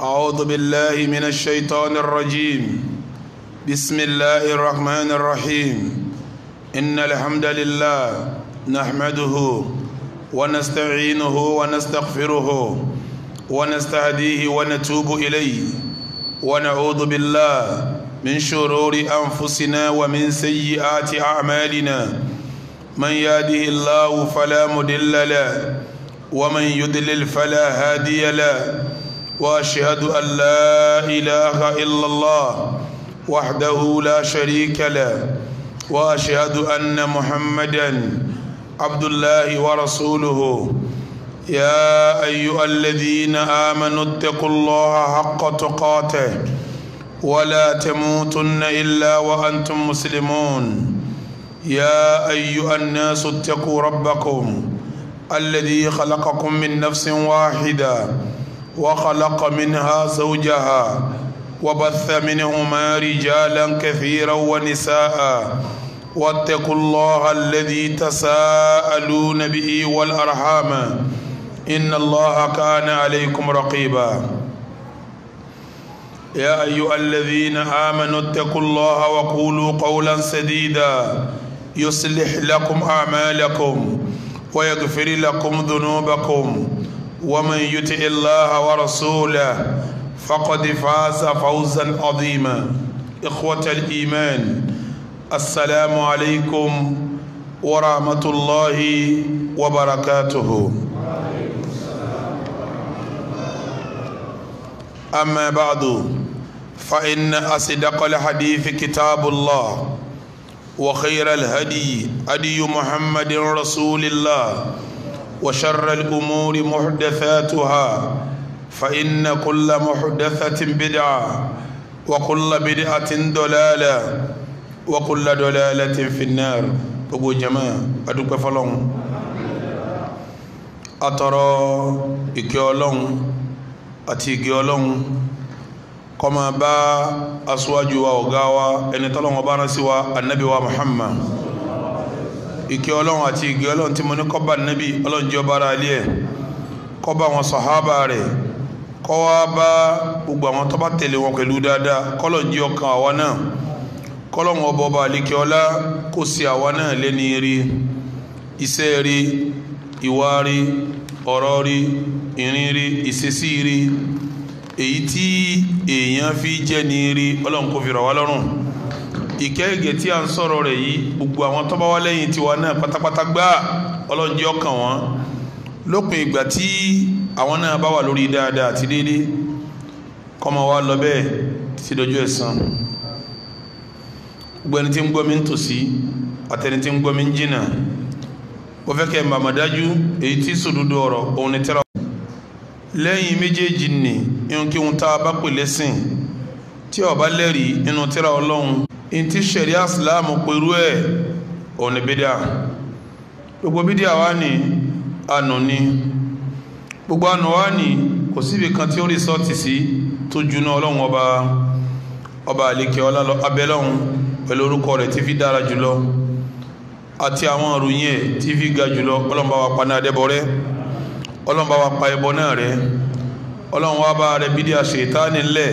أعوذ بالله من الشيطان الرجيم بسم الله الرحمن الرحيم إن الحمد لله نحمده ونستعينه ونستغفره ونستهديه ونتوب إليه ونعوذ بالله من شرور أنفسنا ومن سيئات أعمالنا من يهده الله فلا مضل له ومن يضلل فلا هادي له واشهد ان لا اله الا الله وحده لا شريك له واشهد ان محمدا عبد الله ورسوله يا ايها الذين امنوا اتقوا الله حق تقاته ولا تموتن الا وانتم مسلمون يا ايها الناس اتقوا ربكم الذي خلقكم من نفس واحده وخلق منها زوجها وبث منهما رجالا كثيرا ونساء واتقوا الله الذي تساءلون به والارحام ان الله كان عليكم رقيبا يا ايها الذين امنوا اتقوا الله وقولوا قولا سديدا يصلح لكم اعمالكم ويغفر لكم ذنوبكم ومن يطع الله ورسوله فقد فاز فوزا عظيما إخوة الإيمان السلام عليكم ورحمة الله وبركاته أما بعد فإن أصدق الحديث كتاب الله وخير الهدي هدي محمد رسول الله وشر الأمور محدثاتها فإن كل محدثة بدعة وكل بدعة دلالة وكل دلالة في النار أبو جماعة أدوك فلون أترى إكيولون أتيكيولون كما با أسواجوا وغاوا إن طلعوا بارسوا النبي ومحمد ìkẹ́ ọlọ́run àti ìgẹ́ ọlọ́run tí mo ní kọ́ba níbi ọlọ́run jẹ́ ọba ara ilé ẹ̀ kọ́ba àwọn sàhábà rẹ̀ kọ́ wá bá gbogbo àwọn tó bá tẹ̀lé wọn pẹ̀lú dáadáa kọ́lọ́run jẹ́ ọkàn àwa náà kọ́lọ́run ọba ọba àlékè ọlá kò sí àwa náà lẹ́ni rí iṣẹ́ rí ìwà rí ọ̀rọ̀ rí ìrìn rí ìṣesí rí èyí tí èèyàn fi jẹ́ ni rí ọlọ́run kò fi rọ̀ wá lọ́rùn ìkẹ́gẹ́ tí a ń sọ̀rọ̀ rẹ̀ yìí gbogbo àwọn tó bá wá lẹ́yìn tiwa náà pátápátá gbá ọlọ́njẹ́ ọkàn wọn lópin ìgbà tí àwọn náà bá wà lórí dáadáa àti déédéé kọ́mọ wa lọ bẹ́ẹ̀ títí dọjọ́ ẹ̀san gbogbo ẹni tí ń gbọ́ mi ń tòsí àtẹni tí ń gbọ́ ń jìnà ó fẹ́ kẹ́ màmá dájú èyí tí sòdodo ọ̀rọ̀ òun ni tẹ́ra lẹ́yìn méjèèjì nì ihun kí ohun tá a bá pè lẹ́sìn tí ó lẹ́rìí nínú tẹ́ra ọlọ́run ntí sẹ̀ríà islam pẹ̀lú ẹ̀ òní bídíà gbogbo bídíà wá ní ànú ni gbogbo ànú wá ní kò síbi kan tí ó rí sọ́ọ̀tì sí tó juná ọlọ́run ọba ọba àlekè ọlá abẹ́lọ́run pẹ̀lú orúkọ rẹ̀ tí fi dára jùlọ àti àwọn ìròyìn ẹ̀ tí fi ga jùlọ ọlọ́run bá wa pa náà dẹ́bọ rẹ́ ọlọ́run bá wa pa ẹbọ náà rẹ́ ọlọ́run wá bá rẹ bídíà ṣètánì ńlẹ̀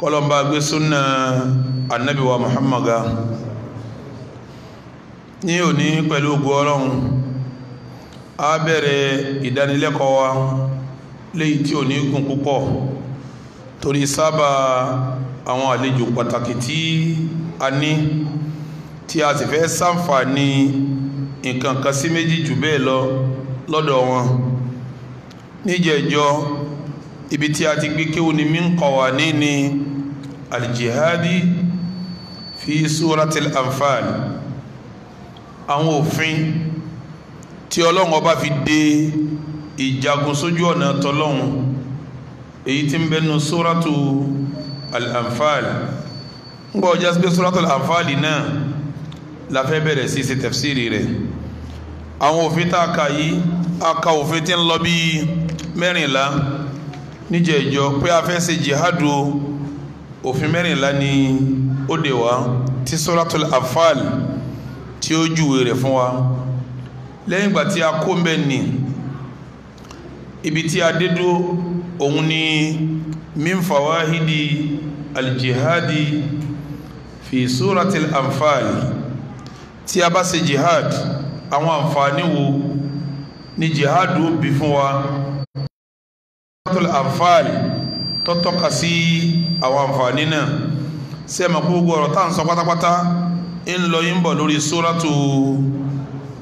kọlọ́run bá gbé súnà anabi wa muhammad ga ní òní pẹ̀lú ògùn ọlọ́run a bẹ̀rẹ̀ ìdánilẹ́kọ̀ọ́ wa léyìí tí ò ní gùn púpọ̀ torí sábà àwọn àlejò pàtàkì tí a ní tí a sì fẹ́ ṣàǹfààní nǹkan kan sí méjì jù bẹ́ẹ̀ lọ lọ́dọ̀ wọn níjẹ̀jọ́ ibi tí a ti gbé kéwòn ní mí ń kọ̀ wà ní ni aljihadi fi suratil anfal àwọn òfin tí ọlọ́run ọba fi de ìjagun sójú ọ̀nà tọlọ́run èyí tí ń bẹnu suratu al-anfal ń gbọ́ ọjà pé suratu al-anfal náà la fẹ́ bẹ̀rẹ̀ sí ṣe tafsiri rẹ̀ àwọn òfin tá a kà yìí a ka òfin tí ń lọ bíi mẹ́rìnlá níjẹ̀ẹ́jọ pé a fẹ́ ṣe jihadu òfin mẹ́rìnlá ni. Jihadu, ó dè wá tí suratul afal tí ó júwe rẹ̀ fún wa lẹ́yìn ìgbà tí a kó mbẹ́ ni ibi tí a dé òun ni min fawahidi aljihadi fi suratul anfal tí a bá ṣe jihad àwọn àǹfààní wo ni jihad ó bí fún wa suratul anfal tó sí àwọn àǹfààní náà sẹ́mi gbogbo ọ̀rọ̀ tá à ń sọ pátápátá ń lọ yín bọ̀ lórí sóràtù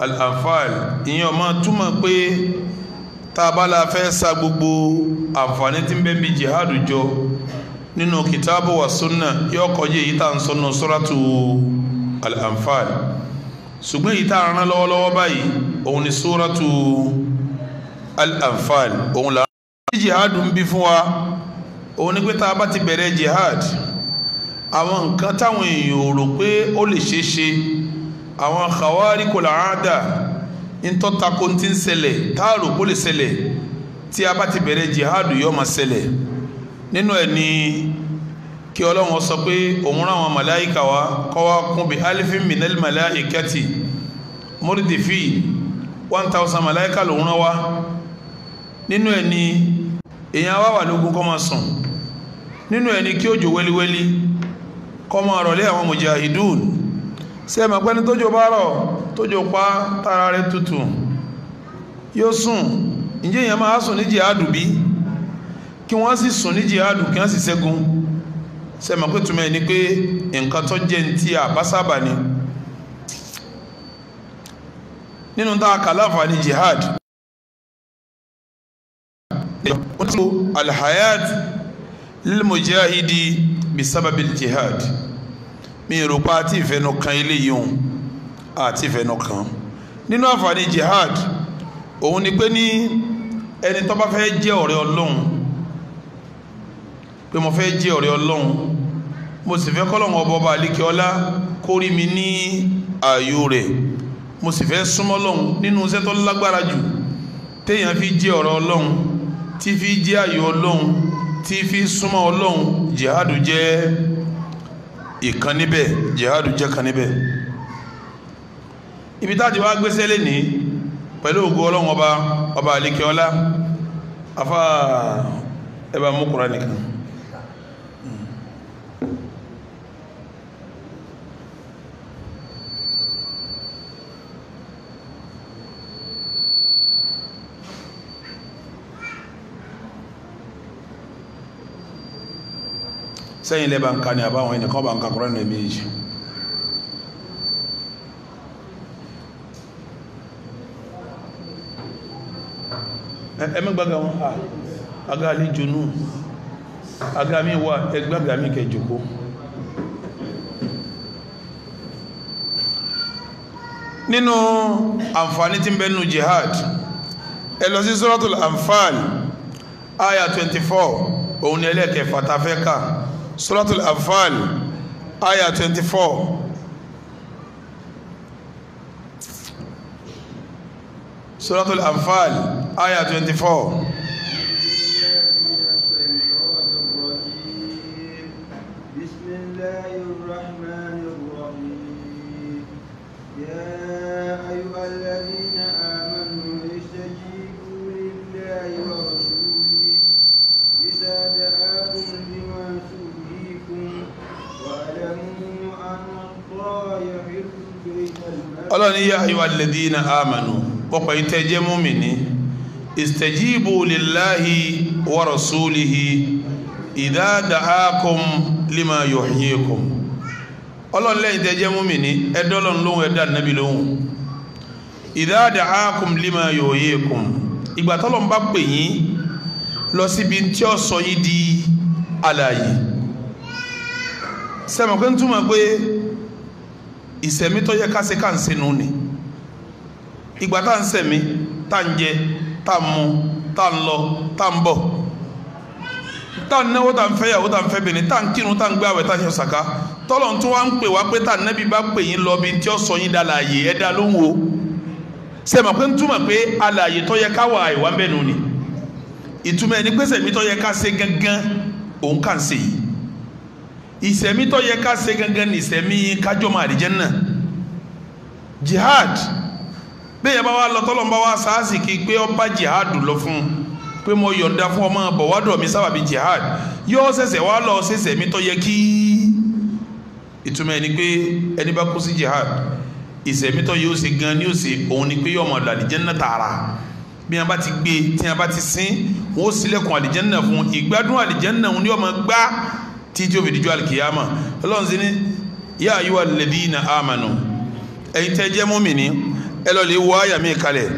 al-anfal ìyẹn ọmọ túmọ̀ pé tá a bá la fẹ́ sa gbogbo àǹfààní tí ń bẹ bí jihad jọ nínú kìtàbù wa sunna yóò kọjá èyí tá à ń sọ nù sóràtù al-anfal ṣùgbọ́n èyí tá a rán lọ́wọ́lọ́wọ́ báyìí òun ni sóràtù al-anfal òun là ń jihad ń bí fún wa òun ni pé tá a bá ti bẹ̀rẹ̀ jihad àwọn nǹkan táwọn èèyàn ò rò pé ó lè ṣeé ṣe àwọn khawari kò là á dà ntọ́tako ti ń ṣẹlẹ̀ tá a rò pé ó lè ṣẹlẹ̀ tí a bá ti bẹ̀rẹ̀ jihad yóò máa ṣẹlẹ̀ nínú ẹ̀ ni kí ọlọ́run sọ pé òun rán màláìka wa kọ́ wa kún bí alifin minel màláìkẹ́tì mọ́rìdìfì one thousand màláìka lòun rán wa nínú ẹ̀ ni èèyàn wá wà lógun kọ́ máa sùn nínú ẹ̀ ni kí òjò wẹ́líwẹ́lí. kọmọ àrọ̀lẹ́ àwọn mujahidun ṣe mọ̀ pẹ́ni tójò bá rọ̀ tójò pa tara rẹ̀ tutù yóò sùn ǹjẹ́ èèyàn máa sùn ní jihadu bí kí wọ́n sì sùn ní jihadu kí wọ́n sì ṣẹ́gun ṣe mọ̀ pé túmọ̀ ní pé nǹkan tó jẹ́ ní ti àbásábà ni nínú tá a kà láǹfààní jihad oníṣòwò alhayat lil mujahidi bisababi jihad mi rò pa àti ìfẹnu kan eléyìí òun àti ìfẹnu kan nínú àǹfààní jihad òun ni pé ní ẹni tó bá fẹ́ jẹ́ ọ̀rẹ́ ọlọ́run pé mo fẹ́ jẹ́ ọ̀rẹ́ ọlọ́run mo sì fẹ́ kọ́lọ́run ọba ọba àlékè ọlá kó rí mi ní ààyò rẹ̀ mo sì fẹ́ súnmọ́ ọlọ́run nínú iṣẹ́ tó lágbára jù téèyàn fi jẹ́ ọ̀rẹ́ ọlọ́run tí fi jẹ́ ààyò ọlọ́run tí fi súnmọ́ ọlọ́run jihadu jẹ́ ìkan níbẹ̀ jihadu jẹ́ kan níbẹ̀ ibi táàtì wá gbéṣẹ́ lẹ́ni pẹ̀lú ògo ọlọ́run ọba ọba àlekè afá ẹ mú kúránì kan. sẹ́yìn lẹ́bàá ń ka ni àbáwọn ẹnìkan bá ń ka kúránì méjì ẹmí wọn à aga àlejò nù aga mi wà ẹgbàga mi kẹjọkó nínú àǹfààní tí ń bẹ jihad ẹ lọ sí ayah 24 òun ni ẹlẹ́kẹ̀ẹ́fà tá al afal aya twenty four. al afal aya twenty four. ọlọ́ni yá ayọ́ alladhina amanu pọ̀pọ̀ ìtẹ́jẹ́ múmìnì istajibu lillahi wa rasulihi idha da'akum lima yuhyikum ọlọ́ni lẹ́yìn tẹ́jẹ́ múmìnì ẹ̀dọ́lọ́n lóhun ẹ̀dá nàbí lóhun idha da'akum lima yuhyikum ìgbà bá pè yín lọ síbi tí ó sọ yín di alààyè sẹ́mi ń túmọ̀ pé ìsẹ̀mí tó yẹ ká ṣe ká ń ṣe nù ni ìgbà tá à ń sẹ̀mí tá à ń jẹ tá à ń mu tá à ń lọ tá à ń bọ̀ tá à ń náwó tá à ń fẹ́ yàwó tá à ń fẹ́ bìnrin tá ń kírun tá ń gbé àwẹ̀ tá ń ṣe sàká tọ́lọ̀ tún wá ń pè wá pé tá à nẹ́bí bá pè yín lọ bí tí ó sọ yín dá láàyè ẹ dá lóhùn o sẹ́mi pé ń túmọ̀ pé alààyè tó yẹ ká wà àìwá ń bẹ̀ nù ni ìtumọ̀ ẹni pé sẹ̀mí tó yẹ ká ṣe gangan òun kà ń ṣe yìí ìsẹ̀mítọ́ yẹ ká ṣe gangan ní ìsẹ̀mí kájọ́ máa àdìjẹ́ náà jihad bẹ́ẹ̀ bá wa lọ tọ́lọ́ bá wa sáàsì kí pé ó bá jihad lọ fún pé mo yọ̀ǹda fún ọmọ bọ̀ wá dọ̀ mi sábàbí jihad yóò ṣẹ̀ṣẹ̀ wá lọ ṣẹ̀ṣẹ̀ mi tọ́ yẹ kí ìtumọ̀ ẹni pé ẹni bá kú sí jihad ìsẹ̀mí tọ́ yóò ṣe gan ni yóò ṣe òun ni pé yóò mọ̀ lọ àlìjẹ́nà tààrà bí wọn bá ti gbé tí wọn bá ti sin wọn ó ṣílẹ̀kùn àlìjẹ́nà fún ìgbádùn àlìjẹ́nà òun ni yóò gbá títí ó fi dijú alikiyama ọlọ́run sí ní yá ayúwa lẹ́dínà àmànù ẹ̀yin tẹ́ jẹ́ múmìnì ẹ lọ́ọ́ lè wọ àyà mi kalẹ̀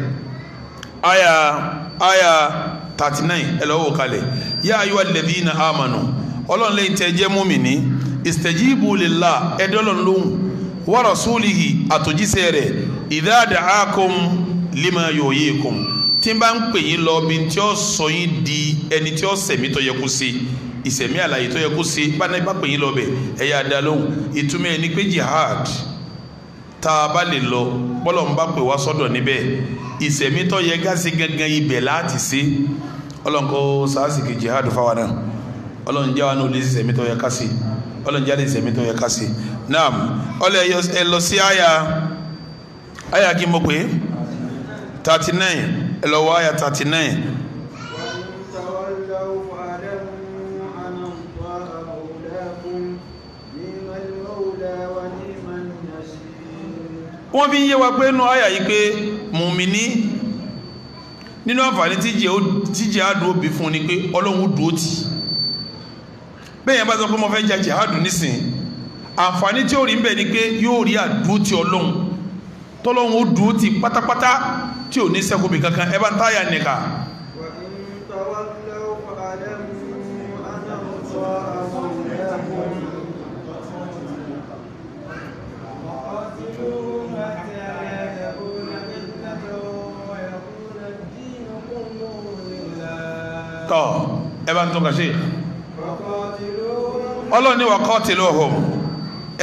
àyà àyà thirty nine ẹ lọ́ọ́ wọ kalẹ̀ yá ayúwa lẹ́dínà àmànù ọlọ́run lẹ́yìn tẹ́ jẹ́ múmìnì ìsìtẹ̀jìbù lillah ẹ̀dọ́lọ́n lóhùn wa rasulihi àtòjíṣẹ́ rẹ̀ idha da'akum lima yuhyikum tí n bá ń pè yín lọ bí n tí ó sọ yín di ẹni tí ó sẹ̀mí tó yẹ kó sí ìsẹ̀mí àlàyé tó yẹ kó ṣe báná bá pè yín lọ́bẹ̀ ẹ yá da lóhùn ìtumọ̀ ẹni pé jihad tá a bá lè lọ bọ́lọ̀ ń bá pè wá sọ́dọ̀ níbẹ̀ ìsẹ̀mí tó yẹ ká gangan ibẹ̀ láti ṣe ọlọ́nkọ́ jihad fáwọn náà ọlọ́run jáwa náà lè ṣẹ̀mí tó yẹ ká ṣe ọlọ́run jáde ṣẹ̀mí tó yẹ ká naam ọlọ́ ẹ lọ sí àyà àyà kí wọ́n fi ń yé wa pé nù àyà yìí pé mùmíní nínú àǹfààní tíjẹ́ àdúró bí fún ni pé ọlọ́run dúró tì bẹ́ẹ̀ yẹn bá sọ pé mo fẹ́ jajì àádùn nísìn àǹfààní tí ó rí ń bẹ̀ ni pé yóò rí àdúró tì ọlọ́run tọ́lọ́run ó dúró tì pátápátá tí ò ní sẹ́kùnbí kankan ẹ bá ń táyà nìkan. wà á ń tọ́wọ́ tọ̀ ẹ bá ń tó kà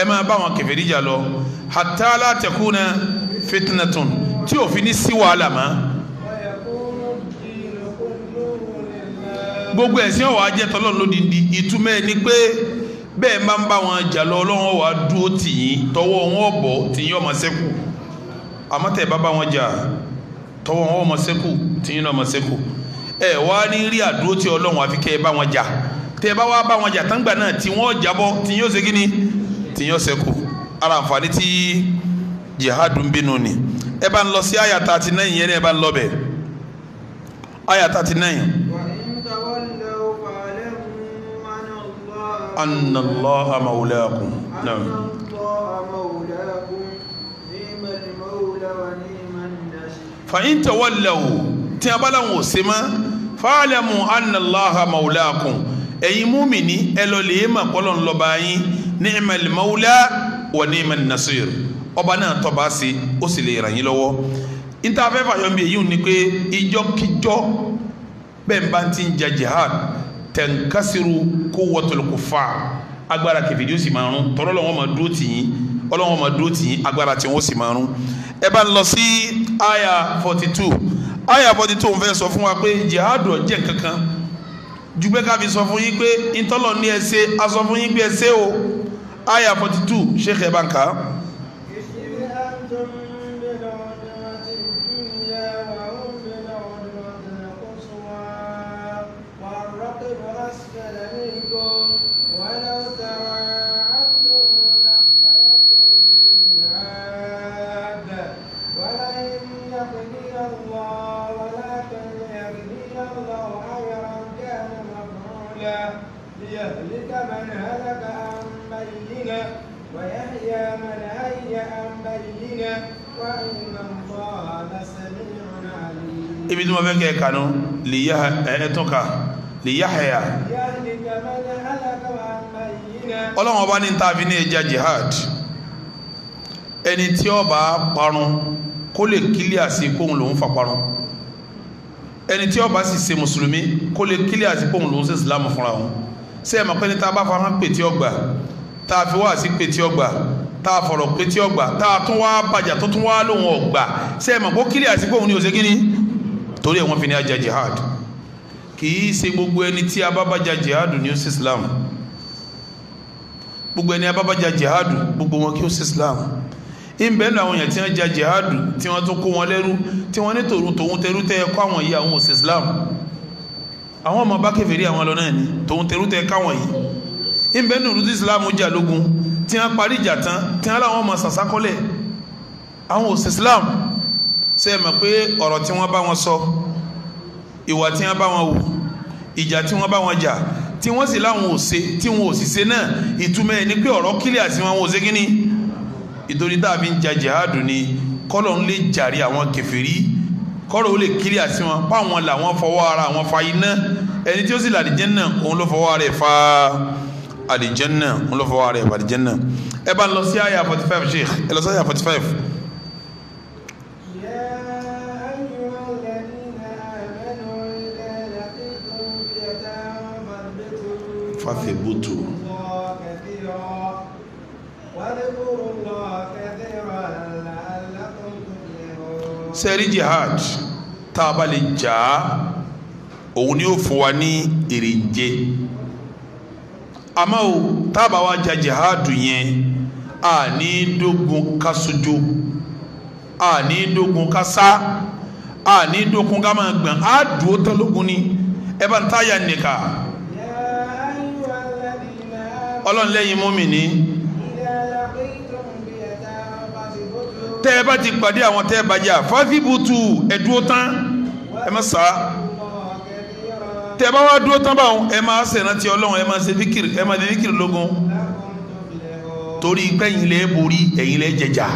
ẹ máa bá wọn kèfèrí lọ hatala tí òfin ní sí wàhálà gbogbo ẹ̀sìn ọ̀wọ́ ajẹ́ lódìdí ni pé bẹ́ẹ̀ máa ń bá wọn jà lọ ọlọ́run wàá dúró tìyín tọwọ́ wọn bọ̀ tìyín ọmọ sẹ́kù bá bá wọn jà tọwọ́ wọn ọmọ sẹ́kù tìyín ọmọ sẹ́kù. ẹ wá ní rí àdúró tí ọlọ́run àfi kẹ́ ẹ bá wọn jà tẹ́ ẹ bá wá bá wọn jà tán gbà náà tí wọ́n jábọ́ tí yóò ṣe kíni tí yóò ara àǹfààní tí jihadu ń bínú ni ẹ bá ń lọ sí àyà thirty nine yẹn ni ẹ bá ń lọ bẹ̀ àyà thirty nine. anna allah anna fa tí a bá láwọn ò ṣe mọ́ fa'alamu anna Allaha ẹ̀yin múmìnì lọ mà wa ni'man nasir ọba náà tọ́ba sí ó sì lè ràn yín lọ́wọ́ níta afẹ́fà yọ̀ bí èyí ò ní pé ìjọ́kíjọ́ bẹ́ẹ̀ bá ti ń jẹ jihad tẹ̀ǹkásírù quwwatul agbára sì máa rún tọ́lọ́ lọ́wọ́ máa àyà bọ́dí tó ń fẹ́ sọ fún wa pé jihadu ọ̀jẹ̀ kankan ju pé ká fi sọ fún yín pé ntọ́lọ̀ ní ẹ ṣe fún yín pé ẹ o àyà forty two ṣe kẹ́ bá ibi tí mo fẹ́ kẹ́ kanú ẹ̀ẹ́tọ́ka lè yáhẹ̀yà ọlọ́run ọba ní tàbí ní ẹja jihad ẹni tí ó bá parun kó lè kílíà sí kóhun lòún fà parun ẹni tí ó bá sì ṣe mùsùlùmí kó lè kílíà sí kóhun lòún ṣe ìsìlámù fúnra wọn ṣé ẹ mọ̀ tá a bá fara pè tí ó gbà tá a fi wá sí pè tí ó gbà tá a fọ̀rọ̀ pé tí ó gbà tá a tún wá bàjá tó tún wá lòun ọ̀gbà ṣé ẹ mọ̀ pé ó kílíà kóhun ní òṣèkínní torí ẹ̀ wọ́n fi ní ajá jihad kì í ṣe gbogbo ẹni tí abábájá jihad ní ó sí islam gbogbo ẹni abábájá jihad gbogbo wọn kí ó sí islam ìbẹ̀ ní àwọn èèyàn tí wọ́n ja jihad tí wọ́n tún kó wọn lẹ́rú tí wọ́n ní tòun tòun tẹ́rú tẹ́ kọ́ àwọn yìí àwọn òsì islam àwọn ọmọ bá kẹfìrí àwọn lọ náà ni tòun tẹ́rú tẹ́ káwọn yìí ìbẹ̀ ní islam jà lógun tí wọ́n parí ìjà tán tí wọ́n láwọn ọmọ sàsákọ́lẹ̀ àwọn òsì islam ṣe é mọ̀ pé ọ̀rọ̀ tí wọ́n bá wọn sọ ìwà tí wọ́n bá wọn wò ìjà tí wọ́n bá wọn jà tí wọ́n sì láwọn ò ṣe tí wọ́n ò sì ṣe náà ìtumọ̀ ẹ̀ ni pé ọ̀rọ̀ kílẹ̀ àti wọn ò ṣe kínní ìtorí tá ń ja jihadu ni kọ́lọ̀ ń lè jàre àwọn kèfèrí kọ́lọ̀ ó lè kílẹ̀ àti wọn páwọn làwọn fọwọ́ ara àwọn fa iná ẹni tí ó sì làdìjẹ́ náà òun ló fọwọ́ ara ẹ̀ fa àdìjẹ́ náà òun ló fọwọ́ ara ẹ̀ fa àdìjẹ́ náà ẹ bá lọ sí àyà forty five sheikh ẹ lọ sí àyà forty five. fàfẹ́bùtù. sẹ́rí jihad tá a bá lè jà á òun ni ó fún wa ní èrèǹjẹ àmọ́ o tá a bá wa jà jihad yẹn a ní dógun ká sojú a ní dógun ká sá a ní dógun ká máa gbọ̀n a dùn ó tán lógun ni ẹ bá ń táyà nìkan ọlọ́run lẹ́yìn mùmínì tẹ́ ẹ bá ti pàdé àwọn tẹ́ ẹ bá jà fásibútù ẹ̀dúró tán ẹ má sá tẹ́ ẹ bá wá dúró tán báwọn ẹ má ṣèrántí ọlọ́run ẹ má ṣe fíkìrì ẹ má ṣe fíkìrì lógún torí pẹ́yìn lẹ́ borí ẹ̀yin lẹ́ jẹjà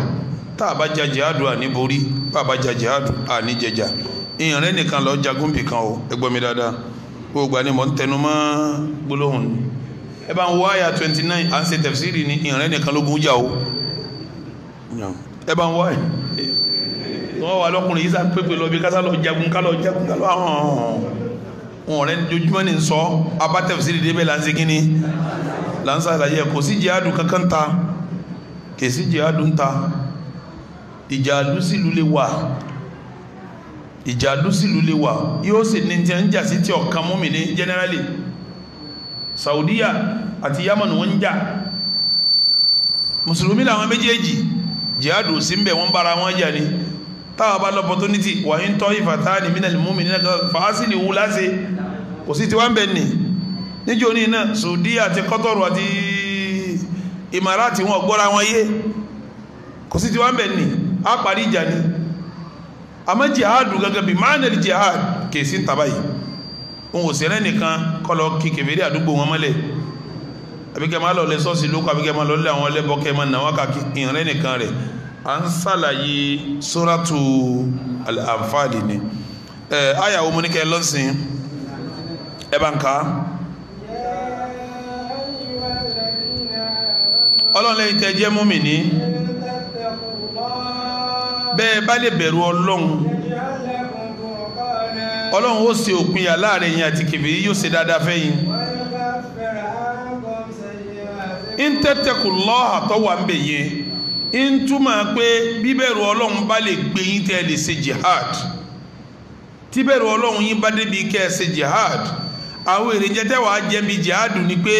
tá a bá jà jihadu àní borí bá a bá jà jihadu àní jẹjà ìyàn rẹ nìkan lọ jagun bìkan o ẹ gbọ́ mi dáadáa gbogbo àni mọ̀ ń tẹnu mọ́ gbólóhùn ni ẹ bá ń wọ àyà twenty nine à ń ṣe tẹ̀fsíìrì ní ìrìn nìkan lógun jà o ẹ bá ń wọ ẹ wọn wà lọkùnrin yìí sá pépè lọ bí kásá lọ jagun kálọ jagun kálọ hàn wọn rẹ jojúmọ́ ni sọ abá tẹ̀fsíìrì débẹ̀ là ń ṣe kínní là ń ṣàlàyé kò sí jihadu kankan ta kò sí jihadu ta ìjà àdúsìlú lè wà ìjà àdúsìlú lè wà yóò sì ní ti ń jà sí ti ọ̀kan mọ́mìnì generally saudiya àti yaman wọ́n ń jà mùsùlùmí làwọn méjèèjì jihadu sí ń bẹ̀ wọ́n bára wọn jà ni táwọn bá l'opportunity wà ń tọ́ ìfàtàní minal mu'minina fàásìlì wù láṣẹ kò sí tiwọn bẹ̀ ni níjó ní iná saudiya àti kọ́tọ̀rù àti imarati wọn gbọ́ra wọn yé kò sí tiwọn bẹ̀ ni a parí ìjà ni àmọ́ jihadu gẹ́gẹ́ bí ma'anil jihad kèsì tàbáyìí òun ò sẹ́rẹ́ nìkan kọ́ lọ kí kèfèrí àdúgbò wọn mọ́lẹ̀ àbíkẹ́ máa lọ lẹ sọ́ọ̀sì lóko àbíkẹ́ máa lọ lé àwọn ẹlẹ́bọ kẹ́ máa nà wọ́n kà ìrìn nìkan rẹ̀ à ń sàlàyé sóràtù àǹfààní ni ẹ àyàwó mo ní kẹ́ lọ́sìn ẹ bá ń ka. ọlọ́run lẹ́yìn tẹ́ jẹ́ mùmínì bẹ́ẹ̀ bá lè bẹ̀rù ọlọ́run. ọlọ́run ó ṣe òpin yà láàrin yín àti kèfèrí yóò si dáadáa fẹ́ yín ń tẹ́tẹ̀kù lọ́hà wà ń bẹ̀ ń túmọ̀ pé bíbẹ̀rù ọlọ́run bá lè gbé yín tẹ́ jihad tíbẹ̀rù ọlọ́run yín bá débi kẹ́ ẹ jihad àwọn èrèjẹ tẹ́wàá jihad ni pé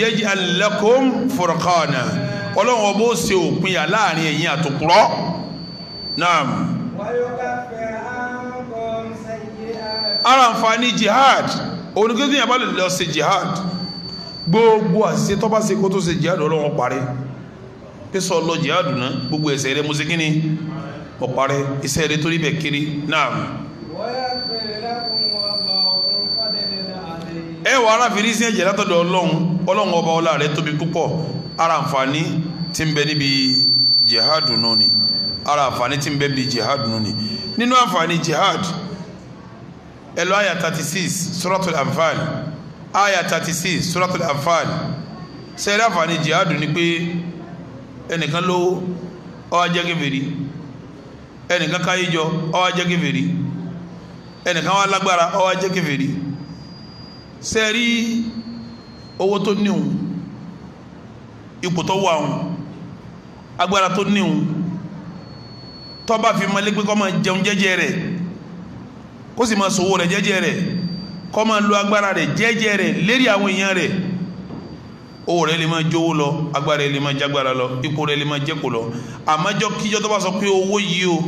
yẹ́jì alẹ́kùn ọlọ́run ọba ó ṣe òpin yà láàrin ẹ̀yin náà. ara àǹfààní jihad oníkéjì yẹn bá lè lọ ṣe jihad gbogbo àṣìṣe tọba bá koto kó jihad ọlọ́run parí pèsè ọlọ jihad na gbogbo ẹ̀ṣẹ̀ rẹ̀ mo ṣe kí ni ọ̀parí iṣẹ́ rẹ̀ torí bẹ̀ kiri náà. ẹ wà arábìnrin sí ẹ̀jẹ̀ látọ̀dọ̀ ọlọ́run ọlọ́run ọba ọlá rẹ̀ tóbi púpọ̀ ara àǹfààní tí ń bẹ níbi jihad nọ ni ara àǹfààní tí ń bẹ níbi jihad náà ni nínú àǹfààní jihad. No ẹlọ àyà thirty six suratul anfal àyà thirty six suratul anfal sẹ́yìn àǹfààní jihadu ni pé ẹnìkan lówó ó wá jẹ́ kèfèrí ẹnìkan káyé jọ ó wá jẹ́ kèfèrí ẹnìkan wá lágbára ó wá jẹ́ kèfèrí sẹ́rí owó tó níhun ipò tó wà hùn agbára tó níhun tó fi mọ́lé pé kó jẹun jẹ́jẹ́ rẹ̀ kó sì máa sòwò rẹ̀ jẹ́jẹ́ rẹ̀ kó máa lo agbára rẹ̀ jẹ́jẹ́ rẹ̀ lérí àwọn èèyàn rẹ̀ owó rẹ̀ lè máa jówó lọ agbára rẹ̀ lè máa jágbára lọ ipò rẹ̀ lè máa jẹ́kò lọ àmọ́jọ́ kíjọ́ tó bá sọ pé owó yìí o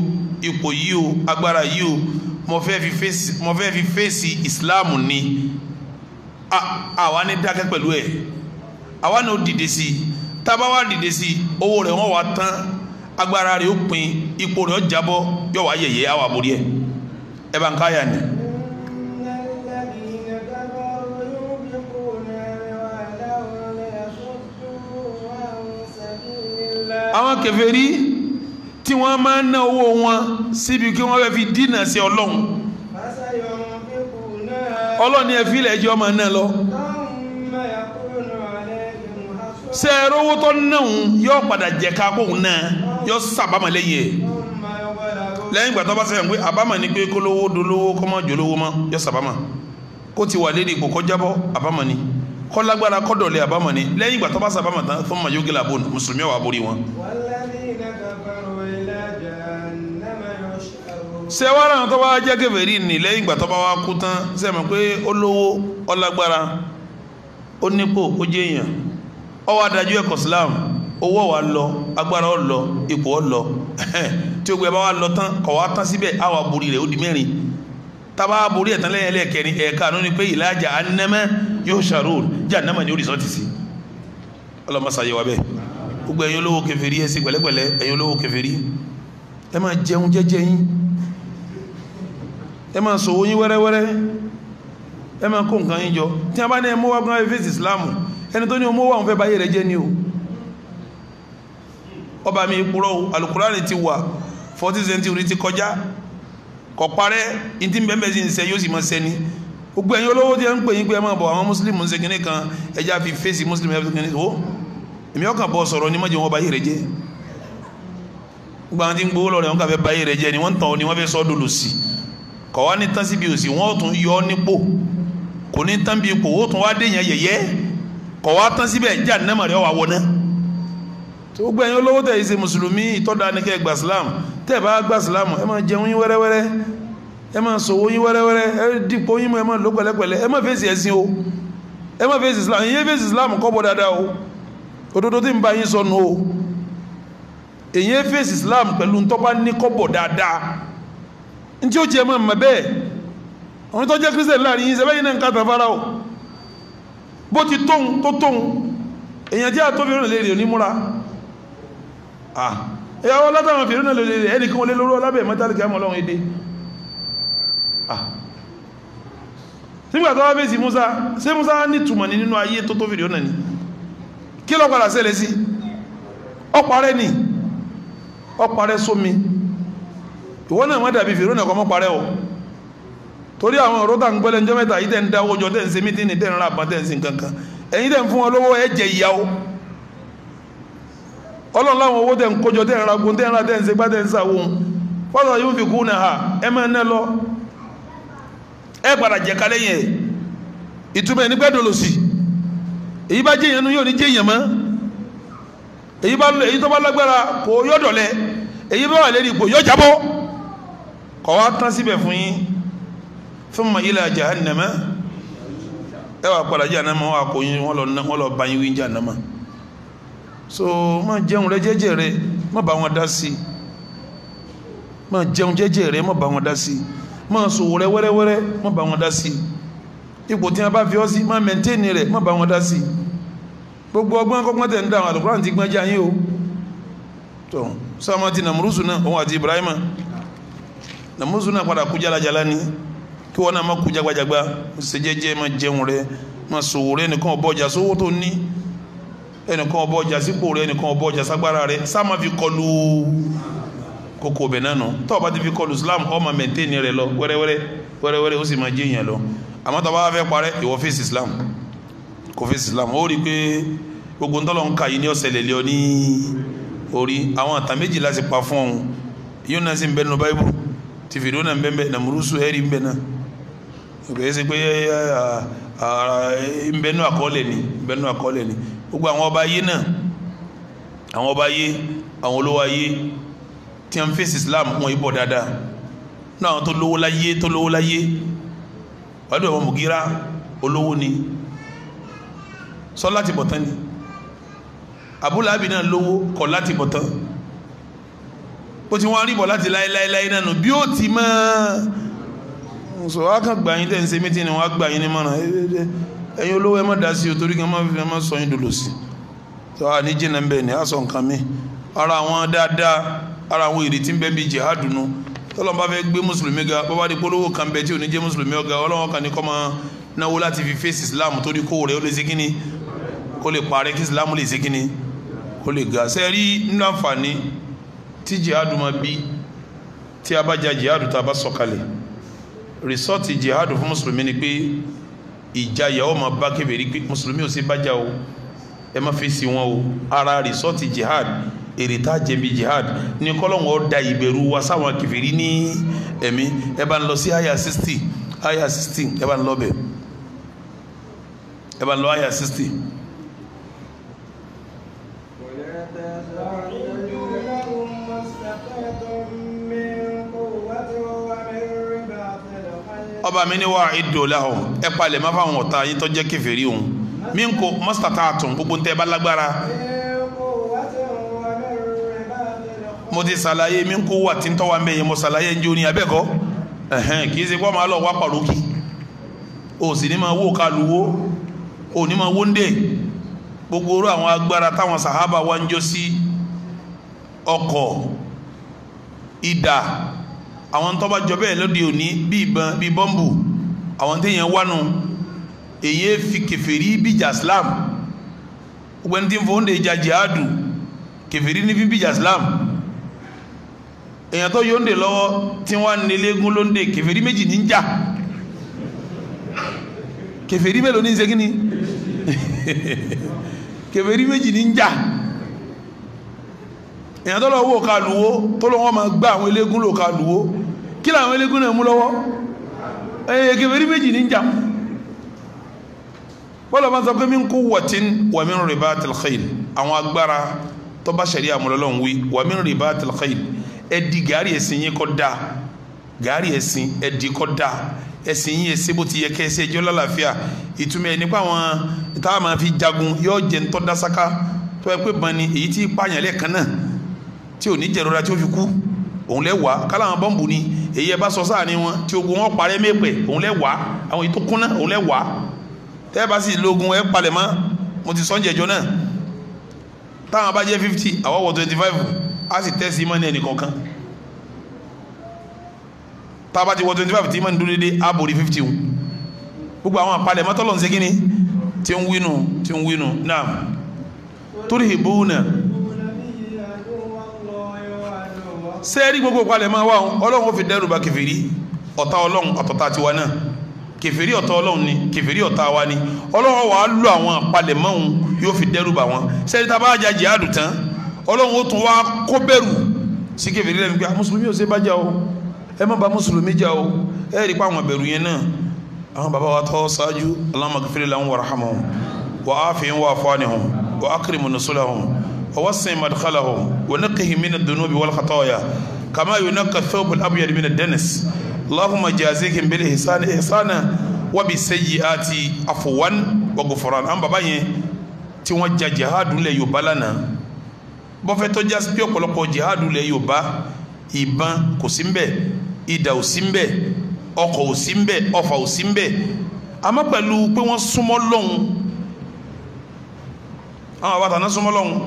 ipò yìí o agbára yìí o mo fẹ́ fi fèsì Islam ni àwa ní dákẹ́ pẹ̀lú ẹ̀ àwa ní o dìde sí i tábà wá dìde sí i owó rẹ̀ wọ́n wá tán agbára rẹ̀ ó pin ipò rẹ̀ ó jábọ́ yóò wá yẹ̀yẹ́ àwa borí ẹ̀ ẹ bá ń káyà ni. àwọn kèfèrí tí wọ́n máa ń ná owó wọn síbi kí wọ́n fẹ́ fi dínà sí ọlọ́run ọlọ́run ni ẹ ilẹ̀ ẹjọ́ máa ná lọ ṣe é tó náà yóò padà jẹ̀ka kóun náà yóò sábàmọ́ lẹ́yìn ẹ̀ lẹ́yìn ìgbà tó bá sẹ́yìn pé àbámà ni pé kólówó dolówó kọ́mọ jòlówó mọ́ yọ sàbámà kó ti wà lédi ipò kọjábọ́ àbámà ni kọ́ lágbára kọ́dọ̀lẹ̀ àbámà ni lẹ́yìn ìgbà tó bá sàbámà tán fún ma yóò gíla bọ́ọ̀nù mùsùlùmí wà borí wọn. sẹ́wárà tó bá jẹ́ kèfèrí ni lẹ́yìn ìgbà tó bá wá kú tán sẹ́yìn pé olówó ọlágbára ó nípò ó jẹ́yàn ó wá dájú ẹ̀kọ́ Islam owó wa lọ agbára ọ lọ ipò ọ lọ tí o gbé bá wa lọ tán kọ̀ wá tán síbẹ̀ á wà borí rẹ̀ ó di mẹ́rin tábà borí ẹ̀ tán lẹ́yìn ẹlẹ́ẹ̀kẹrin ẹ̀ka àánú ni pé ìlà jahannama yusharun jahannama ni ó rìsọ́ọ̀tì sí ọlọ́mọsá yẹ wa bẹ́ẹ̀ gbogbo ẹ̀yin olówó kèfèrí ẹ̀ sí pẹ̀lẹ́pẹ̀lẹ́ ẹ̀yin olówó kèfèrí ẹ máa jẹun jẹ́jẹ́ yín ẹ máa sòwò yín wẹ́rẹ́wẹ́rẹ́ ẹ máa kó nǹkan yín jọ tí a bá ní ẹ mú wá gbọ́n ẹ fèsì ìsìláàmù ẹni tó ní o mú wá òun fẹ́ báyé rẹ jẹ́ ni o ọba mi kúrò o alukurani ti wà forty century ti kọjá kò parẹ́ ntí bẹ́ẹ̀ sì ń sẹ́ yóò sì máa sẹ́ni gbogbo ẹ̀yin olówó tí ẹ ń pè yín pé ẹ máa bọ̀ àwọn mùsùlùmí ń ṣe kinní kan ẹja fi fèsì mùsùlùmí ẹ̀fọ́ kinní o èmi ọkàn bọ̀ sọ̀rọ̀ ní mọ̀jẹ̀ wọn bá yé rẹ gbogbo àwọn tí ń gbowó lọ wọn kà fẹ́ bá yé rẹ ni wọ́n tàn ọ́ ni wọ́n fẹ́ sọ́ dolo sí kọ̀ wá ní tán síbi òsì wọ́n tún yọ ọ́ nípò kò ní tán bí ipò ó tún wá dé yẹn yẹ̀yẹ́ kọ̀ wá tán síbẹ̀ jáde náà mọ̀ rẹ̀ wọ náà tó gbé ẹ̀yin olówó tẹ̀ yìí ṣe mùsùlùmí ìtọ́dá ní kẹ́ gbà sílámù tẹ́ bá gbà sílámù ẹ máa jẹun yín wẹ́rẹ́wẹ́rẹ́ ẹ máa sòwò yín wẹ́rẹ́wẹ́rẹ́ ẹ dìpọ̀ yín mú ẹ máa lò pẹ̀lẹ́pẹ̀lẹ́ ẹ máa fèsì ẹ̀sìn o ẹ máa fèsì islam ìyẹn fèsì islam kọ́ bọ́ dáadáa o òdodo tí ń bá yín o ìyẹn fèsì islam pẹ̀lú ntọ́ba ní kọ́ o ẹ̀yàwó ah. látàwọn fèrè náà lórí ẹni kí wọ́n lé lóró ọlábẹ̀ mẹ́tàlìkì àmọ́ ọlọ́run èdè ah. nígbàtà wá bèsì Musa ṣe Musa ní túmọ̀ ní nínú ayé tó tó fèrè náà ni kí ló padà sí ọparẹ́ ni ọparẹ́ sómi ìwọ náà má dàbí fèrè náà kọ́ mọ́ parẹ́ o torí àwọn ọ̀rọ̀ tá ń gbẹ́lẹ̀ ń jọ́ mẹ́ta yìí tẹ́ ń dáwọ́ jọ tẹ́ ń ṣe mítínì tẹ́ ń ra àbá tẹ́ ń ṣe nǹkan kan ẹ̀yin tẹ́ ń fún wọn ẹ̀jẹ̀ ìyàwó ọlọ́run láwọn owó tẹ̀ ń kójọ tẹ̀ ń ra gun tẹ̀ ń ra ń yóò fi kú ní ha ẹ máa lọ ẹ padà jẹ kalẹ̀ yẹn ìtumọ̀ ẹni gbẹ́dọ̀ lọ sí èyí bá jẹyàn nu yóò ní jẹyàn mọ́ èyí tó bá lágbára kò yọ dọ̀lẹ́ èyí bá wà lérí ipò yọ jábọ́ kọ́ wa tán síbẹ̀ fún so ma jẹun rẹ jẹ́jẹ́ rẹ ma bá wọn dá sí má jẹun jẹ́jẹ́ rẹ má bá wọn dá ma má sòwò rẹ wẹ́rẹ́wẹ́rẹ́ má bá wọn dá sí ipò tí wọn bá fi ọ sí má mẹ́ntẹ́ẹ̀nì rẹ má bá wọn dá sí gbogbo ọgbọ́n kọ́kọ́ tẹ̀ ń dá àwọn àlùkùrán ti gbọ́n jẹ́ ayé o tó sáwọn ti nàmúrúsù náà òun àti Ibrahima nàmúrúsù náà padà kú jálajàlá ni kí wọn náà má kú jagbajagba ṣe jẹ́jẹ́ má jẹun rẹ má sòwò rẹ nìkan ọ̀bọ̀jà sówó tó ní ẹnìkan ọbọ ọjà sípò rẹ ẹnìkan ọbọ ọjà ságbára rẹ sáma fi kọlu kókó ọbẹ náà nù tó o ti fi kọlu Islam ọmọ mẹtẹẹni rẹ lọ wẹrẹwẹrẹ wẹrẹwẹrẹ ó sì máa jẹ èèyàn lọ àmọ́ tó o bá fẹ́ parẹ́ ìwọ fèsì Islam kò fèsì Islam ó rí i pé gbogbo ntọ́lọ́ ń ka yìí ní ọ̀sẹ̀ lè lé ọ ní orí àwọn àtà méjì láti pa fún ọ̀hún yóò náà sì ń bẹ nínú báyìí ti fìdí ó náà ń bẹ ń bẹ gbogbo àwọn ọba ayé náà àwọn ọba ayé àwọn olówó ayé tí wọ́n fèsì Islam wọn yìí bọ̀ dáadáa náà àwọn tó lówó láyé tó lówó láyé wàdùn àwọn Mugira olówó ni sọ láti bọ̀tán ni Abu Lahabi náà lówó kọ̀ láti bọ̀tán ó ti wọ́n rí bọ̀ láti láéláéláé náà nù bí ó ti máa sọ wá kàn gbà yín ń ṣe mítìnì wọ́n á ní mọ́ràn ẹ́ẹ́dẹ́ẹ́ ẹ̀yin olówó ẹ má dá sí o torí kí n má fi ẹ má sọ yín dolo sí tó a ní jìnnà bẹ́ẹ̀ ni a sọ nǹkan mi ara àwọn dáadáa ara àwọn ìrètí ń bẹ bí jihad nu tọ́lọ́n bá fẹ́ gbé mùsùlùmí ga bọ́bá di polówó kan bẹ tí ò ní jẹ́ mùsùlùmí ọ̀gá ọlọ́wọ́n kan ní kọ́ máa náwó láti fi fèsì islam torí kó rẹ̀ ó lè ṣe kíni kó lè parẹ́ kí islam lè ṣe kíni kó lè ga ṣe rí nínú àǹfààní tí jihad máa bí ìjayà ọmọ bá kébèrè pé mùsùlùmí ò sí bájà o ẹ má fèsì wọn o ara rìsọ́ọ̀tì jihad èrè tá jihad ní kọ́lọ́wọ́ da ìbẹ̀rù wa sáwọn kèfèrí ní ẹ̀mí ẹ bá ń lọ sí àyà sixty àyà sixty ẹ bá ń lọ bẹ̀ ẹ bá ń lọ àyà sixty. ọba mi ni wà á ìdò lahùn ẹ palẹ̀ má fáwọn ọ̀tá yín tó jẹ́ kèfèrí òun mí nkò a tún gbogbo ntẹ́ bá lágbára mo ti salaye mí nkò wà tí ń tọ́ wa ń bẹ̀ yẹn o ní máa wó kalu wo o wa ń sí ọkọ àwọn tó bá jọ bẹ́ẹ̀ lóde òní bí ìbọn bí bọ́ǹbù àwọn téèyàn wánu èyí fi kèfèrí bíjà Islam gbogbo ẹni tí ń fowóndé ìjà jihadu kèfèrí ní fi bíjà Islam èèyàn tó yóòndé lọ́wọ́ tí wọ́n á nílégún lóńdé kèfèrí méjì ní ń jà kèfèrí mélòó ní ń segin ni kèfèrí méjì ní ń jà èèyàn tó lọ wò ká lùwó tó lọ wọn máa gbá àwọn elégún lò ká lùwó. Kila làwọn eléégún náà mú lọ́wọ́ ẹ̀yẹ kẹfẹ́rí méjì ní jà bọ́lá bá sọ pé min quwwatin wa min ribatil khayl àwọn agbára tó bá ṣẹ̀ríà mú lọ́lọ́run wí wa min ribatil khayl ẹ di gàárì ẹ̀sìn yín kọ́ da gàárì ẹ̀sìn ẹ di kọ́ da ẹ̀sìn yín ẹ̀sìn bó ti yẹ kẹ́ ẹ̀sìn ẹjọ́ lálàáfíà ìtumọ̀ nípa àwọn táwọn máa fi jagun yóò jẹ́ ń tọ́ dasaka tó yẹ pé bọ́ni èyí tí pààyàn lẹ́ẹ̀kan náà tí ò ní jẹ̀rora tí ó fi kú òun lẹ wá kálá àwọn bọ́ǹbù ni èyí ẹ bá sọ sáàní wọn tí ogun wọn parẹ́ mẹ́pẹ́ òun lẹ wá àwọn èyí tó kúnná òun lẹ wá tẹ́ ẹ bá sì lógun ẹ palẹ̀ mọ́ mo ti sọ́njẹ̀jọ náà táwọn abájẹ́ fifty àwọn wọ̀ twenty five á sì tẹ́ sí ìmọ̀ni ẹnìkọ̀ọ̀kan tá a bá ti wọ twenty five tí ìmọ̀ni dúró dédé á borí fifty wọn gbogbo àwọn àpalẹ̀ mọ́tọ́lọ́ ń ń wínú tí ń wínú náà torí ìbú náà. sẹ́ẹ̀rí gbogbo palẹ̀ máa wà ọlọ́run ó fi dẹ́rù ba kẹfìrí ọ̀tá ọlọ́run ọ̀tọ̀ta tiwa náà kẹfìrí ọ̀tá ọlọ́run ni kẹfìrí ọ̀tá wa ni ọlọ́run wàá lò àwọn palẹ̀ mọ́hun yóò fi dẹ́rù ba wọn sẹ́ẹ̀rí tá a bá jà jihadu tán ọlọ́run ó tún wá kó bẹ̀rù sí kẹfìrí lẹ́nu pé ah, mùsùlùmí ò ṣe bá jà o ẹ má ba mùsùlùmí jà o ẹ rí pa àwọn bẹ̀rù yẹn náà àwọn bàbá wa tó ṣáájú Allahumma ghfir lahum warhamhum wa afihim wa afu anhum wa akrim nusulahum ووسع مدخلهم ونقهم من الذنوب والخطايا كما ينقى الثوب الأبيض من الدنس اللهم جازيهم بالإحسان إحسانا وبالسيئات عفوا وغفران أما بابا tí wọ́n ja jihadu lẹ̀ Yorùbá lánàá bọ́fẹ́ tó já sí pé ọ̀pọ̀lọpọ̀ jihadu lẹ̀ Yorùbá ìbọn kò sí mbẹ̀ idà ò sí mbẹ̀ ọkọ̀ ò sí mbẹ̀ ọfà ò sí mbẹ̀ àmọ́ pẹ̀lú pé wọ́n súnmọ́ lọ́hùn àwọn àbátan náà súnmọ́ lọ́hùn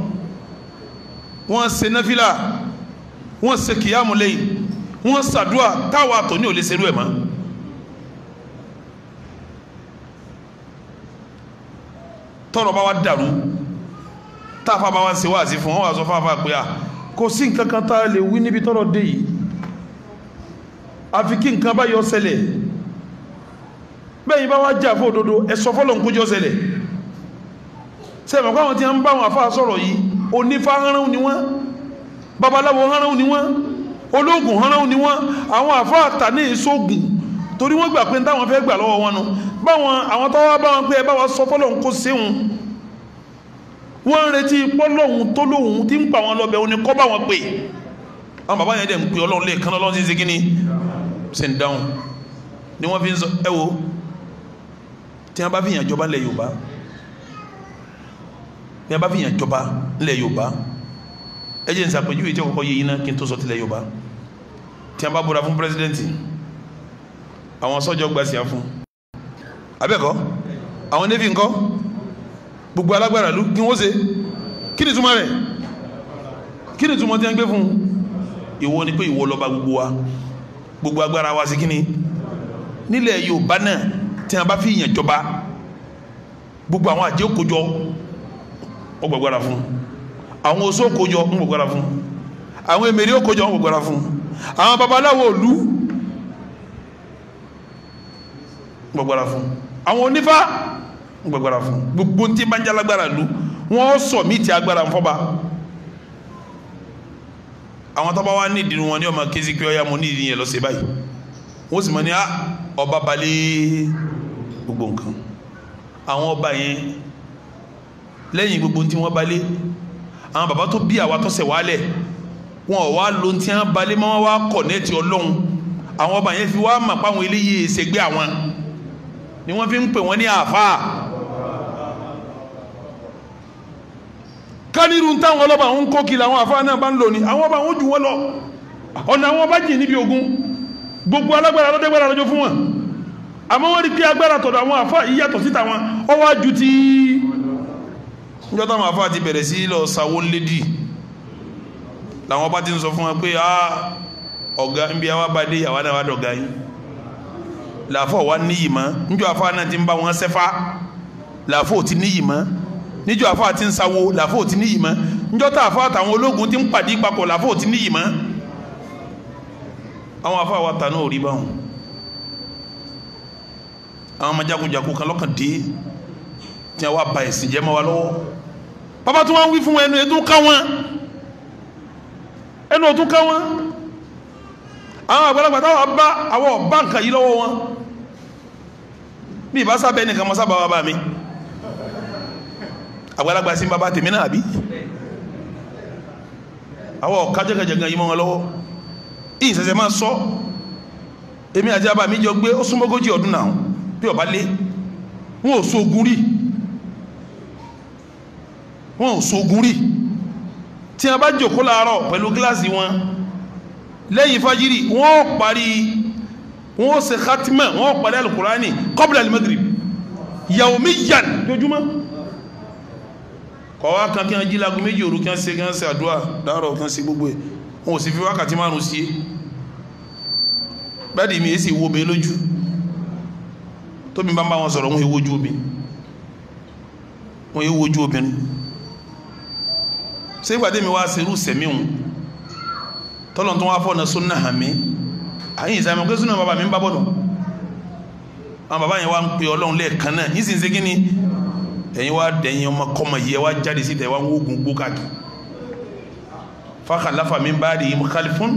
wọ́n ṣe náfìlà wọ́n ṣe kìyàmù lẹ́yìn wọ́n ṣàdúà táwa tòní ò lè ṣerú ẹ̀ mọ́. tọ́rọ̀ bá wa dàrú táfa bá wa ń ṣe wáàsí fún wọn wà sọ fáfá pé à kò sí nǹkan kan tá a lè wí níbi tọ́rọ̀ dé yìí àfi kí nǹkan bá yọ ṣẹlẹ̀ bẹ́yìn bá wá jà fún òdodo ẹ̀sọ́ fọ́lọ̀ ń kójọ́ ṣẹlẹ̀ sẹ́mi ọ̀pọ̀ àwọn tí wọ́n ń bá wọn àfa sọ̀rọ̀ yìí onífá hánrán ni wọ́n babaláwo hánrán ni wọ́n ológun hánrán ni wọ́n àwọn àfáà tà ní ìṣògùn torí wọ́n gbà pé táwọn fẹ́ gbà lọ́wọ́ wọn nu báwọn àwọn tọ́wọ́ bá wọn pé ẹ bá wa sọ fọ́lọ́hún kó séhun wọ́n ń retí pọ́lọ́hún tó lóhun tí ń pa wọn lọ́bẹ̀ òun ni kọ́ bá wọn pè àwọn bàbá yẹn dẹ̀ ń pè ọlọ́run lè kán lọ́lọ́run sí kíní sí ń dáhùn ni wọ́n fi ń sọ ẹ wo tí wọ́n bá fi yàn jọba lẹ̀ Yorùbá ní a bá fi yàn jọba nílẹ̀ Yorùbá ẹ jẹ́ n ṣàpèjúwe tí ọkọ̀ yìí náà kí n tó sọ tilẹ̀ Yorùbá tí a bá búra fún pírẹsidẹ́ǹtì àwọn sọ́jọ́ gbàsíà fún abẹ́kọ́ àwọn navy ńkọ́ gbogbo alágbára ló kí wọ́n ṣe kí ni túmọ̀ rẹ̀ kí ni túmọ̀ tí a ń gbé fún ìwọ ni pé ìwọ lọ́ba gbogbo wa gbogbo agbára wa sí kí ni Yorùbá náà tí a bá fi yàn jọba gbogbo àwọn àjẹ́ ó gbàgbára fún àwọn oṣó kojọ ń gbàgbára fún àwọn èmèrè ó kojọ ń gbàgbára fún àwọn babaláwo òlu ń gbàgbára fún àwọn onífá ń gbàgbára fún gbogbo ntí bá ń jalagbára lu wọn sọ mí ti agbára fọba àwọn tó bá ní ìdìrún wọn ní ọmọ kézì pé ọyá mo ní ìdí yẹn lọ́sẹ̀ báyìí wọ́n sì mọ̀ ní ah, ọba balẹ̀ gbogbo nǹkan àwọn ọba yẹn lẹ́yìn gbogbo tí wọ́n balẹ̀ àwọn bàbá tó bí àwa tọ́sẹ̀ wálẹ̀ wọn ò wá lo tí wọ́n balẹ̀ mọ́ wọn wá kọ̀ nẹ́ẹ̀tì ọlọ́run àwọn ọba yẹn fi wá mà pa eléyìí ìṣègbè e àwọn ni wọ́n fi ń pè wọ́n ní àáfàá kánírù táwọn ọlọ́ba ń kó kiri àwọn àáfàá náà bá ń lò ní àwọn ọba wọn jù wọn lọ ọ̀nà àwọn ọba jìn níbi ogun gbogbo alágbára lọ́dẹ́gbára lọ́jọ́ àmọ́ wọ́n rí pé agbára tọ̀dọ̀ àwọn àáfàá yíyàtọ̀ síta wọn ọwọ́ ju ti níjọ́ táwọn afá ti bẹ̀rẹ̀ sí lọ sawó lédì làwọn bá ti ń sọ fún wọn pé ah ọ̀gá ń bí àwa bá dé yàwá náà wá dọ̀gá yín làáfọ̀ wa níyì mọ́ níjọ́ afá náà ti ń bá wọn sẹ́fá làáfọ̀ ti níyì mọ́ níjọ́ afá ti ń sawó làáfọ̀ ti níyì mọ́ níjọ́ tá àtàwọn ológun ti ń pàdé papọ̀ làáfọ̀ ti níyì mọ́ àwọn afá wa tà náà ò rí báwọn àwọn ọmọ jagunjagun kan lọ́kàn dé tí wọ́n wá ba ẹ̀sìn jẹ́ mọ́ wa lọ́wọ́ bàbá tí wọ́n wí fún ẹnu ètò ká wọn ẹnu òtún ká wọn àwọn àgbàlagbà táwọn bá àwọn ọba nǹkan yìí lọ́wọ́ wọn bí ìbá sábẹ́ nìkan mọ́ sábà bàbá mi àgbàlagbà sí bàbá tèmi náà àbí àwọn ọ̀ka jẹ́gẹ̀jẹ̀gẹ̀ yìí mọ́ wọn lọ́wọ́ ìṣẹ̀ṣẹ̀ máa sọ èmi àti bàbá mi jọ gbé ó súnmọ́gójì ọdún náà bí ọba lé wọn ò so ogun rí wọn ò sógun rí tí a bá jòkó láàárọ̀ pẹ̀lú gíláàsì wọn lẹ́yìn fajiri wọn ò parí wọn ò ṣe khatima wọn ò parí alukurani kọ́bùlà alimagiri yàwómi yan lójúmọ́ kọ́wá kan kí wọ́n jí lagun méjì òru kí wọ́n ṣe kí wọ́n ṣe àdúrà dáárọ̀ kí wọ́n ṣe gbogbo ẹ̀ wọn ò sì fi wákàtí márùn sí i mi èsì wo mi lójú tóbi bá ń bá wọn sọ̀rọ̀ wọn èwo ojú obìnrin wọn èwo ojú obìnrin ṣé ìgbà tẹ́mi wá ṣerú sẹ̀mí òun tọ́lọ̀ tó wá fọ́nà súnà hàn mí àyìn ìsàmì pé súnà bàbá mi ń bá bọ̀dọ̀ àwọn bàbá yẹn wá ń pe ọlọ́run lẹ́ẹ̀kan náà yìí sì ń ṣe kí ni ẹ̀yin wá dẹ̀yìn ọmọ kọ́mọ yìí ẹ wá jáde síta ẹ ń wógun gbó káàkiri fakalafa min baadi mukhalifun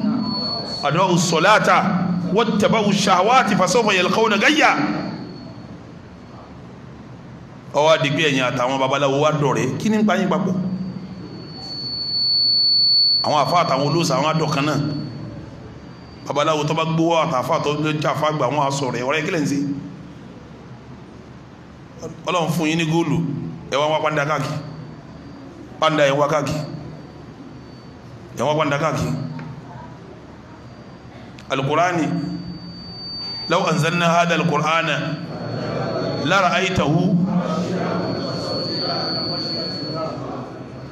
adawu solata wattabawu shahawati fasawfa yalqawna gayya ọwọ́ adigun ẹ̀yìn àtàwọn babaláwo wá dọ̀rẹ́ kí ni ń pa yín papọ̀ àwọn àfa àtàwọn olóòsà àwọn adọ̀kan náà babaláwo tó bá gbówó àtàfà tó jàfà gbà wọn aṣọ rẹ ọ̀rẹ́ kílẹ̀ ń ṣe ọlọ́run fún yín ní góòlù ẹ wá wá pàǹdà káàkiri pàǹdà ẹ wá káàkiri ẹ wá pàǹdà káàkiri alukurani law anzalna hada alukurana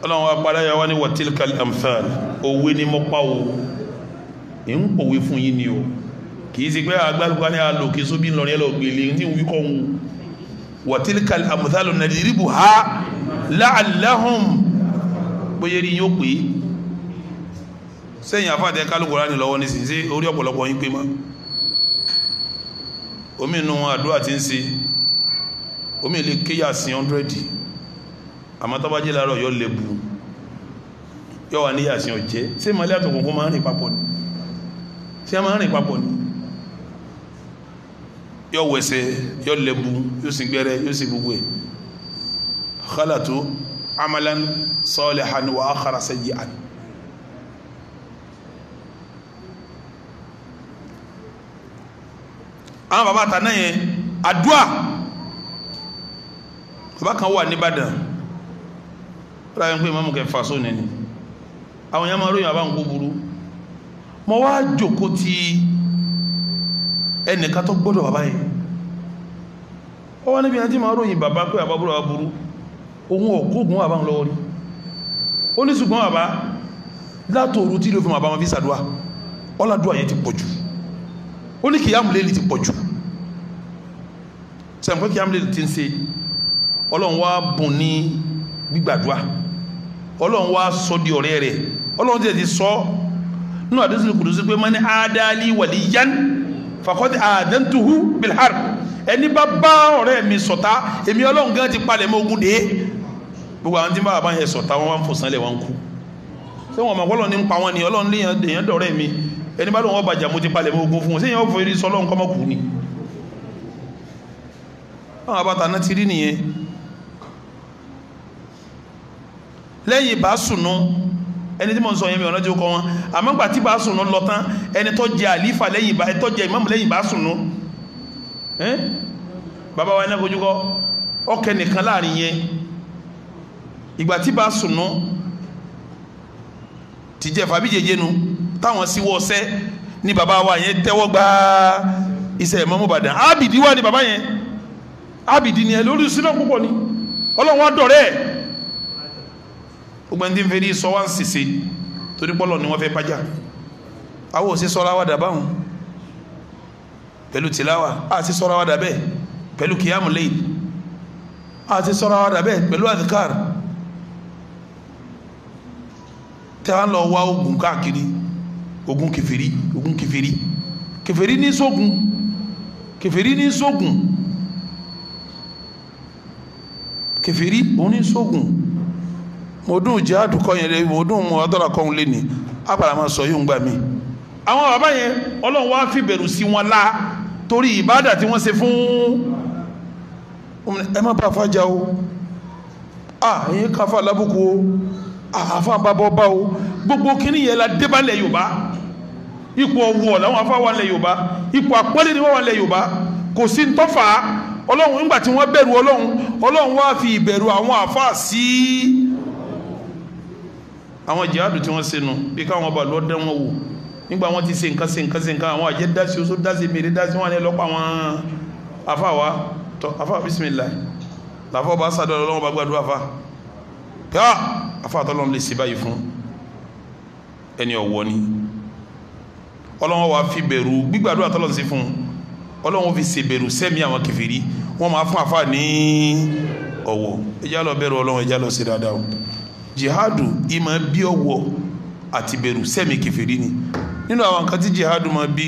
ọlọ́run wa padà yà wá ní watilkal amthal òwe ni mo pa o ẹ ń pòwe fún yín ni o kì í ṣe pé agbálùkọ́ ni a lò kí sóbì ńlọrin ẹ lọ gbélé ní wí kọ́ ń watilkal amthal nadribuha la'allahum bóyá rí yóò pé sẹ́yìn afáàtẹ kálukura ni lọ́wọ́ ní sèse orí ọ̀pọ̀lọpọ̀ yín pé mọ́ omi inú àdúrà ti ń ṣe omi lè kéyà sí hundred àmọ́ tó bá jí láàárọ̀ yóò lè bu yóò wà níyàsí ọ̀jẹ́ ṣé ìmọ̀lẹ́ àtòkùnkùn máa ń rìn papọ̀ ni ṣé a máa ń rìn papọ̀ ni yóò wẹsẹ̀ yóò lè bu yóò sì gbẹ́rẹ́ yóò sì gbogbo ẹ̀ khalatu amalan salihan wa akhara sayyi'an àwọn bàbá àtànáyẹn àdúà bàbá kan wà ní ráyẹ pé mọ́mù kẹfà sóní ni àwọn èèyàn máa ròyìn àbá nǹkó burú mo wá jòkó ti ẹnìkan tó gbọ́dọ̀ bàbá yẹn ó wá níbi àti máa ròyìn bàbá pé bàbá burú bàbá burú ohun ọ̀kógun àbá ń lọ́wọ́ rí ó ní ṣùgbọ́n bàbá látòrú tí ló fi bàbá ọlọ́run wá sọ di ọ̀rẹ́ rẹ̀ ọlọ́run ti ti sọ nínú àdúsí kùdùsí pé mọ́ ní àádáálí wàlíyán fàkọ́tí àádẹ́ntuhu bilhar ẹni bá bá ọ̀rẹ́ mi ṣọ̀tá èmi ọlọ́run gan ti palẹ̀ mọ́ ogun dé gbogbo àwọn tí bá bá yẹn ṣọ̀tá wọn wá ń fòsàn lẹ̀ wọn kú ṣé wọn mọ̀ ọlọ́run ní ń pa wọn ni ọlọ́run lè yàn dọ̀rẹ́ mi ẹni bá lóun ọba jà mo ti palẹ̀ mọ́ ogun fún wọn ṣé yẹn ó fọ lẹ́yìn bàásùnú ẹni tí mo ń sọ yẹn mi ọ̀nà tí ó kọ wọn àmọ́ gbà tí bàásùnú lọ tán ẹni tó jẹ àlífà lẹ́yìn tó jẹ ìmáàmù lẹ́yìn bàásùnú bàbá wa iná kojú kọ ọkẹ nìkan láàrin yẹn ìgbà tí bàásùnú ti jẹ fàbíjẹjẹ nu táwọn sí wọ́ọ́sẹ́ ni bàbá wa yẹn tẹ́wọ́ gbà iṣẹ́ ìmáàmù Ìbàdàn ábìdí wà ní bàbá yẹn ábìdí ni ẹ lórí sínú púpọ̀ ni ọlọ́run wa dọ̀rẹ́ ẹ̀ gbogbo ẹni tí ń fi ní sọ torí pọ́lọ̀ ni wọ́n fẹ́ bájà àwọn ò sí sọ́ra wà dà báwọn pẹ̀lú a sì sọ́ra wà dà bẹ́ẹ̀ pẹ̀lú a sì sọ́ra wà dà bẹ́ẹ̀ pẹ̀lú àdìkàr tẹ́ wá ń lọ wá ogun káàkiri ogun kẹfìrí ogun kẹfìrí kẹfìrí ní sógun kẹfìrí ní sógun kẹfìrí òun ní sógun mo jihadu kọ́ yẹn lé mo dùn mo ọdọ́ra kọ́ lé ní apàdà gbà mí. àwọn bàbá yẹn ọlọ́run wá fi bẹ̀rù sí wọn la torí ìbádà tí wọ́n ṣe fún ẹ má bá fàjà o ah ẹ̀yin káfa lábùkù o àfa bàbá ọba o gbogbo kínní yẹn la débàlẹ̀ yorùbá ipò ọwọ́ làwọn afa wà lẹ̀ yorùbá ipò àpọ́lẹ̀ ni wọ́n wà lẹ̀ yorùbá kò sí ntọ́fà ọlọ́run nígbà tí wọ́n bẹ̀rù ọlọ́run ọlọ́run wá fi ìbẹ̀rù àwọn afa sí i àwọn jihadu tí wọ́n ṣe nu bí káwọn ọba lọ dán wọn wò nígbà wọn ti ṣe nǹkan ṣe nǹkan ṣe nǹkan àwọn àjẹ dasi oṣù dasi mèrè dasi wọn ni lọ́pọ̀ àwọn afáwa tọ afáwa bisimilayi làfọ bá sádọ lọ́wọ́ bá gbàdúrà fa yá afáwa tọ́ lè ṣe báyìí fún ẹni ọ̀wọ́ ni ọlọ́wọ́ wa fi bẹ̀rù gbígbàdúrà tọ́lọ̀ sí fún ọlọ́wọ́ fi ṣe bẹ̀rù sẹ́mi àwọn kẹfìrí wọ́n máa fún afáwa ní ọ̀wọ́ ẹjá lọ bẹ̀rù ọlọ́wọ́ ẹjá lọ sí dáadáa o jihadu ìmọ̀ bí ọ̀wọ̀ àti bẹ̀rù sẹ́mi kẹfìrí ni nínú àwọn nǹkan tí jihadu máa bí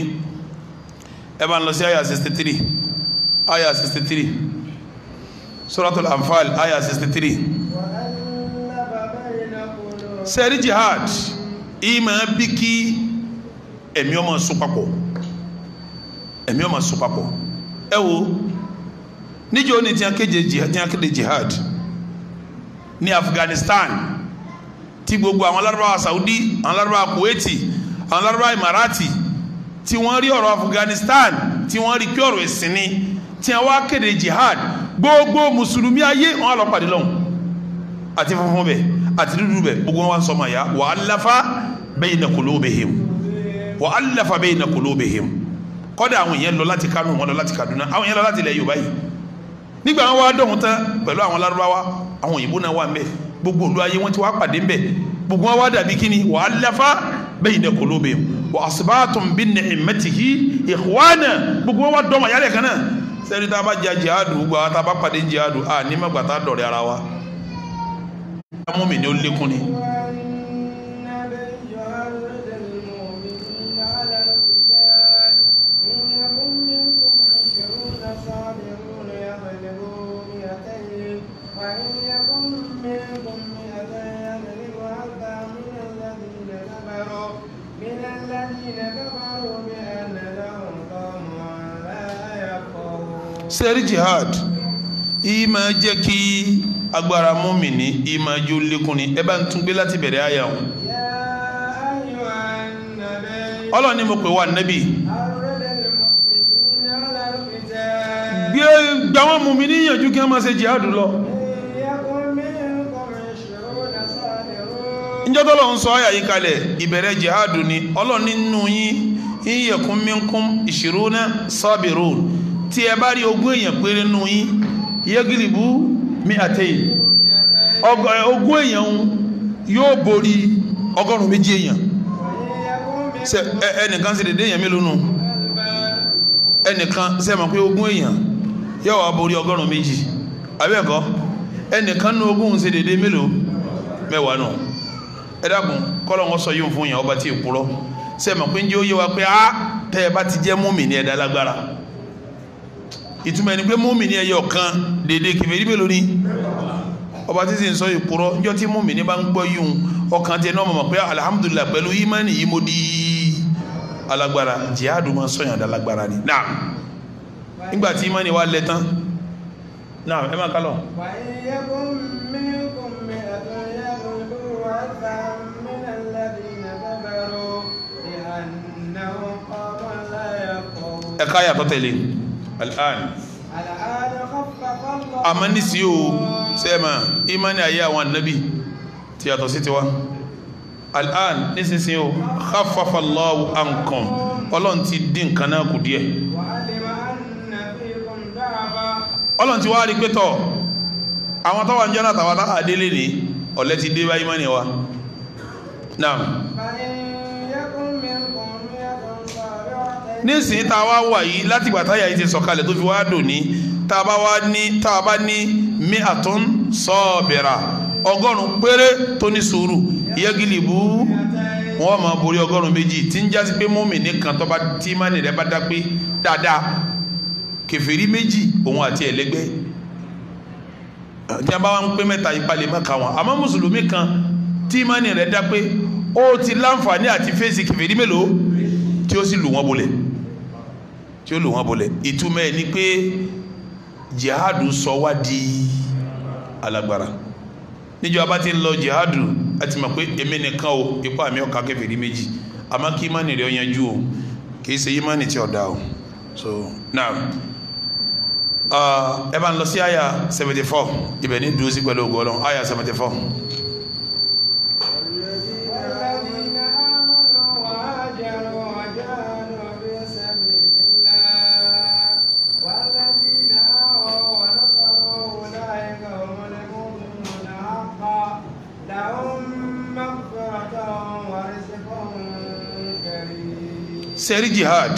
ẹ bá ń lọ sí àyà sixty three àyà sixty three suratul anfal àyà sixty three sẹ́rí jihad ìmọ̀ bí kí ẹ̀mí ọmọ sún papọ̀ ẹ̀mí ọmọ sún papọ̀ ẹ wo níjọ́ ni tí a kéde jihad ní Afghanistan tí gbogbo àwọn lárúbáwá Saudi àwọn lárúbáwá Kuwaiti àwọn lárúbáwá Emirati tí wọ́n rí ọ̀rọ̀ Afghanistan tí wọ́n rí pé ọ̀rọ̀ ẹ̀sìn tí wọ́n wá kéde jihad gbogbo mùsùlùmí ayé wọn lọ pàdé lọ́hùn àti funfun bẹ̀ àti dúdú bẹ̀ gbogbo wọn wá sọmọ ya wa allafa bayna qulubihim wa allafa bayna qulubihim kọ́dà àwọn èèyàn lọ láti Kánò wọn lọ láti Kaduna àwọn èèyàn lọ láti ilẹ̀ Yorùbá yìí nígbà wọn wá dọ̀hún tán pẹ̀lú àwọn Lárúbáwá àwọn òyìnbó náà wà ń bẹ́ẹ̀ gbogbo olú ayé wọn ti wá pàdé mbẹ gbogbo wọn wá dàbí kíni wa allafa bayna qulubihim wa asbatum bi ni'matihi ikhwana gbogbo wọn wá dọ́mọ yálẹ̀ kan náà sẹ́ni tá a bá ja jihadu gba tá a bá pàdé jihadu a ní mẹ́gbàtà dọ̀rẹ́ ara wa. mọ́mì ni ó lékún ni sẹ́rí jihad yìí máa jẹ́ kí agbára mùmínì yìí máa jó lékún ni ẹ bá ń tún gbé láti bẹ̀rẹ̀ àyà wọn. ọlọ́run ni mo pè wá nẹ́bì gbé gba wọn níyànjú kí máa ṣe jihad lọ. níjọ́ tó lọ́n sọ àyà yìí kalẹ̀ ìbẹ̀rẹ̀ jihad ni ọlọ́run nínú yín yíyẹ̀kún tí ẹ bá rí ogún èèyàn péré nù yín yẹ́gìlìbú mi àtẹ̀yìn ogún èèyàn yóò borí ọgọ́rùn-ún méjì èèyàn ẹnìkan sì dédé èèyàn mélòó nù ẹnìkan ṣe mọ̀ pé ogún èèyàn yóò wá borí ọgọ́rùn-ún méjì àbẹ́ẹ̀kọ́ ẹnìkan nù ogún ṣe dédé mélòó mẹ́wàá nù ẹ dákun kọ́lọ̀ wọn sọ yóò fún yàn ọba tí ì purọ́ ṣe mọ̀ pé ń jẹ́ ó yé wa pé á tẹ́ ẹ bá ti jẹ́ mùmínì ẹ̀dá lágbára ìtumọ̀ ẹni pé mùmínì ẹyẹ ọ̀kan dédé kèfèrí mélòó ni ọba títí ń sọ ìkúrọ́ níjọ́ tí mùmínì bá ń gbọ́ yíhun ọkàn tiẹ̀ náà mọ̀ pé alhamdulillah pẹ̀lú ìmánì yìí mo di alágbára jihadu máa sọ̀yàn alágbára ni náà nígbà tí ìmánì wa lẹ tán náà ẹ máa kálọ̀. ẹ̀ka yàtọ̀ tẹ̀lé al'an àmọ́ nísìí o sẹ́ẹ̀mà ìmánì ayé àwọn ànábì tí yàtọ̀ sí tiwa al'an nísinsìnyí o khaffafa Allahu ankum ọlọ́run ti dín nǹkan náà kù díẹ̀ ọlọ́run ti wá rí pé tọ̀ àwọn tọ́wà ń jẹ́ náà tàwátá àdélé ní ọ̀lẹ́ ti dé bá ìmánì wa náà nísìnyí tá a wá wà yìí láti ìgbà táyà yìí ti sọ̀kalẹ̀ tó fi wá dùn ní tá a bá wá ní tá a bá ní mí àtún sọ́ọ̀bẹ̀rà ọgọ́rùn péré tó ní sùúrù yẹ́gìlì bú wọn máa borí ọgọ́rùn méjì tí ń jásí pé mọ́mìnì kan tó bá tí mánì rẹ bá dá pé dáadáa kẹfìrí méjì òun àti ẹlẹgbẹ́ tí a bá wá ń pé mẹ́ta ìpalẹ̀ má ka wọn àmọ́ mùsùlùmí kan tí mánì rẹ dá pé ó ti láǹfààní àti fèsì kẹfìrí mélòó tí ó sì lù wọ́n bolẹ̀ tí ó lò wọ́n bolẹ̀ ìtumọ̀ ẹ̀ ni pé jihadu sọ wá di alágbára níjọ́ abá ti ń lọ jihadu a ti mọ̀ pé èmi nìkan o ipá mi ọ̀ka kèfèrí méjì àmọ́ kí ìmánì rẹ̀ yanjú o kì í ṣe ìmánì tí ọ̀dà o so now uh, ẹ bá ń lọ sí àyà seventy four ibẹ̀ ní dùn sí pẹ̀lú ògo ọlọ́run àyà seventy four. sẹ́rí jihad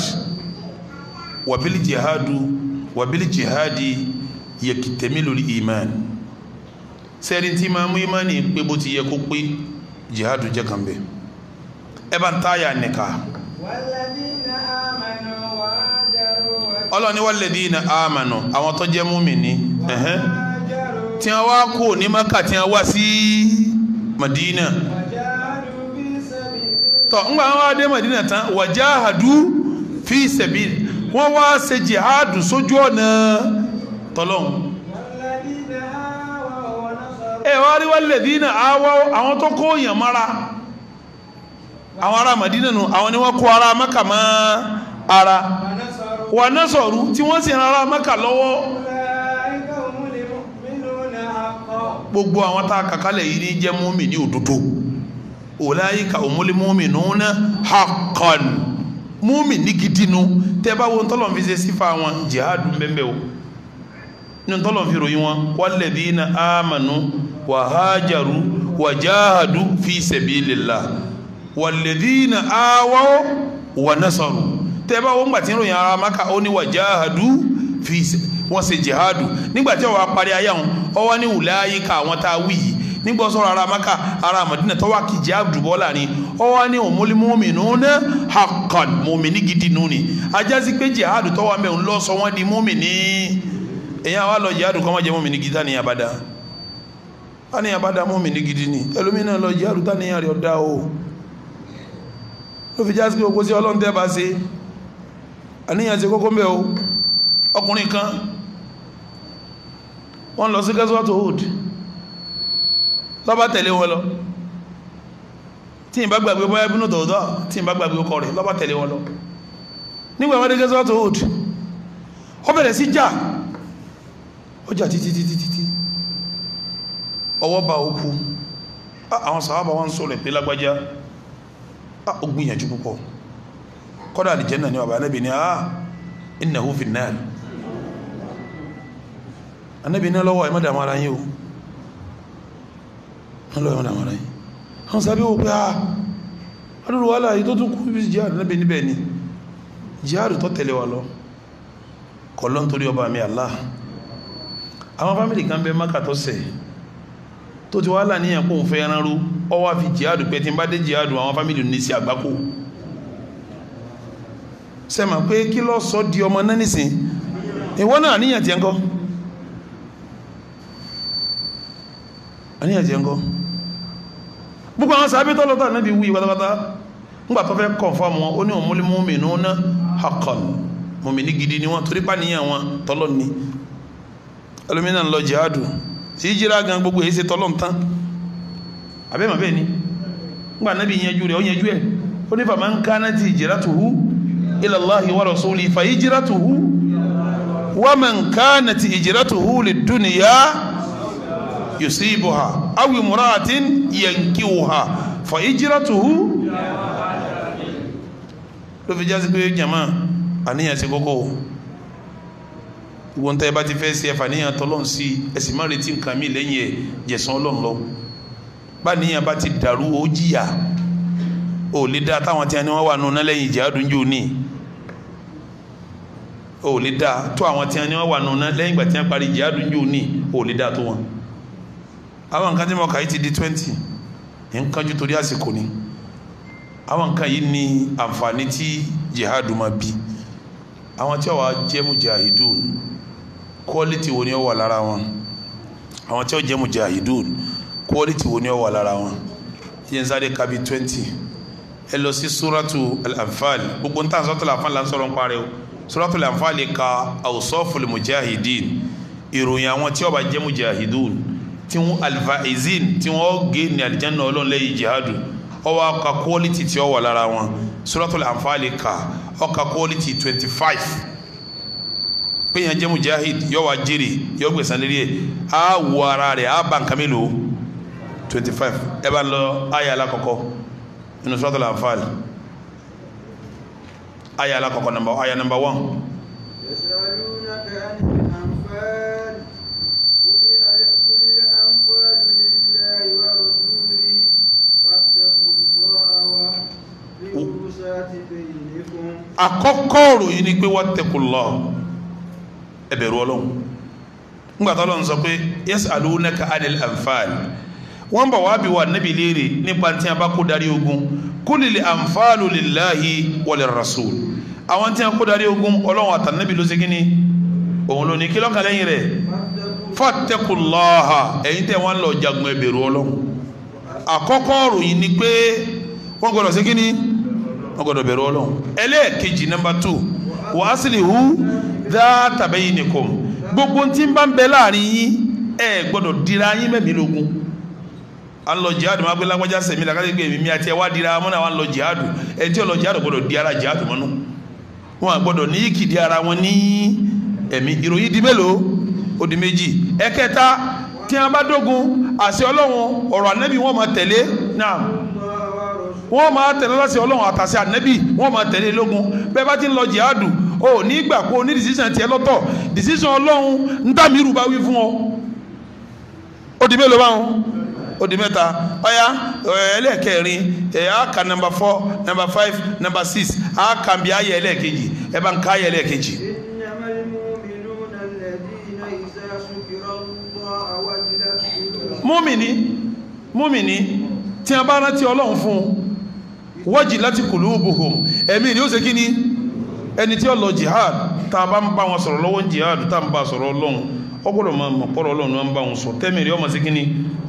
wàbílì jihadu wàbílì jihadi yẹkìtẹ́mílò iman sẹ́rí tí máa mú imani pé bó ti yẹ kó jihadu jẹ́ kan bẹ́ẹ̀ neka. bá ń táyà nìka ọlọ́ni walladina amanu àwọn tó jẹ́ múmìnì tí wọ́n kú ní maka tí wọ́n wá sí madina tọ́ ńgbà wọn adé Madina tán wàjáhàdú fi sẹ̀bìlì wọ́n wá ṣe jihadu sójú ọ̀nà tọ́lọ́hún ẹ wá rí wálẹ̀ dínà àwọn tó kó yàn mara àwọn ará Madina nù àwọn ni wọ́n kó ara Maka mọ́ ara wà ná sọ̀rú tí wọ́n sì ran ará Maka lọ́wọ́ gbogbo àwọn tá a kàkálẹ̀ yìí ní jẹ́ mùmínì òdodo ulaika umul mu'minuna haqqan múmi ní gidi nu tẹ́ bá wo ntọ́lọ́n ṣe sífà wọn jihadu bẹ́ẹ̀ o ní ntọ́lọ́n fi ròyìn wọn walladhina amanu wa hajaru wa jahadu fi sabilillah walladhina awaw wa nasaru tẹ́ bá wo ngbàtí ròyìn ara maka ó ní wa jahadu fi wọ́n ṣe jihadu nígbàtí ó wá parí ayé wọn ó wá ní ulaika àwọn tá a nígbà sọ̀rọ̀ ara maka ara madina tọ́wọ́ akíjẹ́ abdulbọ́lá ni ọwọ́ ní òmùlí mu'minuna haqqan mùmìnì gidi nù ni ajásí pé jihadu tọ́wọ́ mẹ́ ń lọ sọ wọ́n di mùmìnì èyàn wà lọ jihadu kọ́ mọ́ jẹ́ mùmìnì gidi tánìyàn bá dá tánìyàn bá dá mùmìnì gidi ni ẹlòmínà lọ jihadu tánìyàn rẹ̀ ọ̀dá o ló fi jásí pé okòsí ọlọ́run tẹ́ bá ṣe àníyàn ṣe kókó mbẹ́ o ọkùnrin kan wọ́n lọ sí gẹ́sùwàtò hood lọ́ba tẹ̀lé wọn lọ tí ìbá gbàgbé bóyá ibùnú tòótọ́ tí ìbá gbàgbé ọkọ rẹ̀ lọ́ba tẹ̀lé wọn lọ nígbà wọn dé gẹ́sọ́ tó hòd ó bẹ̀rẹ̀ sí jà ó jà títí títí títí ọwọ́ bá òkú àwọn sàábà wọn sọ̀rọ̀ pé lágbájá ó gbìyànjú púpọ̀ kọ́dà àlìjẹ́ náà ni bàbá anábì ní àá innahu fin nar ní lọ́wọ́ ẹ̀ ara yín ọlọ́run àwọn ọ̀rẹ́ àwọn sàbí wò pé àà adúrú wà láàyè tó tún kú bí jihad níbẹ̀ níbẹ̀ ni jihad tó tẹ̀lé wa lọ kọ̀lọ́n torí ọba mi Allah àwọn fámìlì kan bẹ Mákà tó sẹ̀ tó ti wà láàníyàn kó ń fẹ́ ránrú ọ fi jihad pé tí n bá dé jihad àwọn fámìlì ní sí àgbákò sẹ́mà pé kí ló sọ di ọmọ náà nìsín ìwọ náà àníyàn tiẹ̀ ń gbogbo àwọn sàbí tó lọ́tà náà bí wí pátápátá ńgbà tó fẹ́ confirm wọn ó ní òun múlẹ̀ múmi nù ná haqqan mùmíní gidi ni wọn torí pàníyàn wọn tọ́lọ́ ni ẹlòmínà ń lọ jihadu sí jíra gan gbogbo èyí ṣe tọ́lọ́ ń tán àbẹ́mọ̀ bẹ́ẹ̀ ni ńgbà náà bí yanjú rẹ̀ ó yanjú ẹ̀ ó ní faman kanati hijratuhu ila Allahi wa rasuli fa hijratuhu wa man kanati hijratuhu lid dunya yusibuha awi muratin yankiwuha fa ijiratuhu ló fi jásí pé jama àníyàn ṣe kókó gbogbo ntẹ́ bá ti fẹ́ ṣe ẹ̀fà níyàn tọ́lọ́n sí ẹ̀sìn má retí nǹkan mi lẹ́yìn ẹ̀ jẹ̀sán ọlọ́run lọ bá níyàn bá ti dàrú ó jìyà ó lè dá táwọn tí wọ́n wà nù náà lẹ́yìn ìjà àdúnjù ní ó lè dá tó àwọn tí wọ́n wà nù náà lẹ́yìn ìgbà tí wọ́n parí ìjà àdúnjù ní ó lè dá tó wọn àwọn nǹkan tí mo kà yìí ti di twenty nǹkan ju torí àsìkò ni àwọn nǹkan yìí ní àǹfààní tí jihadu máa bí àwọn tí wàá jẹ́ mujahidun quality wo ni ó wà lára wọn àwọn tí wàá jẹ́ mujahidun quality wo ni ó wà lára wọn yẹn sáré kabi twenty ẹ lọ sí suratu al-anfal gbogbo nta suratul anfal la ń sọ̀rọ̀ ń parẹ́ o suratul anfal ka awsaful mujahidin ìròyìn àwọn tí wàá jẹ́ mujahidun tí wọn alfaizin tí wọn gé ní alijanna ọlọ́run lẹ́yìn jihadu ọwọ́ ọka quality tí ó wà lára wọn suratul anfali ka ọka quality twenty five péyàn jẹ́ mujahid yọ wá jèrè yọ gbèsè lérí ẹ̀ á wọ ara rẹ̀ á bá nǹkan twenty five ẹ bá lọ àyà alákọ̀ọ́kọ́ nínú suratul anfali àyà alákọ̀ọ́kọ́ àyà number one. àkọ́kọ́ ròyìn ni pé wattaqullah ẹ bẹ̀rù Ọlọ́run ńgbà tó lọ́n sọ pé yas'alunaka anil anfal wọ́n bọ̀ wá bí wà níbi léèrè nípa tí a bá kó darí ogun kulil anfalu lillahi walir rasul àwọn tí a kó darí ogun Ọlọ́run àtànábì ló ṣe kí ni òun ló ní kí lọ́kàn lẹ́yìn rẹ̀ fattaqullaha ẹ̀yin tẹ̀ wọ́n lọ jagun ẹ bẹ̀rù Ọlọ́run àkọ́kọ́ ròyìn ni pé wọ́n gbọ́dọ̀ ṣe ni wọ́n gbọ́dọ̀ bẹ̀rù Ọlọ́run ẹlẹ́ẹ̀kejì nọ́mbà two wa aslihu dhata bainikum gbogbo tí ń bá ń bẹ láàrin yín ẹ gbọ́dọ̀ dira yín mẹ́mí lógún à ń lọ jihadu máa gbé lágbájá sẹ̀mí làkàtà gbé mi àti ẹ wá dira mọ́nà wa ń lọ jihadu ẹ tí ò lọ jihadu gbọ́dọ̀ di ara jihadu mọ́nú wọn gbọ́dọ̀ ní kìdí ara wọn ní ẹ̀mí ìròyìn di mélòó ó di méjì ẹ̀kẹta tí wọn bá dógun àṣẹ Ọlọ́run ọ̀rọ̀ ànábì wọn máa tẹ̀lé náà wọ́n ma tẹ̀lé láti ọlọ́run àtàṣe ànẹ́bì wọ́n máa tẹ̀lé lógun bẹ́ẹ̀ bá ti ń lọ jihadu o ní ìgbà kó o ní decision tiẹ̀ lọ́tọ̀ decision ọlọ́run ń dá mi rú bá wí fún ọ. ó di mélòó báwọn ó di mẹ́ta ọ̀ya ẹlẹ́ẹ̀kẹrin ẹ̀yà àkà nàmbà fọ́ nàmbà fáìf nàmbà six àkà bí ayẹ ẹlẹ́ẹ̀kejì ẹ̀ bá ń ká ayẹ ẹlẹ́ẹ̀kejì. múmìnì múmìnì tí a bá rántí ọlọ́run fún un wọ́jì láti kulubuhum ẹ̀mí ni ó ṣe kí ni ẹni tí ó lọ jihad tá a bá ń sọ̀rọ̀ lọ́wọ́ jihad tá a ń bá sọ̀rọ̀ ọlọ́run ó máa mọ̀ pọ́rọ̀ ọlọ́run máa ń bá wọn sọ tẹ́mi rí ọmọ sí kí ni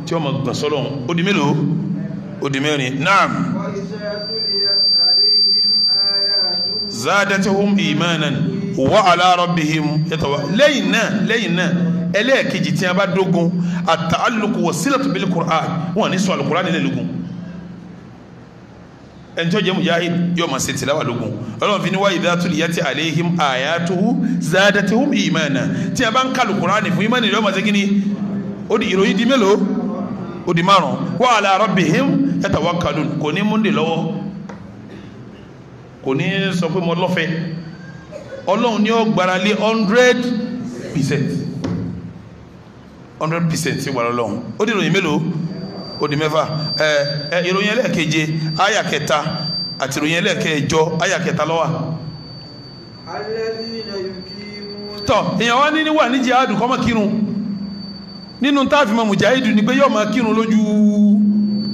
tí ọmọ gbà sọ́lọ́run ó a bá wa wọn ní sọ ẹni tó jẹ́ mujahid yóò máa ṣe tìláwà lógun ọlọ́run fi ní wáyé dátú lìyá ti àléhìm àyàtuhu zadatihum ìmánà tí a bá ń kálù kúránì fún ìmánì yóò máa ṣe kí ni ó di ìròyìn di mélòó ó di márùn wa ala rabbihim yatawakkalun kò ní múndè lọ́wọ́ kò ní sọ pé mo lọ́fẹ̀ẹ́ ọlọ́run ni ó gbára lé hundred percent hundred percent sí wàlọ́lọ́run ó di ìròyìn mélòó ó di mẹ́fà ẹ ẹ ìròyìn ẹlẹ́ẹ̀keje àyà kẹta àti ìròyìn ẹlẹ́ẹ̀kẹjọ àyà kẹta ló wà. tọ èèyàn wá ní wà ní jihadu kọ́ mọ́ kírun nínú táàfin mọ́ mùjáhídù ni pé yóò máa kírun lójú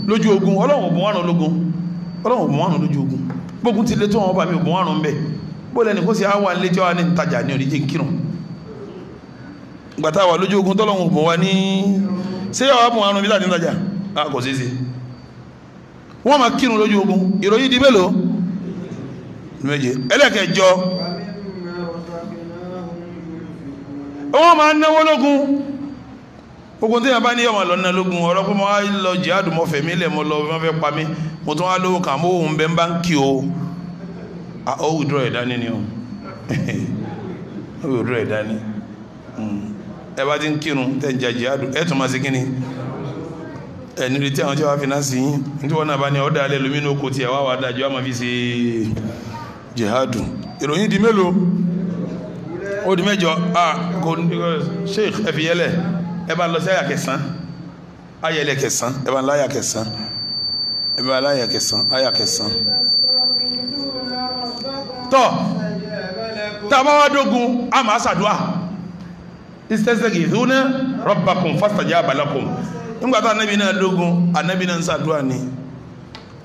lójú ogun ọlọ́run òbí wọn lógun ọlọ́run òbí wọn lójú ogun gbógun ti lé tó wọn bá mi òbí wọn ń bẹ̀ bó lẹ́ni kó sì á wà nílé tí wọ́n ní ìtajà ní oríjì kírun gbàtà wà lójú ogun tọ́lọ́run òbí wọn ní ṣé yàrá bùn àrùn bí láti ń tajà. Ah, kò sí sí wọ́n máa kírun lójú ogun ìròyìn di mélòó méje ẹlẹ́kẹjọ wọ́n máa náwó lógun ogun tí yàn bá ní ọmọ lọ́nà lógun ọ̀rọ̀ pé mo á lọ jihad mo fẹ̀mí lẹ̀ mo lọ wọ́n fẹ́ pa mí mo tún wá lówó kan mo òun bẹ́ ń bá ń kí o ó wùdúrọ̀ ẹ̀dá ní ni o ó ẹ̀dá ní hmm. ẹ bá ti ń kírun tẹ̀ ń jẹ jihad ẹ̀ tún máa ṣe kí ni ẹni retí àwọn tí wọ́n fi náà sí ní tí wọ́n náà bá ní ọ̀dà alẹ́ lómìnà oko tí àwa wàá dájú àmọ́ fi ṣe jihadu ìròyìn di mélòó ó di mẹ́jọ a kò ní sheikh ẹ fi yẹlẹ ẹ bá lọ sí àyà kẹsàn ayẹlẹ kẹsàn ẹ bá láyà kẹsàn ẹ bá láyà kẹsàn àyà kẹsàn. tọ́ tábà wá dógun a máa ṣàdúrà istazgithuna rabbakum fastajaba lakum nígbà tá anabi náà dógun anabi náà ń ṣàdúrà ni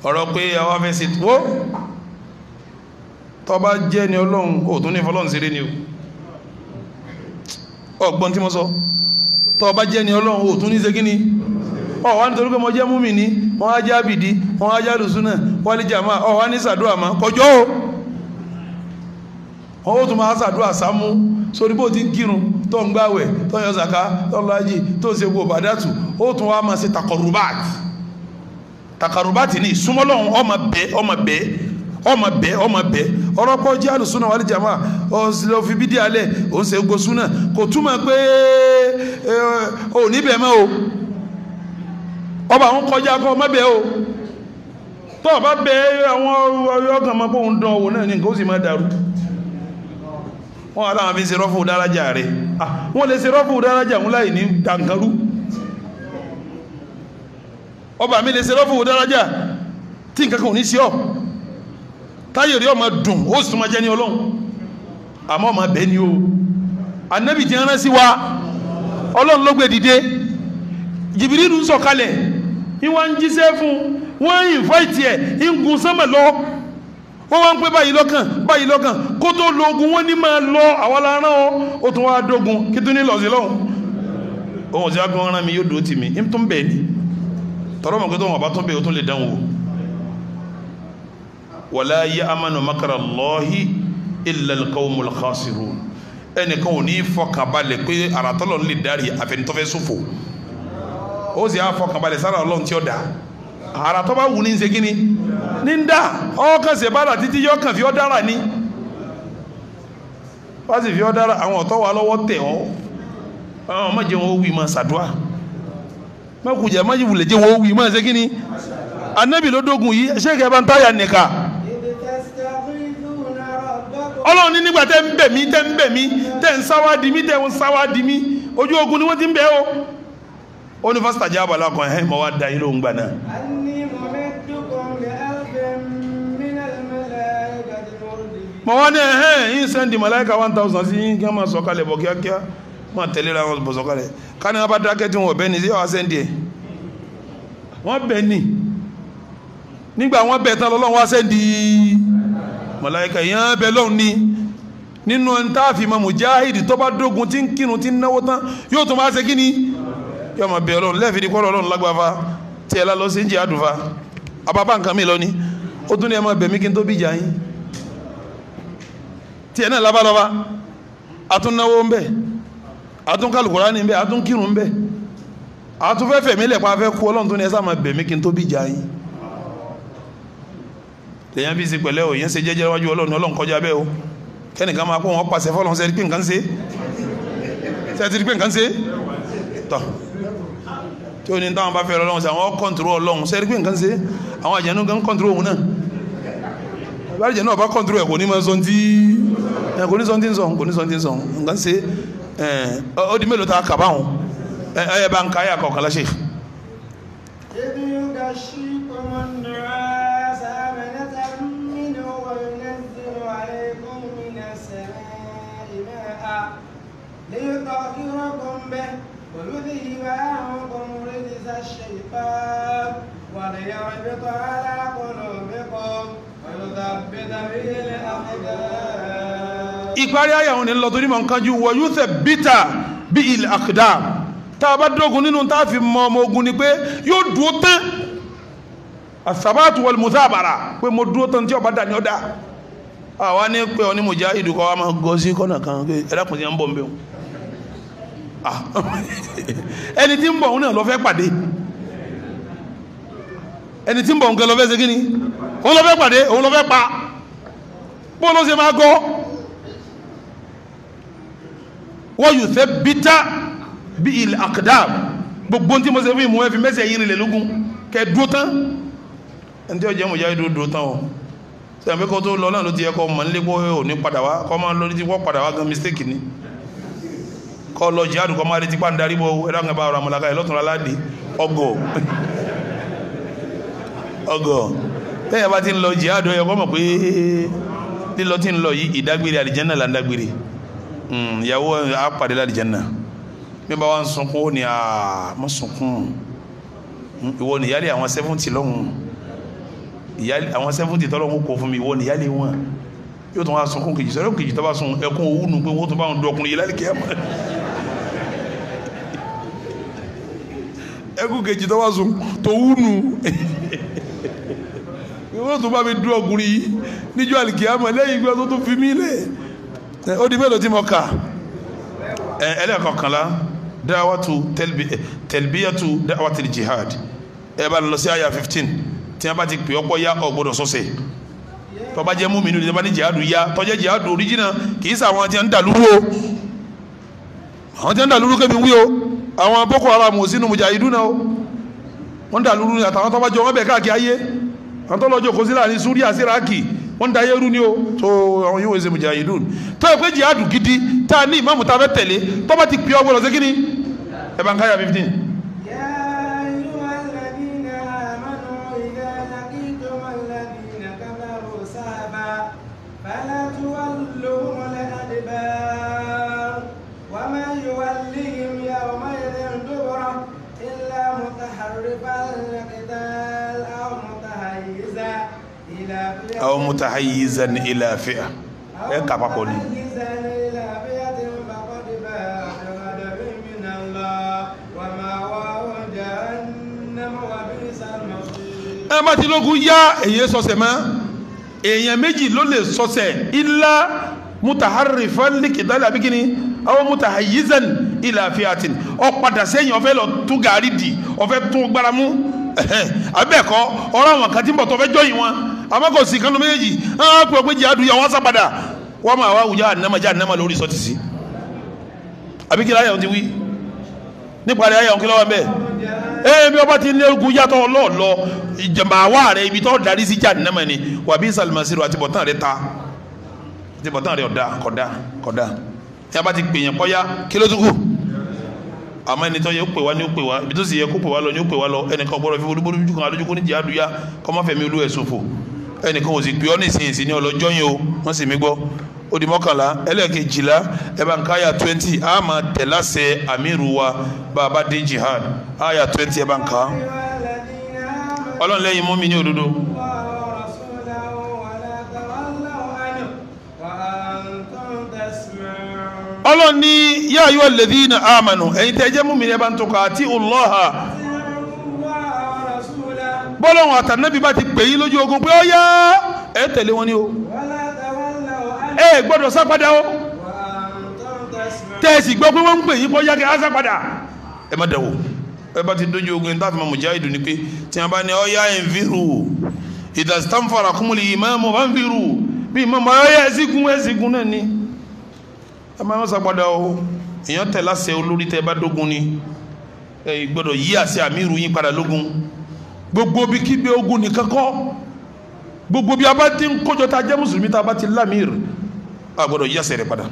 ọ̀rọ̀ pé àwa fẹ́ ṣe tó tọ́ba jẹ́ ni ọlọ́run kò tún ní fọlọ́run ṣeré ni o ọgbọ́n tí mo sọ tọ́ba jẹ́ ni ọlọ́run kò tún ní ṣe ni ọ nítorí pé mo jẹ́ múmi ni wọ́n á jẹ́ àbìdí wọ́n á jẹ́ àlùsùnà wọ́n á lè jàmá ọ wá ní ṣàdúrà má kọjọ́ o. wọn ó máa ṣàdúrà sámú sórí bó ti ń kírun tó ń gbàwẹ̀ tó yọ zaka tó ń lọ́jì tó ń ṣe gbogbo bàdàtù ó tún wá máa ṣe takarubati takarubati ní ìsúmọ́lọ́hún ọmọ bẹ́ẹ̀ ọmọ bẹ́ẹ̀ ọmọ ọmọ bídí o ọba àwọn ọmọ o tọ́ ọba wọ́n aláwọn fi ń ṣe rọ́fù dárájà rẹ̀ ah, wọ́n lè ṣe rọ́fù dárájà ń láì ní dankaru ọba mi lè ṣe rọ́fù dárájà tí nǹkan kan ò ní sí ọ táyé rí ọmọ dùn ó sì tún máa jẹ́ ní ọlọ́run àmọ́ ọmọ bẹ́ẹ̀ ni o anabi ti rán sí wa ọlọ́run ló gbé dìde jìbìrì ń sọ̀kalẹ̀ ìwà ń jíṣẹ́ fún wọ́n ń invite ẹ̀ ń gun sánmà lọ wọ́n wá ń pé báyìí lọ́kàn báyìí lọ́kàn kó tó lo ogun wọ́n ní máa lọ àwọn alára ọ́ ó tún wá dógun kí tún ní lọ́sí lọ́hùn ohun tí agbọn ọ̀ràn mi yóò dúró tì mí ń tún bẹ̀ ni tọrọ mọ̀ pé tó wọn bá tún bẹ̀ ó tún lè dánwò wala ya'manu makara Allahi illa al-qawmul khasirun ẹnìkan ò ní fọkànbalẹ̀ pé àràtọ́lọ́ ń lè dárí àfẹnitọ́fẹ́ sófò ó sì á fọkànbalẹ̀ sára ọlọ́run tí ó dáa ara tó bá wù ní ṣe kíni ní ń dá ọkàn ṣe bára títí yọ kàn fi ọ́ dára ni wá sì fi ọ́ dára àwọn ọ̀tọ́ wa lọ́wọ́ tẹ̀ ọ́ àwọn ọmọ jẹun ó wí máa ṣàdúrà mọ́kùjẹ́ mọ́jìwù lè jẹun ó wí máa ṣe kíni anabi ló dógun yìí ṣéèkì ẹ bá ń táyà nìka ọlọ́run nígbà tẹ́ ń bẹ̀ mí tẹ́ ń bẹ̀ mí tẹ́ ń sáwádìí mí tẹ́ ń sáwádìí mí ojú ogun ni wọ́n ti ń bẹ̀ o ó ní fásitì àjẹ́ àbàlá kan ẹ̀ mọ́ wá da yín lóhùn gbà náà. mọ̀ wá ní ẹ̀hẹ́ yìí sẹ́ndì màláìka one thousand sí yìí kí wọ́n máa sọ̀kalẹ̀ bọ̀ kíákíá wọ́n tẹ̀lé ra wọn bọ̀ sọ̀kalẹ̀ káni wọn bá dákẹ́ tí wọn ò bẹ́ni sí ọ̀ sẹ́ndì ẹ̀ wọ́n ni nígbà wọn bẹ̀ tán lọ́lọ́run wá sẹ́ndì màláìka yẹn ni nínú ntaafi ma mujahid tó bá dógun tí ń kírun tí ń náwó tán yóò tún ṣe kí ni yóò máa ọlọ́run lẹ́ẹ̀fì tiẹ̀ náà labalaba àtúnnáwó ń bẹ àtúnkálukura ni ń bẹ àtúnkírun ń bẹ àtúnfẹ́fẹ́ mi lẹ̀kọ́ afẹ́ kú ọlọ́run tó ní ẹ sáà máa bẹ̀ mí kí n tó bí jà yín lèyàn fi si pẹ̀lẹ́ o yẹn ṣe jẹ́jẹ́ wájú ọlọ́run ọlọ́run kọjá bẹ́ẹ̀ o kẹ́nìkan máa kó wọn pàṣẹ fọlọ́run sẹ́ẹ̀tì pé nǹkan ṣe sẹ́ẹ̀tì pé nǹkan ṣe tọ́ tí o ní táwọn bá fẹ́ ọlọ́run sẹ́ àwọn kọ́ntúrò ọlọ́run sẹ́ẹ̀tì pé nǹkan ṣe àwọn àjẹnú kan kọ́ntúrò òun náà ìbáraẹ̀jẹ̀ náà bá kọ́ńtúrò ẹ̀ kò ní máa sọ ní ẹ̀ kò ní sọ ní sọ kò ní sọ ní sọ nǹkan ṣe ẹ̀ ọ́ di mélòó ta kàbá ìparí ayé àwọn ènìyàn lọ torí mọ̀ nǹkan ju wọ yóò tẹ̀ bítà bí ilẹ̀ àkìdá tá a bá dógun nínú tá a fi mọ ọmọ ogun ni pé yóò dúró tán àsàbàtù musa àbàrà pé mo dúró tán tí ọba dà ní ọ̀dà àwa ní pé ọ ní mo jẹ́ ìdúkọ́ wa máa gọ sí kọ́nà kan ẹ̀dàkùn sí ẹ̀ ń bọ̀ ń bẹ̀ wọn ah, ẹni tí ń bọ̀ òun náà lọ fẹ́ pàdé ẹni tí ń bọ̀ nǹkan lọ fẹ́ ṣe kí ni òun lọ fẹ́ pàdé òun lọ fẹ́ pa bó ló ṣe máa gọ́ wọ́n yóò fẹ́ bítá bí ilẹ̀ àkàdám gbogbo tí mo ṣe fún ìmúwẹ́ fi mẹ́sẹ̀ yìí rìnlẹ̀ lógún kẹ dúró tán ẹni tí ó jẹ́ mọ̀já ìdúró dúró tán o sẹ́yìn pé kó tó lọ náà ló ti yẹ kọ́ mọ̀ nílé kó o ní padà wá kọ́ máa lórí tí wọ́n padà wá gan mistake ni kọ́ lọ jihadu kọ́ máa retí pàǹdarí bọ́ ẹ̀rọ àgbà ọ̀rọ̀ àmàlàkà ẹ̀ lọ́tùnrún ọgọ bẹ́ẹ̀ bá ti ń lọ jihad ọyọ kọ́ mọ̀ pé lílọ tí ń lọ yìí ìdágbére àlìjẹ́nà là ń dágbére hmm, ìyàwó apàdé lálìjẹ́nà bí bá wa ń sunkún ó ní àmọ́ sunkún hmm, ìwọ ni ìyálé àwọn sẹ́fúntì lọ́hùn ìyálé àwọn sẹ́fúntì tọ́lọ́hùn kò fún mi ìwọ ni ìyálé wọn yóò tún wá sunkún kejì sọ́dọ̀ kejì tó bá sun ẹkún owó nù pé wọ́n tún bá wọn dọkùnrin yìí lálẹ́ kíá ẹkún kejì tó sun tó wú nù tó tún bá mi dúró ọkùnrin yìí níjọ́ àlìkìyàmọ̀ lẹ́yìn ìgbà tó tún fi mí lẹ̀ ó di mélòó tí mo kà ẹlẹ́kọ̀ọ́kànlá dáwàtú tẹ̀lbíyàtú dáwàtú jihad ẹ bá lọ sí àyà fifteen tí wọ́n bá ti pè ọ́pọ̀ yá ọ̀gbọ́dọ̀ sọ́sẹ̀ tọ́ba jẹ́ múmi nínú ìjọba ní jihad yá tọ́jẹ́ jihad oríjìnà kì í sàwọn tí wọ́n ń dàlúrú o àwọn tí wọ́n ń dàlúrú kẹ́mi wí o àwọn boko haram ò sínú mujahiduna o wọ́n ń dàlúrú àtàwọn tọ́ba jọ wọ́n bẹ̀ káàkiri ayé àwọn tó lọ́jọ́ kó sílà ní da ayé ni o tó àwọn yóò ṣe mujahidun tó yẹ pé jihadu gidi tá a ní ìmáàmù tá a fẹ́ tẹ̀lé tó bá ti pè ọ́ gbọ́dọ̀ sí kíni ẹ̀ bá ń káyà fifteen. أو متحيزا إلى فئة. ẹ kà papọ̀ ni. ẹ bá ti lógun yá èyí sọsẹ mọ èèyàn méjì ló lè sọsẹ ilá mutaharrifan likidali àbí kíni àwọn mutahayizan ila fi'atin ó padà sẹ́yìn ó fẹ́ lọ tún gàrí di ó fẹ́ tún gbára mú abẹ́ẹ̀kọ́ ọ̀rọ̀ àwọn kan tí jọyìn wọn àmọ́ kò sí kánú méjì á pè pé jihadu yà wọ́n sá padà wọ́n máa wá wùjá ànámà já ànámà lórí sọ́tì sí àbí kí ti wí nípa rẹ̀ ayà òkè bẹ́ẹ̀ ee bí ọba ti ní ogun yàtọ̀ ọlọ́ọ̀lọ́ ìjàmbáwá rẹ̀ ibi tó darí sí já ànámà ni wàbí salimasiro àti bọ̀tán rẹ̀ ta àti bọ̀tán rẹ̀ ọ̀dà kọ̀dà kọ̀dà tí a bá ti gbìyàn kọ́ ya kí ló tún kù àmọ́ ẹni tó yẹ kó pè wá ni ó pè wá ibi tó sì yẹ kó pè wá lọ ni ó pè wá lọ ẹnìkan gbọ́dọ̀ fi olúborí ojú kan adójúkú ní jihadu ya kọ́mọ́fẹ̀mí olú ẹ̀ ṣòfò ẹnìkan ò sì pè ọ́ nísinsìnyí ní ọlọ́jọ́ yìí o wọ́n sì mí gbọ́ ó mọ́kànlá ẹlẹ́ẹ̀kejìlá ẹ twenty a máa tẹ̀ láṣẹ àmírù wa bá jihad àyà twenty ẹ bá mú mi ní òdodo. ọlọ́run yáa yọ lẹ́dí ní àmànù ẹ̀yin tẹ́ ẹ jẹ́ mú mi ní ẹ ń tọkọ àti ọlọ́ha bọ́lọ́hún àtànábì bá ti pè yín lójú ogun pé ó yá ẹ tẹ̀lé wọn ni o ẹ gbọ́dọ̀ sápadà o tẹ̀sí gbọ́ pé wọ́n ń pè yín bọ́yá kí á sápadà ẹ má dẹ̀wò ẹ bá ti dojú ogun táàfin mọ̀ mùjáhídù ni pé tí wọ́n bá ní ó yá ẹ̀ ń fìrù ìdàsítàǹfàrà kúmùlì ìmáàmù bá ń fìrù bí ìmáàmù ó yá ẹ̀sìnkún ẹ̀sìnkún náà ni ẹ má sápadà o èèyàn tẹ̀ láṣẹ olórí tẹ́ bá dógun ni ẹ gbọ́dọ̀ yí àṣẹ àmì ìrù yín padà lógun gbogbo bí kíbi ogun nìkan kọ́ gbogbo bí a bá ti ń kójọ tá a jẹ́ mùsùlùmí tá a bá ti lámìr a gbọ́dọ̀ yẹsẹ̀ rẹ̀ padà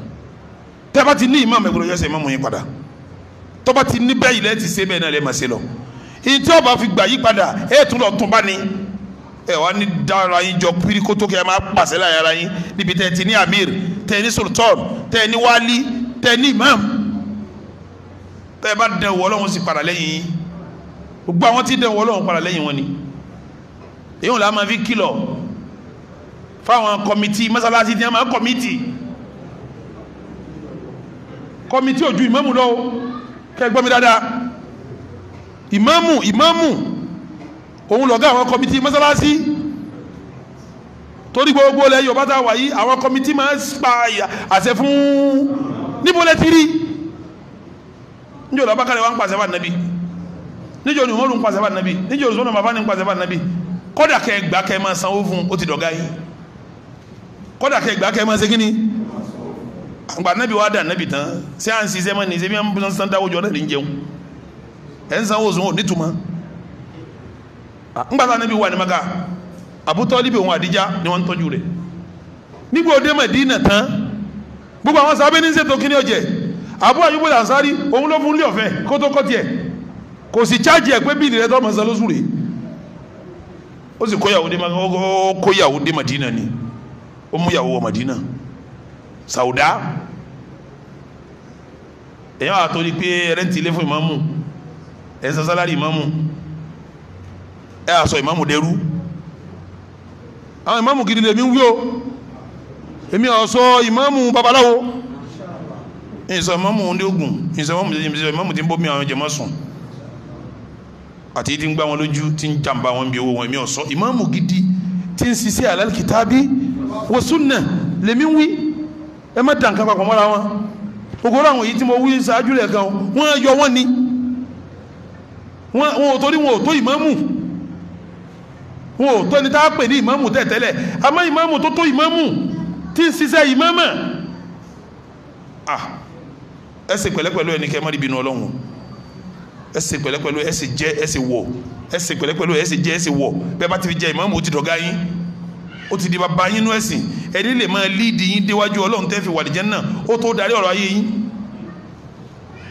tẹ́ bá ti ní ìmáàmù ẹ gbọ́dọ̀ yẹsẹ̀ ìmáàmù yín padà tọ́ bá ti ní bẹ́ẹ̀ ti ṣe bẹ́ẹ̀ náà lè máa ṣe lọ ìtí ọba fi gbà yí padà ẹ tún lọ tún bá ní ẹ wá ní dára yín jọ pírí kótó kí ẹ máa pàṣẹ láyà ara yín níbi tẹ́ ti ní amir tẹ́ ní sultan tẹ́ ní wali tẹ́ ní imam tẹ́ bá dẹ̀ wọ́ ọlọ́run sì yín gbogbo àwọn tí dẹ̀wọ̀ lọ́wọ́ padà lẹ́yìn wọn ni èyí wọn là máa fi kìlọ̀ fáwọn kọmitì mọ́sálásí tí wọ́n máa kọmitì kọmitì ojú ìmáàmù lọ́wọ́ kẹ́ gbọ́ mi dáadáa ìmáàmù ìmáàmù òun lọ̀gá àwọn kọmitì mọ́sálásí torí gbogbo ilẹ̀ Yorùbá tá a wà yìí àwọn kọmitì máa ń pa àṣẹ fún níbo lẹ ti kálẹ̀ wá ń pàṣẹ wà nàbí. níjọ́ ni Umaru ń pàṣẹ fún anabi ni Usman mafani ń pàṣẹ fún anabi kódà kẹ gbà kẹ máa sanwó fún ó ti dọ̀gá yín kódà kẹ gbà kẹ máa àgbà wa dà anabi tán ṣé à ń ṣiṣẹ́ mọ́ ni ṣé bí wọ́n san dáwọ́ jọ náà ní jẹun ẹ̀ ń sanwó ó maka òun ni wọ́n ń tọ́jú rẹ̀ nígbà òde Mẹdínà tán gbogbo kò sì chájì ẹ̀ pé bíìlì rẹ tó máa san lóṣù rẹ̀ ó sì kóyàwó dé kóyàwó dé Madina ni ó mú yàwó wọ Madina Sauda èyàn wà tó di pé rẹ́ǹtì ilé fún ìmáàmù ẹ̀ ń san sálárì ìmáàmù ẹ̀ àsọ ìmáàmù dẹrú àwọn ìmáàmù gidi lèmi ń wí o èmi ọ̀sọ́ ìmáàmù babaláwo ìsọ ìmáàmù ndé ogun ìsọ ìmáàmù tí ń bọ́ mi àwọn jẹ̀mọ́ àti tí ń gbá wọn lójú tí ń jàǹbá wọn bí owó wọn èmi ọ̀sọ́ ìmáàmù gidi tí ń ṣiṣẹ́ alálìkítàbí wa sunna lèmi wí ẹ má dàn kápá pọ̀mọ́ra wọn ogoro àwọn èyí tí mo wí ṣáájú rẹ̀ gan wọ́n yọ wọ́n ni wọn ò torí wọn ò tó ìmáàmù wọn ò tó ẹni tá a pè ní ìmáàmù tẹ̀tẹ́lẹ̀ àmọ́ ìmáàmù tó tó ìmáàmù tí ń ṣiṣẹ́ ìmáàmù ah, ẹ ṣe pẹ̀lẹ́pẹ̀lẹ́ ẹni kẹ́ má rí bínú ọlọ́run ẹsẹ pẹ̀lẹ́pẹ̀lú ẹsẹ jẹ ẹsẹ wọ ẹsẹ pẹ̀lẹ́pẹ̀lú ẹsẹ jẹ ẹsẹ wọ bẹ́ẹ̀ bá ti fi jẹ ìmáàmù ó ti dọ̀gá yín ó ti di bàbá yín nú ẹ̀sìn ẹni lè máa líìdì yín déwájú Ọlọ́run tẹ́ fi wàlìjẹ́ náà ó tó darí ọ̀rọ̀ ayé yín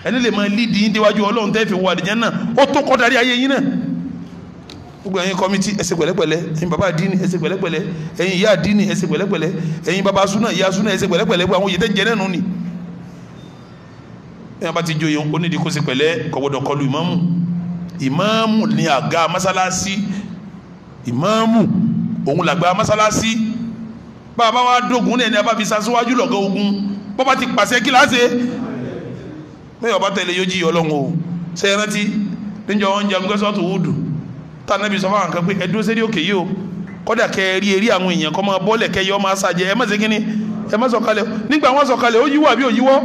ẹni lè máa líìdì yín déwájú Ọlọ́run tẹ́ fi wàlìjẹ́ náà ó tó kọ́ darí ayé yín náà gbogbo ẹ̀yin kọ́mítì ẹsẹ pẹ̀lẹ́pẹ̀lẹ́ ẹ̀yin bàbá àdínì ẹsẹ pẹ̀lẹ́pẹ̀lẹ́ ẹ̀yin ìyá àdínì ẹsẹ pẹ̀lẹ́pẹ̀lẹ́ ẹ̀yin bàbá súnà ìyá súnà ẹsẹ pẹ̀lẹ́pẹ̀lẹ́ gbogbo àwọn òye tẹ́ jẹ́ náà ni ẹ̀yàn bá ti jó yẹn ó nídìí kó ṣe pẹ̀lẹ́ kò kọlu ìmáàmù ìmáàmù ni àga masalasi ìmáàmù òun làgbà masalasi bàbá wa dógun ní ẹni a bá fi sasíwájú lọ́gọ́ ogun bọ́bá ti pàṣẹ kí láṣẹ bẹ́ẹ̀ ọba tẹ̀lé yóò jí ọlọ́run o ṣe é rántí níjọ oúnjẹ gbẹ́sọ̀tù wúdù tá a nábì sọ fáwọn kan pé ẹ dúró sérí òkè yìí o kọ́dà kẹ́ ẹ rí eré àwọn èèyàn kọ́ máa bọ́ọ̀lẹ̀ kẹ́ yọ máa ṣàjẹ́ ẹ má ṣe kínní ẹ má sọ̀kalẹ̀ nígbà wọn sọ̀kalẹ̀ ó yíwọ́ àbí ò yíwọ́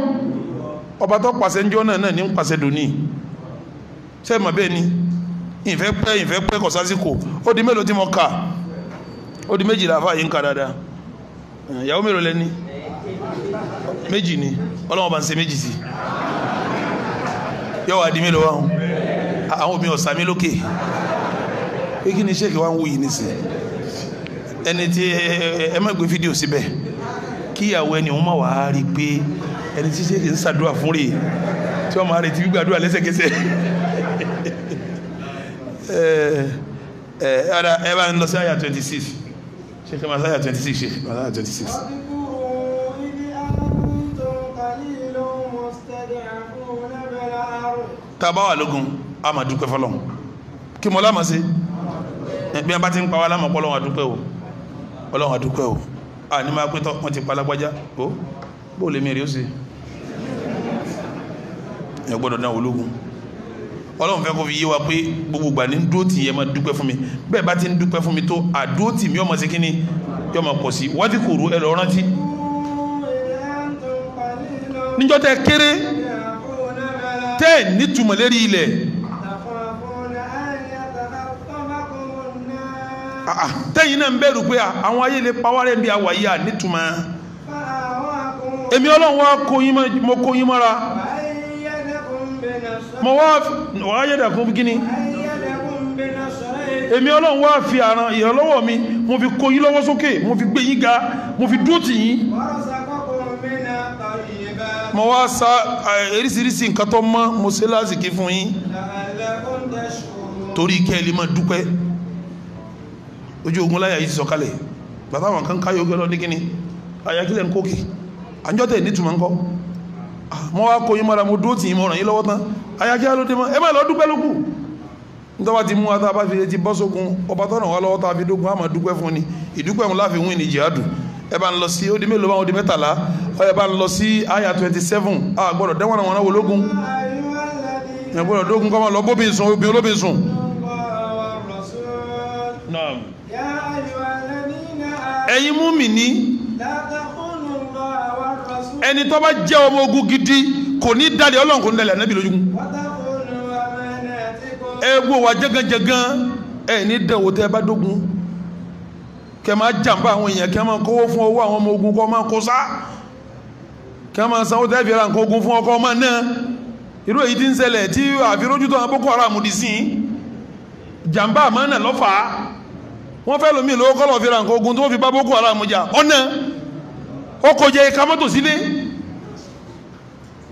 ọba tó pàṣẹ ńjọ́ náà náà ní ń pàṣẹ dòní ṣé mà bẹ́ẹ̀ ni ìfẹ́ pẹ́ ìfẹ́ pẹ́ kọ̀ sásìkò ó di mélòó tí mo kà ó di méjìlá fáyé ń kà dáadáa ìyàwó mélòó lẹ́ni méjì ni ọlọ́wọ́n bá ń ṣe méjì sí yọ wá di mélòó wa hàn àwọn omi ọ̀sà mi lókè pé kí ni sẹ́ẹ̀kì wa ń wò yìí nísìn ẹni tí ẹ má gbé fídíò síbẹ̀ kíyàwó ẹni òun má wàá rí i pé ẹni tí ṣe lè ń ṣàdúrà fún rèé tí wọ́n máa retí gbígbàdúrà lẹ́sẹ̀kẹsẹ̀ eh, eh, ẹ bá ń lọ sí àyà twenty six ṣe kí n máa sáyà twenty six ṣe máa sáyà twenty six. tá a wà lógun a máa dúpẹ́ fọlọ́n kí mo lámà sí eh, bí a bá ti ń pa wá lámà pọ́ lọ́wọ́ àdúpẹ́ o ọlọ́wọ́ àdúpẹ́ o a ní máa pẹ́ tọ́ wọ́n ti pa lágbájá o bó lè mi rí ó sí ẹ gbọ́dọ̀ náà ológun ọlọ́run fẹ́ kó fi yé wa pé gbogbo ìgbà ní dúró tì yẹ máa dúpẹ́ fún mi bẹ́ẹ̀ bá ti ń dúpẹ́ fún mi tó àdúró tì mí ọmọ sí kínní yọ máa pọ̀ sí wájú kòrò ẹ lọ rántí. níjọ́ tẹ kéré tẹ́ ẹ̀ nítumọ̀ lérí ilẹ̀. tẹ́yìn náà ń bẹ̀rù pé àwọn ayé lè pa wárẹ̀ bí àwàyé à nítumọ̀. èmi ọlọ́run wa kó yín mọ́ra mo wá wà yẹ́dẹ̀kún gíní èmi ọlọ́run wá fi àràn ìrànlọ́wọ́ mi mo fi kó yí lọ́wọ́ sókè mo fi gbé yín ga mo fi dúró tì yín mo wá sa eríṣiríṣi nǹkan tó mọ́ mo ṣe lásìkí fún yín torí kẹ́ ẹ lè máa dúpẹ́ ojú ogun láyà yìí ti sọ̀kalẹ̀ bàbá àwọn kan káyọ̀ gẹ́lọ́ ní kíni àyàkílẹ̀ ń kókè àjọ́tẹ̀ nítumọ̀ ń kọ́ Ah, mọ́ wá kó yín mọ́ra mo dúró tì yín mọ́ràn yín lọ́wọ́ tán ayájá ló dé mọ́ ẹ má lọ dúpẹ́ lókù nítorí ti mú ata bá fi lè ti bọ́ sókun ọba tọ́nà wá lọ́wọ́ tá a fi dógun àmọ́ dúpẹ́ fún ni ìdúpẹ́ mu láfi wíìn jihadu ẹ bá ń lọ sí ó mélòó bá wọn di mẹ́tàlá ẹ bá ń lọ sí àyà twenty seven a gbọ́dọ̀ dẹ́wọ̀n àwọn àwọn ológun ẹ gbọ́dọ̀ dógun kọ́ máa lọ bóbi sùn obìnrin olóbi sùn. ẹ̀yin mú mi ní ẹni tó bá jẹ́ ọmọ ogun gidi kò ní dalẹ̀ ọlọ́run kò ní dalẹ̀ ànábì lójúkun ẹ wo wa jẹ́gánjẹ́gán ẹ ní dẹ̀wò tẹ́ ẹ bá dógun kẹ máa jàǹbá àwọn èèyàn kẹ máa kówó fún owó àwọn ọmọ ogun kọ́ máa kó sá kẹ máa sanwó tẹ́ fi ra nǹkan ogun fún ọkọ ọmọ náà irú èyí tí ń ṣẹlẹ̀ tí àfirójú àwọn Boko Haram di sí jàǹbá àmọ́ náà lọ́fàá wọ́n fẹ́ lómi ìlú kọ́lọ̀ fi ra nǹkan ogun tó fi bá Boko Haram jà ọ̀nà ọkọ̀ jẹ ẹ̀ka mọ́tò sílé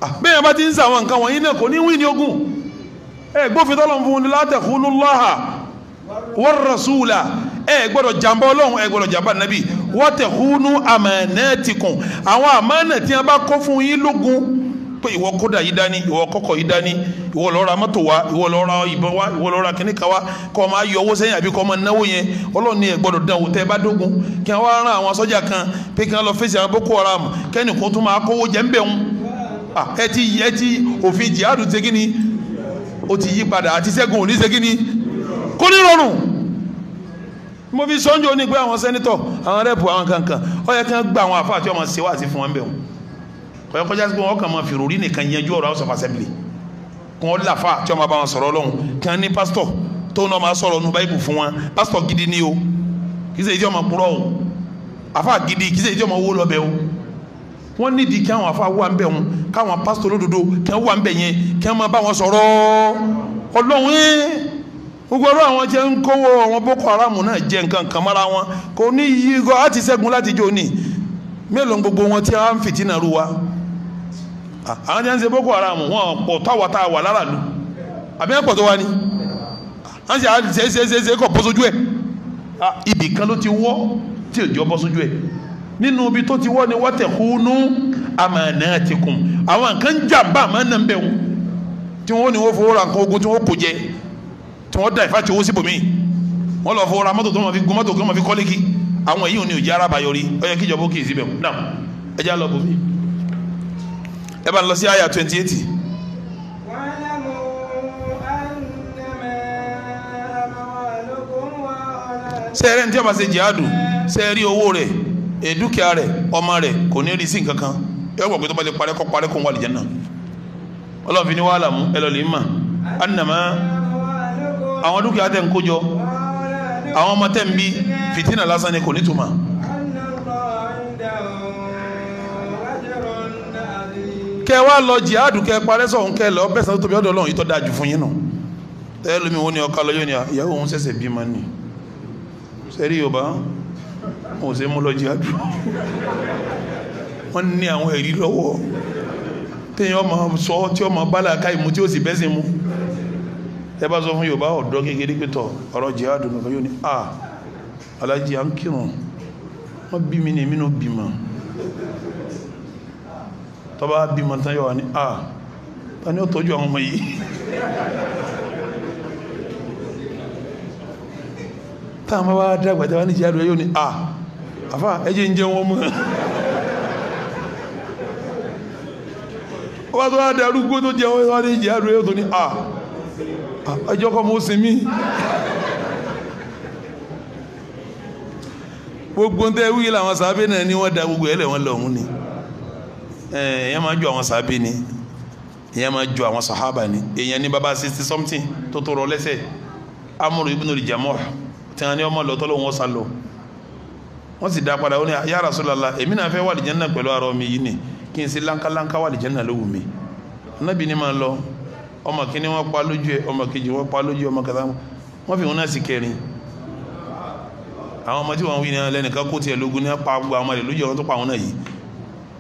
ah. bẹ́ẹ̀ bá ti ń sàwọn nǹkan wọ̀nyí náà kò ní wí ní ogun ẹ gbófin tọ́lọ̀ fún ni látẹ̀kúnú lọ́hà wọ́rọ̀súùlà ẹ gbọ́dọ̀ jàmbá ọlọ́run ẹ gbọ́dọ̀ jàmbá nàbì wọ́tẹ̀kúnú àmánàtìkùn àwọn àmánà tí wọ́n bá yín lógun pé ìwọ kódà yìí dání ìwọ kọ́kọ́ yìí dání ìwọ lọ ra mọ́tò wa ìwọ lọ ra ìbọn wa ìwọ lọ ra wa kọ́ ọ máa yọ owó sẹ́yìn àbí kọ́ ọ máa náwó yẹn ọlọ́run ni ẹ gbọ́dọ̀ dán wò tẹ́ ẹ bá dógun kí wọ́n á ran àwọn sọ́jà kan pé kí wọ́n lọ fèsì àwọn Boko Haram kẹ́ni kó tún máa kówó jẹ́ ń bẹ̀ wọn. ẹ ti ẹ ti òfin jihadu ṣe kíni o ti yí padà àti ṣẹ́gun òní ṣe kíni kò ní rọrùn mo fi sọ́njọ́ ní pé àwọn sẹ́nitọ̀ àwọn rẹ́pù àwọn kankan ó yẹ kí wọ́n gba àwọn àfa àti ọmọ ṣèwádìí fún wọn bẹ̀ wọn ọ̀yọ́ kọjá sí pé wọ́n kàn máa fi ròrí nìkan yanjú ọ̀rọ̀ house of assembly kí wọ́n làfà tí wọ́n bá wọn sọ̀rọ̀ ọlọ́run kí ní pásítọ̀ tó náà máa sọ̀rọ̀ nu báyìí fún wọn pásítọ̀ gidi ni o kì í ṣe ìjọ́ máa purọ́ o àfà gidi kì í ṣe ìjọ́ máa wó lọ́bẹ̀ o wọ́n nídìí kí àwọn àfà wà ń bẹ̀ wọn káwọn pásítọ̀ lódodo kí wọ́n wà ń bẹ̀ yẹn kí wọ́n máa bá wọn sọ̀rọ̀ ọlọ́run ẹ́ eh, gbogbo ọ̀rọ̀ àwọn jẹ́ ń kówó àwọn boko haram náà jẹ́ nǹkan kan mára wọn kò ní yí gan àti ṣẹ́gun láti jò ní mélòó gbogbo wọn tí a ń fìtínà rú wa àwọn tí ń ṣe boko haram wọn pọ̀ táwa a wà lára nù àbí wọ́n pọ̀ tó wá ní wọ́n ṣe àṣeṣeṣe kọ̀ bọ́ ẹ̀ ibì kan ló ti wọ́ tí ò jọ bọ́ ẹ̀ nínú ibi tó ti wọ́ ni wọ́n tẹ̀ àwọn nǹkan àmàna ń bẹ̀ wọ́n tí wọ́n ní wọ́n fowó ra nǹkan ogun tí wọ́n kò jẹ tí wọ́n da ìfàtí owó wọ́n lọ fowó ra mọ́tò tó ma fi gun mọ́tò fi ẹ bá ń lọ sí àyà twenty eight. sẹ́ẹ̀rẹ́ ní tí a máa ṣe jihadu sẹ́ẹ̀rí owó rẹ̀ èdúkìá rẹ̀ ọmọ rẹ̀ kò ní rí sí nǹkan kan ẹ wọ̀ pé tó bá lè parẹ́ kọ́ parẹ́ kó ń wà lìjẹ́ náà ọlọ́ọ̀fin ni wàhálà mú ẹ lọ lè mà ànàmọ́ àwọn dúkìá tẹ̀ ń kó jọ àwọn ọmọ tẹ̀ ń bí fìtínà lásán ni kò ní tuma. kẹ wá lọ jihad kẹ parẹ́ sọ̀hún kẹ lọ bẹ́sẹ̀ tó tóbi ọ̀dọ̀ Ọlọ́run yìí tó dájú fún yín nù ẹ lómi wo ni ọkọ lọ yóò ní ìyàwó òun ṣẹ̀ṣẹ̀ bímọ ni sẹ́rí Yorùbá wọn ò ṣe mú lọ jihad wọn ní àwọn ẹ̀rí lọ́wọ́ téèyàn ọmọ sọ tí ọmọ bala ká ìmú tí ó sì bẹ́sẹ̀ mú ẹ bá sọ fún Yorùbá ọ̀dọ́ kékeré pé tọ̀ ọ̀rọ̀ jihad nìkan yóò ní a alájí à ń kírun wọ́n bí mi ní mi ní ó bímọ tó bá bímọ tán yọ wà ní à ah, ta ni ó tọ́jú àwọn ọmọ yìí táwọn bá wá dàgbà tí wọ́n ní ìyá rẹ̀ yóò ní à ah, àfà ẹjẹ́ ń jẹ́ wọn mọ́ ó bá tó wá darúgbó tó jẹ́ wọn ní ìyá rẹ̀ yóò tó ní à ah, ẹjọ́ kọ́ mo sinmi gbogbo ń tẹ́ wí làwọn sábẹ́ náà ni wọ́n da gbogbo ẹlẹ́wọ̀n lọ́hùn ni. Eh, èèyàn máa ju àwọn sàábì ni èèyàn máa ju àwọn sàhábà ni èèyàn ní bàbá sixty something tó tó rọ lẹ́sẹ̀ amúrò ibùdó lè jàmọ́ tí wọn ní ọmọ lọ́tọ́ lòun ọ̀sán lò wọ́n sì dá padà ó ní ya Rasulullah èmi náà fẹ́ wà lìjẹ́ náà pẹ̀lú ara mi yìí ni kí n sí láńkáláńká wà lìjẹ́ náà ló wù mí anábì ni máa lọ ọmọ kíní wọ́n pa lójú ẹ ọmọ kejì wọ́n pa lójú ọmọ kẹta wọ́n fi wọn náà sì kẹrin àwọn ọmọ tí wọ́n wí ní lẹ́nìkan kó tiẹ̀ lógún ní pa gbogbo àwọn ọmọ rẹ̀ lójú ọ̀rọ̀ tó pa àwọn náà yìí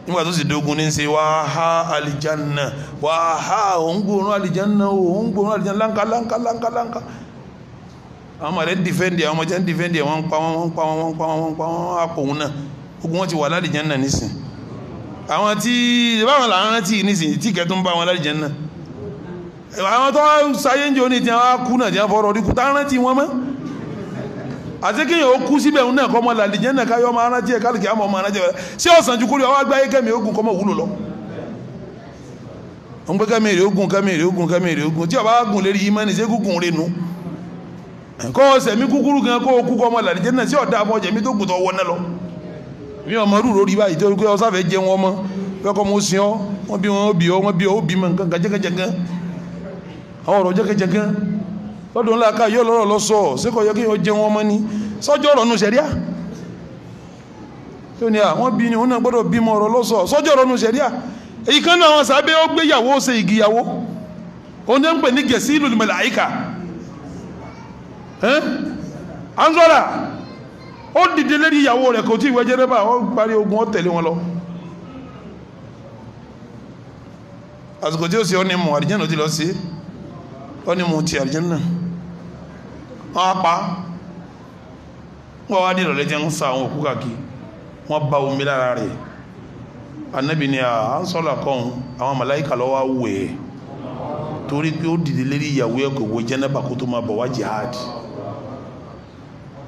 nígbà tó sì dógún ní ṣe wàhá alìjánà wàhá òun gbóòórùn alìjánà òun gbóòórùn alìjánà láńkà láńkà láńkà láńkà àwọn mọ̀lẹ́ dìfẹ́ndì àwọn ọmọdé dìfẹ́ndì wọ́n ń pa wọ́n wọ́n ń pa wọ́n wọ́n ń pa wọ́n wọ́n ń pa wọ́n akọ̀wọ́n náà ogun wọn ti wà lálìjánà nísìn àwọn tí báwọn là ń rántí nísìn tí kẹtù ń bá wọn lálìjánà àwọn tó sáyé ń jò ní ti àwọn akú náà ti fọ́rọ̀ ọdún kú tá ń rántí wọn mọ́ àti kéèyàn ó kú síbẹ̀ òun náà kọ́ ọmọ làlìjẹ́ náà káyọ́ ọmọ arájì ẹ̀ kálíkì àmọ́ ọmọ arájì ẹ̀ ṣé ọ̀sán ju kórìí ọwọ́ agbáyé kẹ́mi ogun kọ́mọ wúlò lọ. ń pẹ́ kẹ́mi èrè ogun kẹ́mi èrè ogun kẹ́mi èrè ogun tí ọba gùn lérí yìí mẹ́ni ṣé gúgùn rẹ̀ nu. kọ́ ọ̀sẹ̀ mi kúkúrú gan kó o kú kọ́ ọmọ làlìjẹ́ náà sí ọ̀dà àbọ̀ jẹ̀mí tó gùn tó wọ náà lọ. mi ọmọ rúurú rí báyìí tó kọ́ ọsàfẹ́ jẹun ọmọ fẹ́kọ́ mo sin ọ wọ́n bí wọn ó bí ọ wọ́n bí ọ ó bí mọ nǹkan gàjẹ́gàjẹ́ gan àwọn ọ̀rọ̀ jẹ́gàjẹ́ gan lọ́dún ńlá ká yóò lọ́rọ̀ lọ sọ síkọ̀ yọ kí o jẹun ọmọ ní sọ́jọ́ ọ̀rọ̀ nù sẹ̀ríà tó ní à wọ́n bí ní òun náà gbọ́dọ̀ bímọ ọ̀rọ̀ lọ sọ sọ́jọ́ ọ̀rọ̀ nù sẹ̀ríà èyí kan náà wọn sábẹ́ ó gbéyàwó ṣe ìgbéyàwó òun ń pè ní gẹ̀ẹ́sì ìlú màláíkà anzola ó dìde lérí ìyàwó rẹ̀ kò tí ìwé jẹ́rẹ́bà ó parí ogun ó tẹ̀lé wọn lọ àsìkò tí ó sì ọ́ ni mu àdìjẹ́ náà ti lọ sí ọ́ ni mu ti àdìjẹ́ náà wọ́n pa wọ́n wá dé ìrọ̀lẹ́ tí ń sa àwọn òkú kàkí wọ́n bá omi lára rẹ̀ anabi ni à ń sọ́là kan àwọn màláìka lọ́wọ́ wẹ̀ ẹ́ torí pé ó dìde lérí ìyàwó ẹ̀ kò wọ jẹ́nẹ́bà kó tó máa bọ̀ wá jihad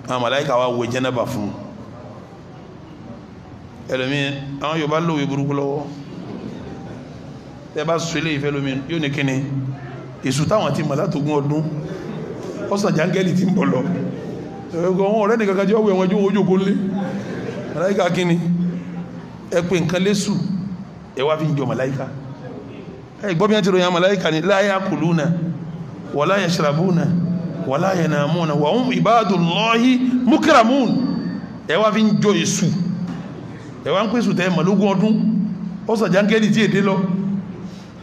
àwọn màláìka wá wẹ̀ jẹ́nẹ́bà fún ẹlòmí àwọn yorùbá lòwe burúkú lọ́wọ́ tẹ́ bá sọ eléyìí fẹ́ lómi yóò ní kíni èsù táwọn àti màlá tó gún ọdún ọ̀sán jàǹgẹ́lì ti ń bọ̀ lọ ẹ̀kọ́ wọn ọ̀rẹ́ nìkan kan jẹ́ ọ̀wọ̀ ẹ̀wọ̀n ojú ojú kó lé màláìka kínni ẹ pé nǹkan lésù ẹ fi ń jọ màláìka ẹ bí wọ́n ti ròyìn màláìka ni la yakuluna wala yashrabuna wala yanamuna wa hum ibadullahi mukramun ẹ wá fi ń jọ èṣù ẹ wá ń pèsè tẹ màlógún ọdún ọ̀sán jàǹgẹ́lì tí èdè lọ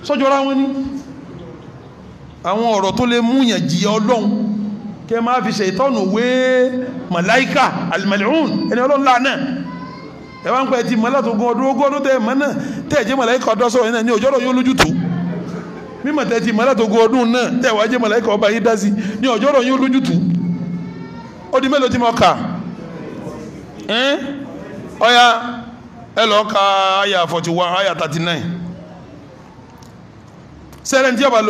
sọ́jọ́ra wọn ni àwọn ọ̀rọ̀ tó lè múyàn jìyà ọlọ́run kẹ máa fi ṣe ìtọ́nù wé màláíkà alìmọ̀lẹ́hùn ẹni ọlọ́lá náà ẹ wá ń pẹ́ ti mọ́lá tó gun ọdún ogún ọdún tẹ́ mọ́ náà tẹ́ ẹ̀jẹ̀ màláíkà ọdún sọ̀rọ̀ yìí náà ní ọjọ́rọ̀ yóò lójú tó mímọ̀ tẹ́ ti mọ́lá tó gun ọdún náà tẹ́ ẹ̀wá jẹ́ màláíkà ọba yìí dá sí ní ọjọ́rọ̀ yóò lójú tó ó di mélòó tí mo kà ọ̀ya ẹ lọ́ọ́ ka àyà forty one àyà thirty nine sẹ́rẹ̀ntì ọba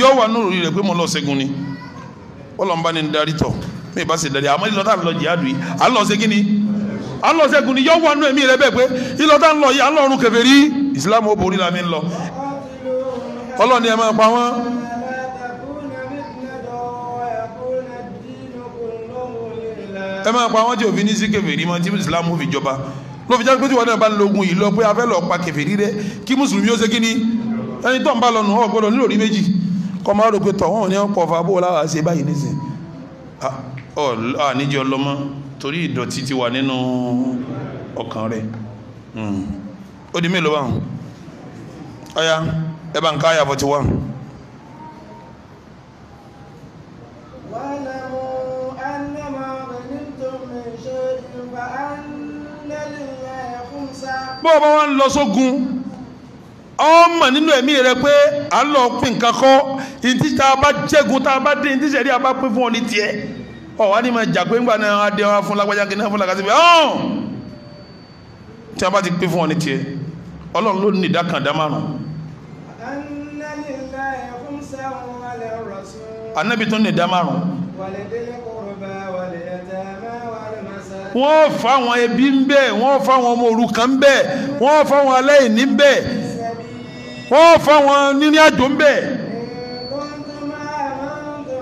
yóò wà nù ọlọ́nba ni darí tọ̀ mi ìbá sì darí àmọ́ ìlọta lọ jihadu yìí à ń lọ sí kíni à ń lọ sẹ́gun ni yọ wà nù ẹ̀mí rẹ bẹ́ẹ̀ pé ìlọta ń lọ yìí à ń lọ ọ̀run kèfèrí ìsìlámù ó borí la mi ń lọ ọlọ́ni ẹ̀ máa pa wọ́n. ẹ máa pa wọ́n tí òfin ní sí kèfèrí mọ́ tí ìsìlámù fi jọba ló fi jáde pé tí wọn náà bá ń lo ogun yìí lọ pé a fẹ́ lọ pa kèfèrí rẹ kí mùsùlùmí ó ṣe kí ni ẹni tó ń bá lọ nù ọ gbọ́dọ̀ nílò rí méjì kọ́mọ́ rò pé tọ̀wọ́n ní ọ̀pọ̀ fàbó láwà ṣe báyìí nísìn àníjẹ́ ọlọ́mọ torí ìdọ̀tí ti wà nínú ọkàn rẹ̀ hmm. ó di mélòó báwọn ọ̀yá ẹ bá ń ká àyà forty one. wọn lọ sógun. So ọmọ nínú ẹ̀mí rẹ pé à ń lọ pín nǹkan kọ́ ìdí tá a bá jẹ́gun tá a bá dé ìdí sẹ́rí a bá pín fún ọ ní tiẹ̀ ọ wà ní ma jà pé ńgbà náà adé wa fún lágbájá kìnnìkan fún làkàtì bẹ́ẹ̀ ọ̀hún tí a bá ti pín fún ọ ní tiẹ̀ ọlọ́run ló ní ìdákàndá márùn. anabi tó ní ìdá márùn. wọ́n fáwọn ẹbí ń bẹ wọ́n fáwọn ọmọ òrukàn ń bẹ wọ́n fáwọn aláìní ń bẹ wọ́n fáwọn níní àjò ń bẹ̀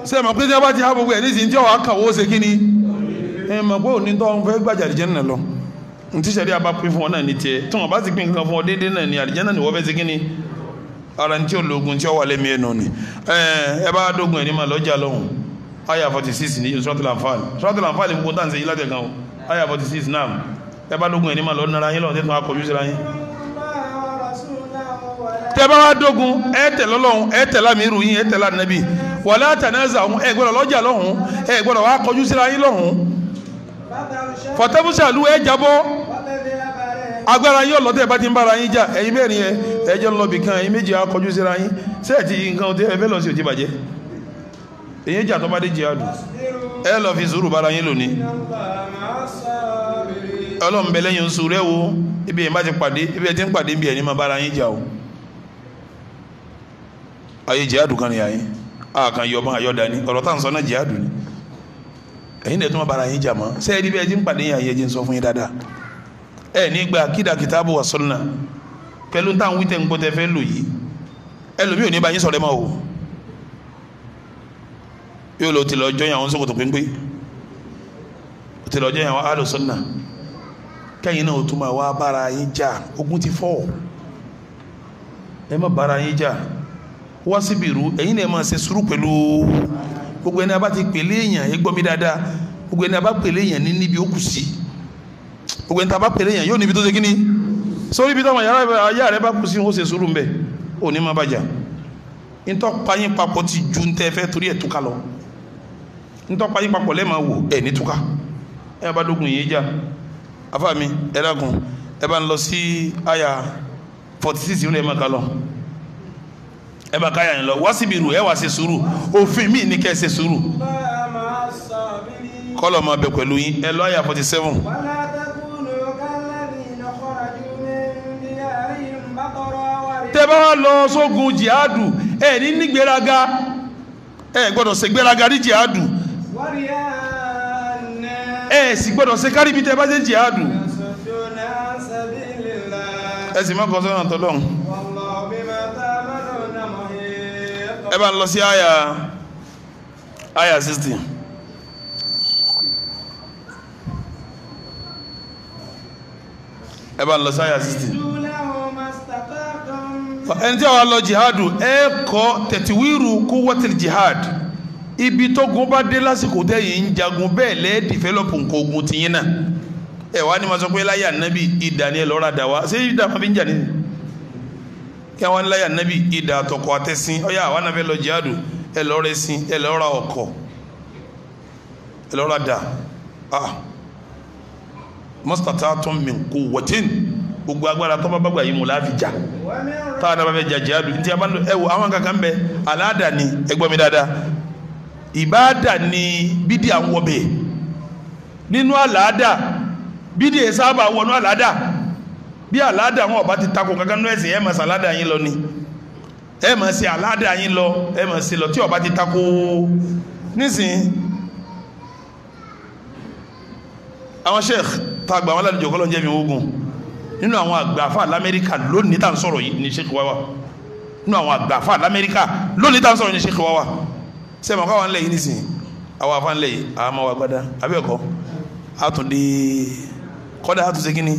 ṣe mọ̀ pé tí wọ́n bá ti há gbogbo ẹ̀ nísìnyí tí wọ́n á kàwọ́ ṣe kí ni ẹ mọ̀ pé òní tó ń fẹ́ gbàjà àdìjẹ́ nà lọ ntí sẹ́rí abá pín fún ọ náà ní tiẹ̀ tí wọ́n bá ti pín nǹkan fún ọ déédéé náà ní àdìjẹ́ náà ní wọ́n fẹ́ ṣe kí ni ara ní tí ó lóògùn tí ó wà lẹ́mí ẹnu ni ẹ bá dógun ẹ̀ ní ma lọ́jà lọ́hùn aya forty six ní suratul anfal suratul anfal gbogbo táǹsì yìí látẹ̀kan o aya forty six náà ẹ bá dógun ẹ̀ ní ma lọ́ nara yín lọ́hùn tẹ́tún akọ̀jú síra yín. tẹ́ bá wá dógun ẹ tẹ̀lé Ọlọ́hun ẹ tẹ̀lé àmírù yín ẹ tẹ̀lé ànábì wala tanaza'u ẹ gbọ́dọ̀ lọ́jà lọ́hùn ẹ gbọ́dọ̀ wá kọjú síra yín lọ́hùn fọtẹ́bùsàlù ẹ jábọ́ agbára yín ọlọ́tẹ̀ bá ti ń bára yín jà ẹ̀yin mẹ́rin yẹn kan ẹ̀yin méjì á kọjú síra yín nǹkan ẹ lọ sí òtí bàjẹ́ èyí jà tó bá dé jihadu ẹ lọ fi sùúrù bára yín lónìí ayé jihadu kan nìyà yín a kan yọban ayọ dání ọ̀rọ̀ tá à ń sọ náà jihadu ni ẹ̀yin dẹ̀ tún bá bara yín jà mọ́ sẹ́yìn níbi ẹ̀jẹ̀ ń pàdé yàn yẹ jẹ́ ń sọ fún yín dáadáa ẹ̀ nígbà kídà kìtàbù wà sọ́nà pẹ̀lú táwọn wí tẹ̀ ń gbọ́ tẹ́ fẹ́ lò yìí ẹlòmíì ò ní bá yín sọ̀rọ̀ ẹ̀ mọ́ o yóò lọ tilọ̀ jọyìn àwọn sọ̀kòtò pínpín tilọ̀ jọyìn àwọn alò sọ́nà kẹ́yìn náà ó tún máa wá bára yín jà ogun ti fọ́ ẹ má bára yín jà wọ́n sì bìrù ẹ̀yin náà máa ṣe sùúrù pẹ̀lú gbogbo ẹni abá ti pèlè èèyàn ẹ gbọ́ mi dáadáa gbogbo ẹni abá pèlè èèyàn ní níbi ó kù sí gbogbo ẹni tá a bá pèlè èèyàn yóò níbi tó ṣe kí ni sórí ibi táwọn ayá rẹ bá kù sí ó ṣe sùúrù mbẹ ò ní má bàjá ntọ́ papọ̀ ti ju ntẹ́ fẹ́ torí ẹ̀ túká lọ ntọ́ papọ̀ lẹ́ẹ̀ máa wò ẹ̀ ní túká ẹ̀ bá dógun yìí já afáàmì ẹ̀ dàgùn ẹ̀ bá ń lọ sí àyà forty six ìrìnlẹ̀ mẹ́ka lọ ẹ bá káyà yẹn lọ wá síbi rù ẹ wá ṣe sùúrù òfin míì ní kẹ́ ẹ ṣe sùúrù kọ́lọ̀ máa bẹ pẹ̀lú yín ẹ lọ àyà forty seven. tẹ́ bá lọ sógun jihadu ẹ ní nígbéraga ẹ gbọ́dọ̀ ṣe gbéraga ní jihadu ẹ sì gbọ́dọ̀ ṣe kárí bí tẹ́ bá ṣe jihadu ẹ sì má kọ́ sọ́nà tọ́lọ́hún ẹ bá ń lọ sí àyà àyà sixty. ẹ bá ń lọ sí àyà sixty. ẹni tí a wà lọ jihadu ẹ kọ́ tẹ̀tíwìrù kúwọ́tìl jihad ibi tógun bá dé lásìkò tẹ̀yìn ń jagun bẹ́ẹ̀ lẹ́ẹ̀ dìfẹ́lọ́pù nǹkan ogun tìyín náà ẹ wá ní ma sọ pé láyà nábì ìdá ni ẹ lọ́ọ́ dà wá ṣé ìdá máa ń jà nínú kí àwọn ńláyà nábì ìdá àtọkọ àtẹsìn ọyá àwọn anáfẹ lọ jihadu ẹ lọ rẹ sin ẹ lọ ra ọkọ ẹ lọ ra dà ah mọ́sítàtà tó ń mi kó wọ́tíìn gbogbo agbára tó bá bàgbà yìí mú láàfin jà táwọn náà bá fẹ́ jà jihadu ní ti abá ẹ wò àwọn kankan bẹ aláàdà ni ẹ gbọ́ mi dáadáa ìbáàdà ni bídí à ń wọ bẹ́ẹ̀ nínú aláàdà bídí ẹ̀ sábà wọnú aláàdà bí àládà wọn ọba ti takò kankan nú ẹ̀sìn ẹ̀ máa ṣe àládà yín lọ ni ẹ̀ máa ṣe àládà yín lọ ẹ̀ máa ṣe lọ tí ọba ti takò nísìn àwọn sheikh tá a gbà wọn lálejò kọ́lọ́ ń jẹ́ mi ogun nínú àwọn àgbàfà lamẹ́ríkà lónìí tá à ń sọ̀rọ̀ yìí ní sheikh wa wa nínú àwọn àgbàfà lamẹ́ríkà lónìí tá à ń sọ̀rọ̀ yìí ní sheikh wa wa sẹ́mi ọ̀ká ń lẹ̀ yìí nísìn àwọn afa ń lẹ̀ yìí àwọn ọmọ wa gbada àbí àtúndì kọ́dà àtúnṣe kínní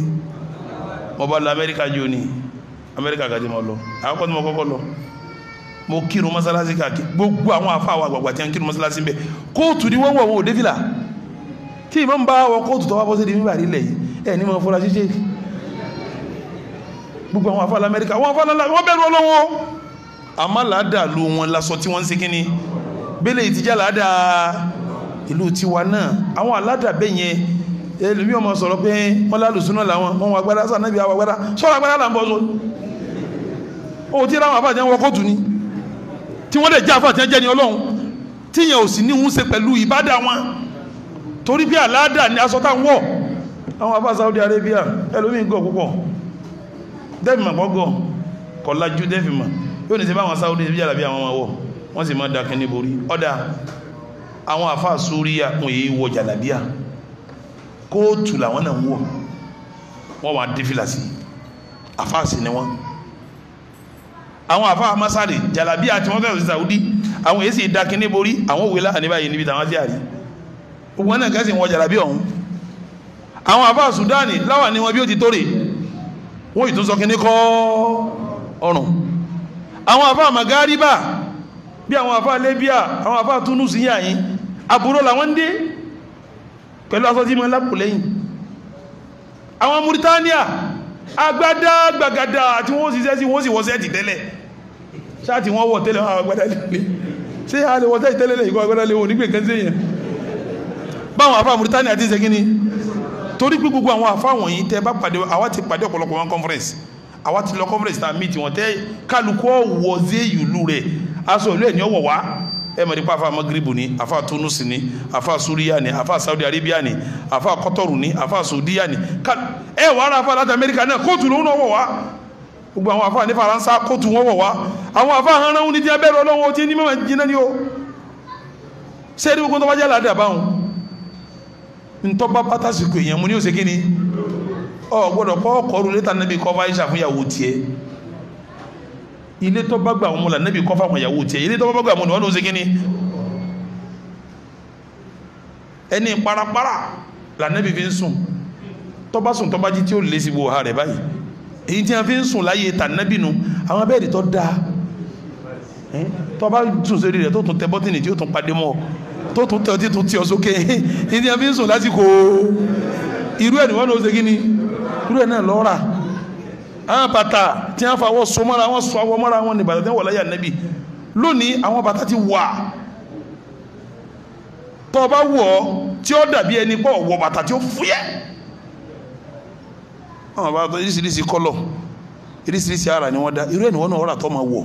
mo bá lọ amẹ́ríkà jò ní amẹ́ríkà gàdí mo lọ àkọ́kọ́ tí mo kọ́kọ́ lọ mo kírun mọ́sálásí káàkiri gbogbo àwọn afá àwọn àgbàgbà tí wọ́n kírun mọ́sálásí ń bẹ kóòtù ni wọ́n wọ̀ wọ́n ò dé tí ìmọ̀ ń bá wọ kóòtù tó wá bọ́ di mímbà nílẹ̀ yìí ẹ̀ ní mo fọ́ra ṣíṣe gbogbo àwọn afá lamẹ́ríkà wọ́n afá lamẹ́ríkà wọ́n bẹ̀rù ọlọ́wọ́ àmọ́ làádà lu wọn lasọ tí wọ́n ń ṣe kínní bẹ́lẹ̀ ìtìjà làádà ìlú tiwa náà àwọn àládà bẹ́yẹn ẹlòmí ọmọ sọ̀rọ̀ pé wọ́n lálùsúná làwọn wọ́n wà gbádá sáà náà bí wà gbádá sọ́ra gbádá là ń bọ́ so o ti ráwọn àbájá wọn kóòtù ni tí wọ́n lè jẹ́ àfàtẹ́ jẹ́ ni ọlọ́run tíyẹn ò sì níhun ṣe pẹ̀lú ìbádà wọn torí bí àládà ni aṣọ táwọn wọ̀ àwọn àbá Saudi Arabia ẹlòmí gọ̀ púpọ̀ dẹ́fì mà gbọ́gọ̀ kọ̀ lajú dẹ́fì mà yóò ní ti bá àwọn Saudi Arabia àwọn ọmọ wọ̀ wọ́n sì máa dákẹ́ níborí ọ̀dà àwọn àfáà Súríà wọn èyí jàlábíà kóòtù làwọn náà ń wọ̀ wọ́n wà dé fìlà sí ni wọ́n àwọn àfáà masáré jalabi àti wọn fẹ́ẹ́ Saudi àwọn èsì ìdákinní borí àwọn òwe láàánú báyìí níbi táwọn ti àrí wọn náà kẹ́sì wọn jalabi ọ̀hún àwọn àfáà Sudani láwà ní wọn bí ó ti tóre wọ́n ìtúnsọ kí ní kọ́ ọ̀rùn àwọn àfáà Magariba bí àwọn àfáà Libya àwọn àfáà Tunusi yìí àyín àbúrò làwọn ń dé pẹ̀lú aṣọ tí mọ́ lápò lẹ́yìn àwọn Mauritania agbádá gbàgádá tí wọ́n síṣẹ́ sí wọ́n sì wọ́n sẹ́ẹ̀tì tẹ́lẹ̀ ṣáàtì wọ́n wọ̀ tẹ́lẹ̀ àwọn agbádá lè ṣe a lè wọ́n sẹ́ẹ̀tì tẹ́lẹ̀ lè ikọ̀ agbádá lè wọ́n ni torí pé gbogbo àwọn afá wọ̀nyí tẹ́ bá pàdé àwa ti pàdé ọ̀pọ̀lọpọ̀ wọn conference àwa ti lọ conference ta meet wọn tẹ́ kálukọ́ wọ̀ ìlú rẹ̀ aṣọ ìlú ẹ̀ ní ọ̀wọ̀ wá ẹ mọ̀ nípa afa magribu ni afa tunusi ni afa suriya ni afa saudi arabia ni afa kọtọrù ni afa saudiya ni ẹ wà ara afa láti amẹ́ríkà náà kóòtù lòun náà wọ̀ wa gbogbo àwọn afa ní faransa kóòtù wọn wọ̀ wá àwọn afa hanrahun ní ti abẹ́rẹ́ ọlọ́wọ́ tí ní mọ̀mọ́ jiná ni o sẹ́ni gbogbo tó la jẹ́ ládàá báwọn ntọ́ba pátásìkò èèyàn mu ni ó ṣe kí ni ọ gbọ́dọ̀ kọ́ ọkọ̀ rú létà níbi kọ́ bá iṣàfihàn wò tiẹ̀ ilé tó bá gbà wọn mọ́lá nẹ́bí kọ́ fáwọn ìyàwó tiẹ̀ ilé tó bá gbà wọn ni wọ́n ló ń segin ni ẹni parapara là nẹ́bí fi ń sùn tó bá sùn tó bá jí tí ó lé sí wo ha rẹ̀ báyìí èyí tí a fi ń sùn láyé tà nẹ́bí nu àwọn abẹ́ẹ̀dì tó dáa tó bá sùn sórí rẹ̀ tó tún tẹ bọ́tìnì tí ó tún padé mọ́ tó tún tẹ ọtí tún tí sókè èyí tí a fi ń sùn lásìkò irú ẹ̀ ni ló ń segin ni irú ẹ̀ náà lọ́ọ́ àwọn bàtà tí wọ́n fa wọ́n so mọ́ra wọ́n so awọ mọ́ra wọn ní bàtà tí wọ́n wọ̀ láyà nẹ́bí lónìí àwọn bàtà ti wà tọ́ bá wọ̀ ọ́ tí ó dàbí ẹni pọ̀ wọ̀ bàtà tí ó fúyẹ́ àwọn bàtà oríṣiríṣi kọ́lọ̀ oríṣiríṣi ara ni wọ́n dá irú ẹ̀ ni wọ́n náà rà tọ́ máa wọ̀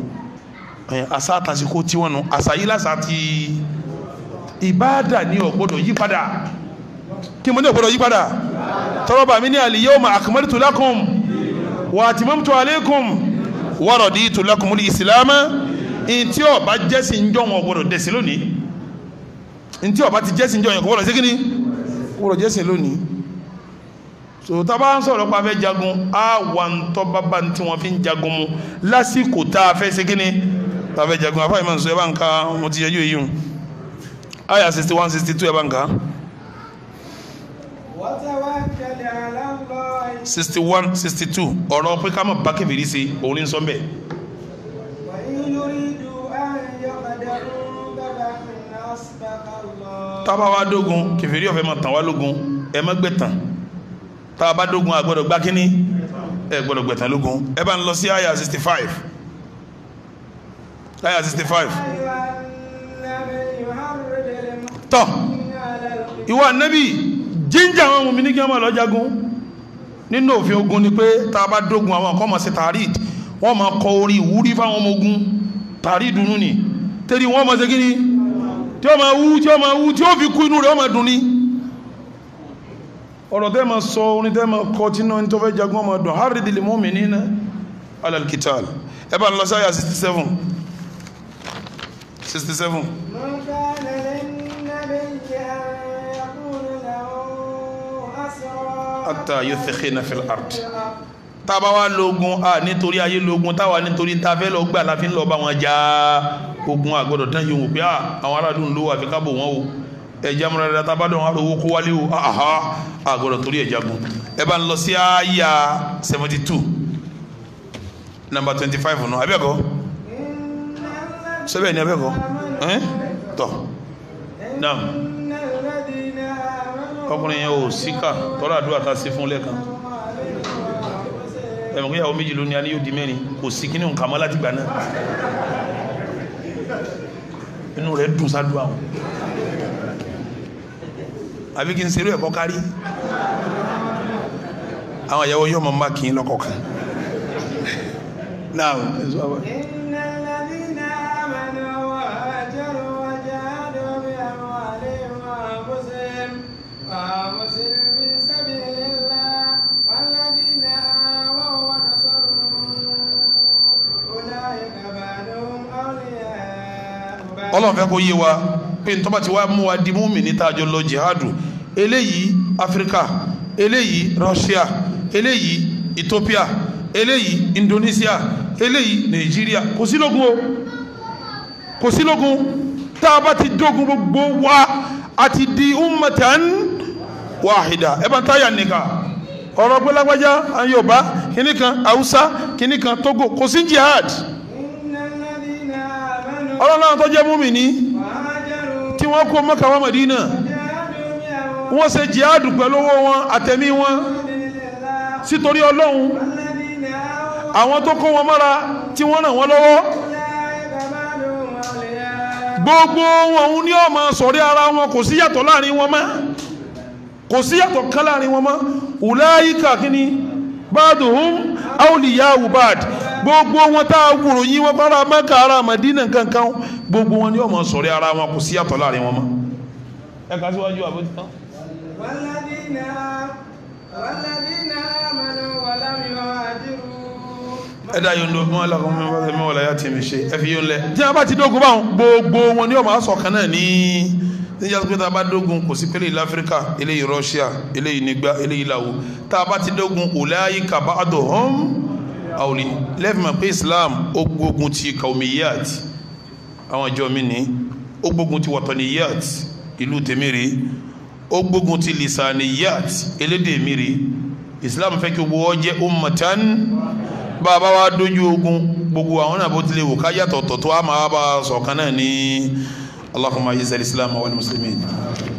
àṣà àtàsíkò tí wọ́n nu àṣà yìí láṣà ti ìbáàdà ni ò gbọ́dọ̀ yí padà kí mo ní ò gbọ́dọ̀ yí padà tọ́rọ̀ bàmí ní àlìyé ọmọ àkùmọ́lì tó lákùn. واتممت عليكم ورضيت لكم الاسلام ntí ọba jẹ́sìn ń jọ wọn gbọdọ̀ dẹ̀sìn lónìí ntí ọba ti jẹ́sìn ń jọ yẹn kò gbọdọ̀ sí kíni gbọdọ̀ jẹ́sìn lónìí so tábà ń sọ̀rọ̀ pa fẹ́ jagun á wà ń tọ́ bábá tí wọ́n fi ń jagun mu lásìkò tá a fẹ́ sí kíni tá a fẹ́ jagun afáyín máa ń sọ ẹ bá ń ka wọn ti yẹjú èyí hùn àyà sixty one sixty two ẹ bá ń ka sixty one sixty two ọ̀rọ̀ pé ká má bá kẹfìrí ṣe òun ní sọ bẹ́ẹ̀. tábà wá dógun kẹfìrí ọ̀fẹ́ máa tàn wá lógun ẹ má gbẹ̀tàn tábà bá dógun àgbọ̀dọ̀ gbá kínní ẹ gbọ́dọ̀ gbẹ̀tàn lógun ẹ bá ń lọ sí àyà sixty five àyà sixty five tọ́ ìwọ ànábì jíjẹ àwọn ọmọ mi ní kí wọ́n máa lọ jagun nínú òfin ogun ni pé tá a bá dógun àwọn kan máa ṣe tàríd wọ́n máa kọ orí ìwúrí fáwọn ọmọ ogun tàríd nù ni tẹ́rí wọ́n máa ṣe kí ni tí ó máa wú tí ó máa wú tí ó fi kú inú rẹ̀ ó máa dùn ni ọ̀rọ̀ tẹ́ ma sọ orin tẹ́ ma kọ tí náà tó fẹ́ jagun ọmọ ọdún haridil mu'minina ala al-qital ẹ bá lọ sáyà 67 67 ata yuthkhina fil art. tába wa lógun a nítorí ayé lógun táwa nítorí ta fẹ́ lọ gbà láfi ń lọ bá wọn já ogun àgbọ̀dọ̀ tán yòówù pé àwọn aráàlú ń lówó àfi kábò wọn o ẹja múra dáadáa tábà dán arówó kó wálé o aha àgbọ̀dọ̀ torí ẹja gun ẹ bá ń lọ sí àyà seventy two number twenty five nù abẹ́ẹ̀kọ́ sẹ́bẹ̀ ni abẹ́ẹ̀kọ́ tọ̀ náà ọkùnrin yẹn ò síkà tọ́lá àdúrà ta sí fún lẹ́ẹ̀kan ẹ̀mọ̀ kí ìyàwó méjì ló ní a ní yóò di mẹ́rin kò sí kí ní nǹkan mọ́ láti gbà náà inú rẹ̀ dùn sádùn àwọn àbí kí n ṣerú ẹ̀kọ́ kárí àwọn ìyàwó yóò mọ̀ máa kì í lọ́kọ̀ọ̀kan náà Ọlọ́run fẹ́ kó yé wa pé n tọ́ba ti wá mú wa di múmi níta àjọ lọ jihadu eléyìí Áfíríkà eléyìí Russia eléyìí Ethiopia eléyìí Indonesia eléyìí Nàìjíríà kò sí lógun o kò sí lógun tá a bá ti dógun gbogbo wa a ti di ummatan wahida ẹ bá ń táyà nìkan ọ̀rọ̀ gbọ́lágbájá Yorùbá kìnnìkan Haúsá kìnnìkan Togo kò sí jihad ọlọ́run tó jẹ́ mùmínì tí wọ́n kó Mọ́kà wá Mẹdínà wọ́n ṣe jihadu pẹ̀lú owó wọn àtẹ̀mí wọn sítorí ọlọ́run àwọn tó kó wọn mọ́ra tí wọ́n ràn wọ́n lọ́wọ́ gbogbo wọn òun ni ọmọ sọ̀rí ara wọn kò sí yàtọ̀ láàrin wọn mọ́ kò sí yàtọ̀ kan láàrin wọn mọ́ ùláyíkà kí báàdùhùn awliyahu báàd gbogbo wọn tá a wúro yín wọn fara mẹ́ka ara Madina kankan gbogbo wọn ni wọn mọ sọ̀rọ̀ ara wọn kò sí àtọ̀ láàrin wọn mọ́. ẹ kà síwájú àbójú tán. wàlàdínà wàlàdínà mọ̀nà wàlámi wàhádìrú. ẹ dá yóò ń lo mọ alákọ̀ọ́ mi wọ́n mi wọ́n la yá tì ṣe ẹ fi yóò ń lẹ. ti dógun báwọn gbogbo wọn ni wọn máa sọ̀kan náà ní níjà pé tá a bá dógun kò sí pélé ilẹ̀ áfíríkà eléyìí Russia eléyìí nígbà eléyìí làwọ̀ tá a bá ti dógun òláyé kaba àdó hàn àwòlí lẹ́fìmọ̀ pé Islam ó gbógun ti kaumiyat àwọn ìjọ mi ní ó gbógun ti wataniyat ìlú tèmíre ó gbógun ti lisaniyat elédè mire Islam fẹ́ kí gbogbo ọjẹ́ ummatan bàbá wa dójú ogun gbogbo àwọn náà bó tilẹ̀ wò ká yàtọ̀ tọ̀tọ̀ àmọ́ àbá ṣọ̀kan náà ní. اللهم اعز الاسلام والمسلمين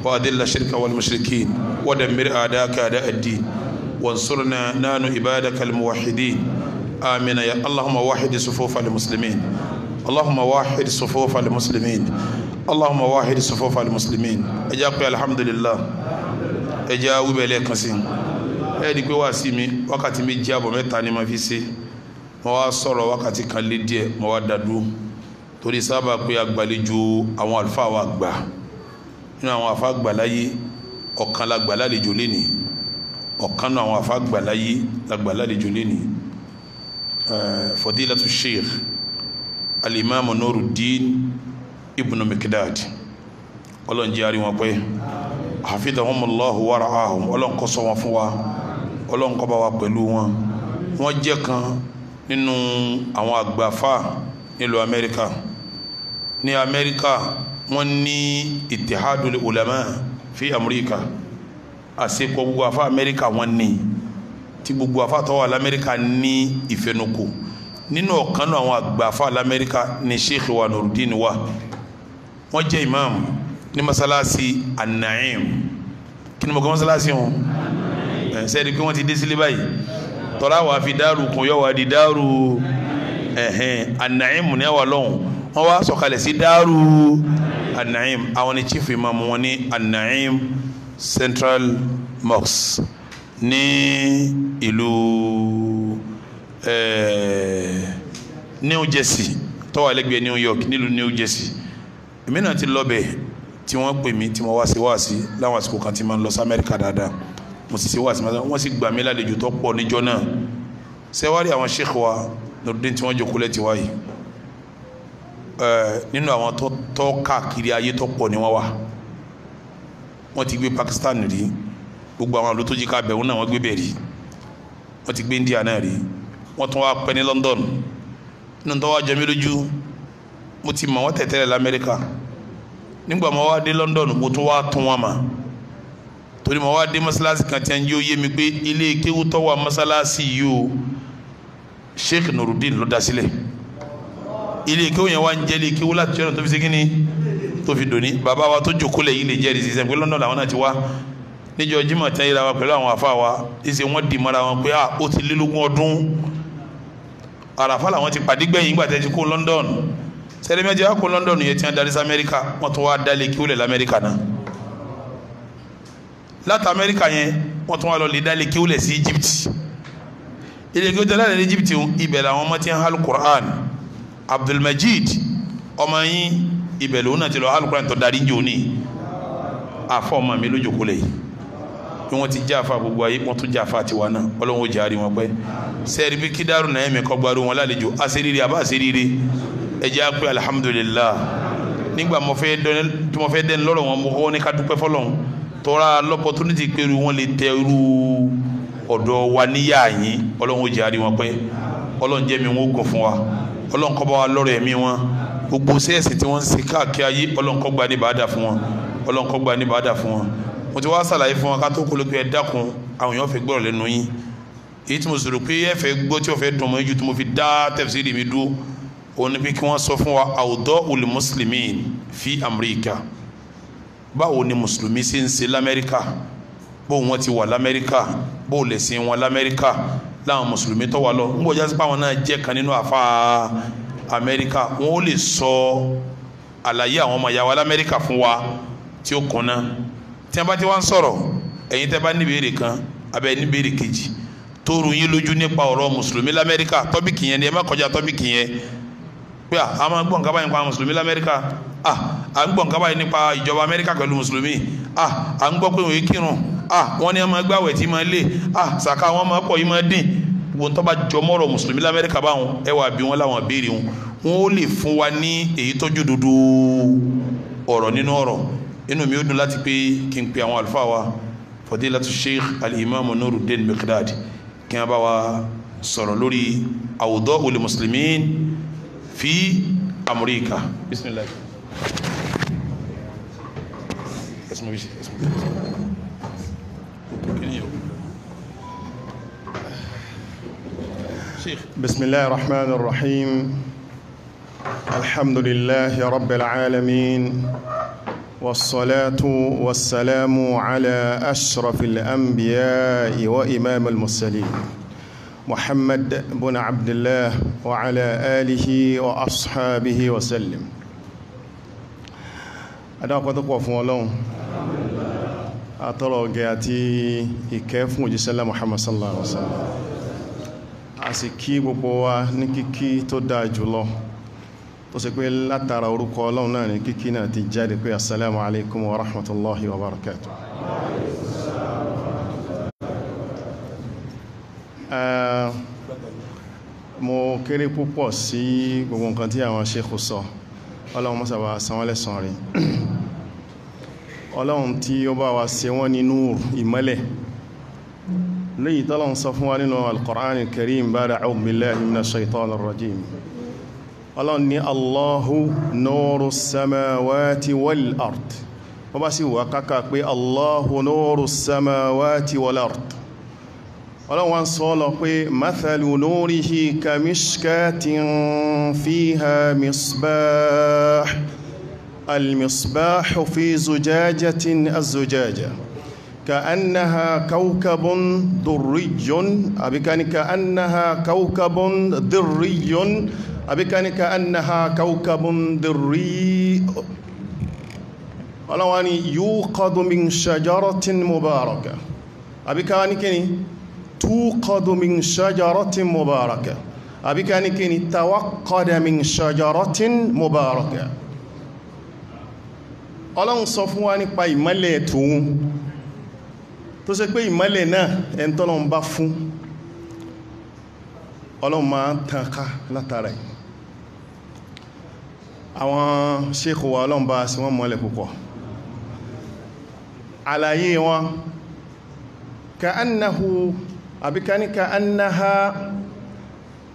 واذل الشرك والمشركين ودمر اعداءك اعداء الدين وانصرنا نان عبادك الموحدين امين يا اللهم واحد صفوف المسلمين اللهم واحد صفوف المسلمين اللهم واحد صفوف المسلمين اجاكم الحمد لله ẹja wíbẹ̀ lẹ́ẹ̀kan sí ẹ di pé wá sí mi wákàtí méjì àbọ̀ mẹ́ta ni mo fi ṣe mo wá torí sábà pé agbàlejò àwọn alfa wa gbà nínú àwọn àfa gbàláyé ọ̀kan la gbàlálejò lẹ́nì ọ̀kan nínú àwọn àfa gbàláyé la gbàlálejò lẹ́nì eh, fadilatu sheikh alimami Nuruddin ibn Mikdad ọlọ́run jẹ́ àrí wọn pé hafidhahumullahu wara'ahum ọlọ́run kó ṣọ́ wọn fún wa ọlọ́run kó bá wa pẹ̀lú wọn wọ́n jẹ́ kan nínú àwọn àgbàfà nílùú Amẹ́ríkà ní amẹ́ríkà wọ́n ní itihadul ulama fi amẹ́ríkà àṣepọ̀ gbogbo afá amẹ́ríkà wọ́n ní tí gbogbo afá tó wà lamẹ́ríkà ní ìfẹnukò nínú ọ̀kanú àwọn àgbà afá lamẹ́ríkà ní sheikh wa nurudin wa wọ́n jẹ́ imam ní masalasi anaim kí ni mo kọ́ masalasi wọn ẹ̀ sẹ́ni pé wọ́n ti dé sílé báyìí tọ́lá wàá fi dáàrú kun yọ wàá di dáàrú ẹ̀hẹ́n anaim ní àwa lọ́hùn wọ́n wá sọ̀kalẹ̀ sí Daaru an àwọn ni chief imam wọn ní an Central Mosque ní ìlú eh, New Jersey tó wà New York nílùú New Jersey èmi náà ti lọ bẹ̀ tí wọ́n pè mí tí mo wá sí wá sí láwọn àsìkò kan tí mo ń lọ sí Amẹ́ríkà dáadáa mo sì sí wá sí wọ́n sì gbà mí lálejò tó pọ̀ níjọ́ náà ṣẹ́wárí àwọn sheikh wa Nurudeen tí wọ́n jókòó lẹ́tì wáyìí nínú àwọn tó káàkiri ayé tó pọ̀ ni wọ́n wà wọ́n ti gbé Pakistan rí gbogbo àwọn àlọ́ tó jí ká bẹ̀rù náà wọ́n gbé bẹ̀rù rí wọ́n ti gbé India náà rí wọ́n tún wá pẹ́ ní London nínú tó wá jẹ mí lójú mo ti mọ̀ wọ́n tẹ̀tẹ̀rẹ̀ l'Amẹ́ríkà nígbà mo wá dé London mo tún wá tún wọn mà torí mo wá dé mọ́sálásí kan tí a ń yí yé mi pé ilé kéwú wà mọ́sálásí yìí o Sheikh Nurudeen ló dá sílẹ̀. Si ilé kéwù yẹn wá ń jẹ́lé kéwù láti jọ́nà tó fi ṣe kíni tó fi dòní bàbá wa tó jókòó lẹ̀ yìí lè jẹ́rìí sí sẹ́yìn pé lọ́ndọ̀n làwọn náà ti wá níjọ jimoh tẹ́ yìí la wa pẹ̀lú àwọn afa wa ìṣe wọ́n dì mọ́ra wọn pé ó ti lé ọdún àràfà làwọn ti pàdé gbẹ̀yìn ìgbà tẹ́ ti kó London sẹ́dẹ̀mẹ́jẹ́ wá kó London yẹn ti ń darí sí Amẹ́ríkà wọ́n tún wá dálé kí ó lẹ̀ lamẹ́ríkà náà láti Amẹ́ríkà yẹn wọ́n tún wá lọ lè dálé kí ó sí Egypt ilé kí ó tẹ́lẹ̀ ní Egypt ibẹ̀ làwọn ọmọ ti ń hàlù Qur'an Abdulmajid ọmọ yín ibẹ̀ lòun náà ti lọ alukuran tó darí jò ní àfọ ọmọ mi lójú kó lè bí wọ́n ti jáfa gbogbo ayé wọ́n tún jáfa tiwa náà ọlọ́run ó jàre wọn pẹ́ sẹ́ẹ̀rì bí kídàrú náà ẹ̀mí kọ́gbárù wọn lálejò àṣírírí àbá àṣírírí ẹ̀jẹ̀ á pé alihamudulilayi nígbà tí mo lọ́rọ̀ wọn mo ní ká dúpẹ́ fọlọ́run tọ́ra lọ́pọ̀tunitì pẹ̀lú wọn lè tẹ ọ̀dọ̀ wa níyà yín ọlọ́run ó wọn pẹ́ ọlọ́run jẹ́ mi wọ́n gùn fún wa ọlọ́run kó bá wa lọ́rọ̀ ẹ̀mí wọn gbogbo sẹ́ẹ̀sì tí wọ́n ń ṣe káàkiri ayé ọlọ́run kó gbà ní bàdà fún wọn ọlọ́run kó gbà ní bàdà fún wọn mo ti wá sàlàyé fún wọn ká tó ẹ dákun àwọn èèyàn fẹ́ gbọ́rọ̀ lẹ́nu yín èyí tí mo sọ̀rọ̀ pé ẹ fẹ́ gbọ́ tí wọ́n dùn mọ́ ju tí mo fi dá tẹ̀síìrì mi dúró òun ni pé kí wọ́n sọ fún wa àwùdọ́ olè mùsùlùmí fi amẹ́ríkà báwo ni mùsùlùmí ṣe ń ṣe lamẹ́ríkà bó wọn ti wà lamẹ́ríkà bó lẹ̀sìn wọn lamẹ́ríkà láwọn mùsùlùmí tó wà lọ ń bọ̀ jásí páwọn náà jẹ́ kan nínú àfa amẹ́ríkà wọn ó lè sọ àlàyé àwọn ọmọ yàwá lamẹ́ríkà fún wa tí ó kùnà tí wọn bá ti wá ń sọ̀rọ̀ ẹ̀yin tẹ́ bá níbèrè kan abẹ́ níbèrè kejì tó yín lójú nípa ọ̀rọ̀ mùsùlùmí lamẹ́ríkà tọ́bìkì yẹn ni ẹ má kọjá tọ́bìkì yẹn pé a máa ń gbọ́ nǹkan báyìí nípa mùsùlùmí lamẹ́ríkà a à ń gbọ́ nǹkan báyìí nípa ìjọba amẹ́ríkà pẹ̀lú mùsùlùmí a à ń gbọ́ pé òun kírun ah wọ́n ní ọmọ gbàwẹ̀ tí máa lé ah sàká wọn máa pọ̀ yìí máa dín wọn tó bá jọ mọ́rọ̀ mùsùlùmí lamẹ́ríkà báwọn ẹ wà bí wọn láwọn béèrè wọn wọn ó lè fún wa ní èyí tọ́jú dúdú ọ̀rọ̀ nínú ọ̀rọ̀ inú mi ó dùn láti pé kí n pe àwọn àlùfáà wa fadilatu sheikh alimami nurudeen mikdad kí n bá wa sọ̀rọ̀ lórí àwùdọ́ olè mùsùlùmí fi amurika bisimilayi. بسم الله الرحمن الرحيم الحمد لله رب العالمين والصلاة والسلام على أشرف الأنبياء وإمام المرسلين محمد بن عبد الله وعلى آله وأصحابه وسلم أدعوكم تقوى فولون àtọ́rọ̀ ọ̀gẹ́ àti ìkẹ́ fún òjíṣẹ́lá Muhammad sallallahu alaihi wasallam a sì kí gbogbo wa ní kíkí tó dáa jùlọ tó sì pé látara orúkọ ọlọ́run náà ní kíkí náà ti jáde pé assalamu alaikum wa rahmatullahi wa barakatuh mo kéré púpọ̀ sí gbogbo nǹkan tí àwọn ṣe kò sọ ọlọ́run mọ́sàbà sanwọ́lẹ̀ sanrin ọlọ́run tí ó bá wa ṣe wọ́n ní núr ìmọ́lẹ̀ léyìí tọ́lọ́run sọ fún wa nínú alkùránì karim ba'da a'udhu billahi minash shaitanir rajim ọlọ́run ní allahu nuru samawati wal ard wọ́n bá sì wà kákà pé allahu nuru samawati wal ard ọlọ́run wá ń sọ lọ pé mathalu nurihi kamishkatin fiha misbah المصباح في زجاجة الزجاجة كأنها كوكب ذري أبكان كأنها كوكب ذري أبكان كأنها كوكب ذري ألواني يوقد من شجرة مباركة أبكان كني من شجرة مباركة أبكان كني توقد من شجرة مباركة, أبي كان كني توقد من شجرة مباركة. ọlọ́run sọ fún wa nípa ìmọ́lẹ̀ tòun tó ṣe pé ìmọ́lẹ̀ náà ẹni tọ́lọ́run bá fún ọlọ́run máa ń tàn ká látara ẹ̀ àwọn ṣéèkù wa ọlọ́run bá sí wọ́n mọ́lẹ̀ púpọ̀ àlàyé wọn ka annahu àbí ká ní ka annaha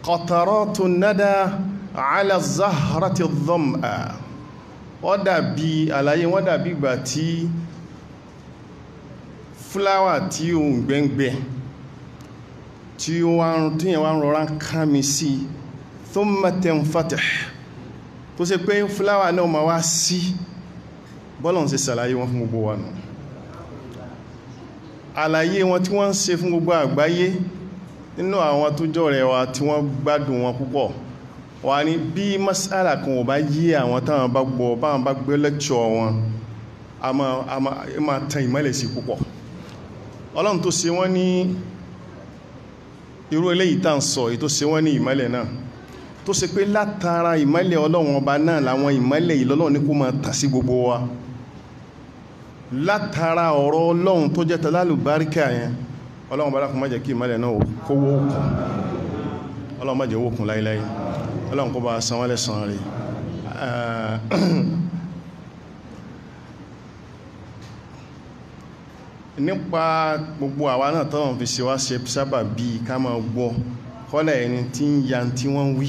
qataratun nada ala zahrati dham'a wọ́n dàbí àlàyé wọ́n dàbí ìgbà tí fúláwà tí ohun gbẹ́ngbẹ́ tí ó wá ń tí yẹn wá ń rọra kán mi sí tó mẹ́tẹ̀ ń fàtẹ̀ tó ṣe pé fúláwà náà ma wá sí bọ́lọ̀ ń ṣe sàlàyé wọn fún gbogbo wa nù àlàyé wọn tí wọ́n ń ṣe fún gbogbo àgbáyé nínú àwọn tó rẹ̀ wa tí wọ́n gbádùn wọn púpọ̀ wani ní masala kan ò bá a máa tan ìmọ́lẹ̀ sí púpọ̀ ọlọ́run tó ṣe wọ́n ní irú eléyìí tá ń sọ èyí tó ṣe wọ́n ní ìmọ́lẹ̀ náà tó ṣe pé látara ìmọ́lẹ̀ ọlọ́run ọba náà làwọn ìmọ́lẹ̀ ìlọ́lọ́run ta si gbogbo wa latara ọ̀rọ̀ ọlọ́run tó jẹ́ ọlọ́run kó bá san wọ́n lẹ́san rẹ̀ eh, nípa gbogbo àwa náà tọ́wọ́n fi ṣe wá ṣe sábà bí ká máa gbọ́ kọ́lẹ̀ ẹni tí ń ya tí wọ́n wí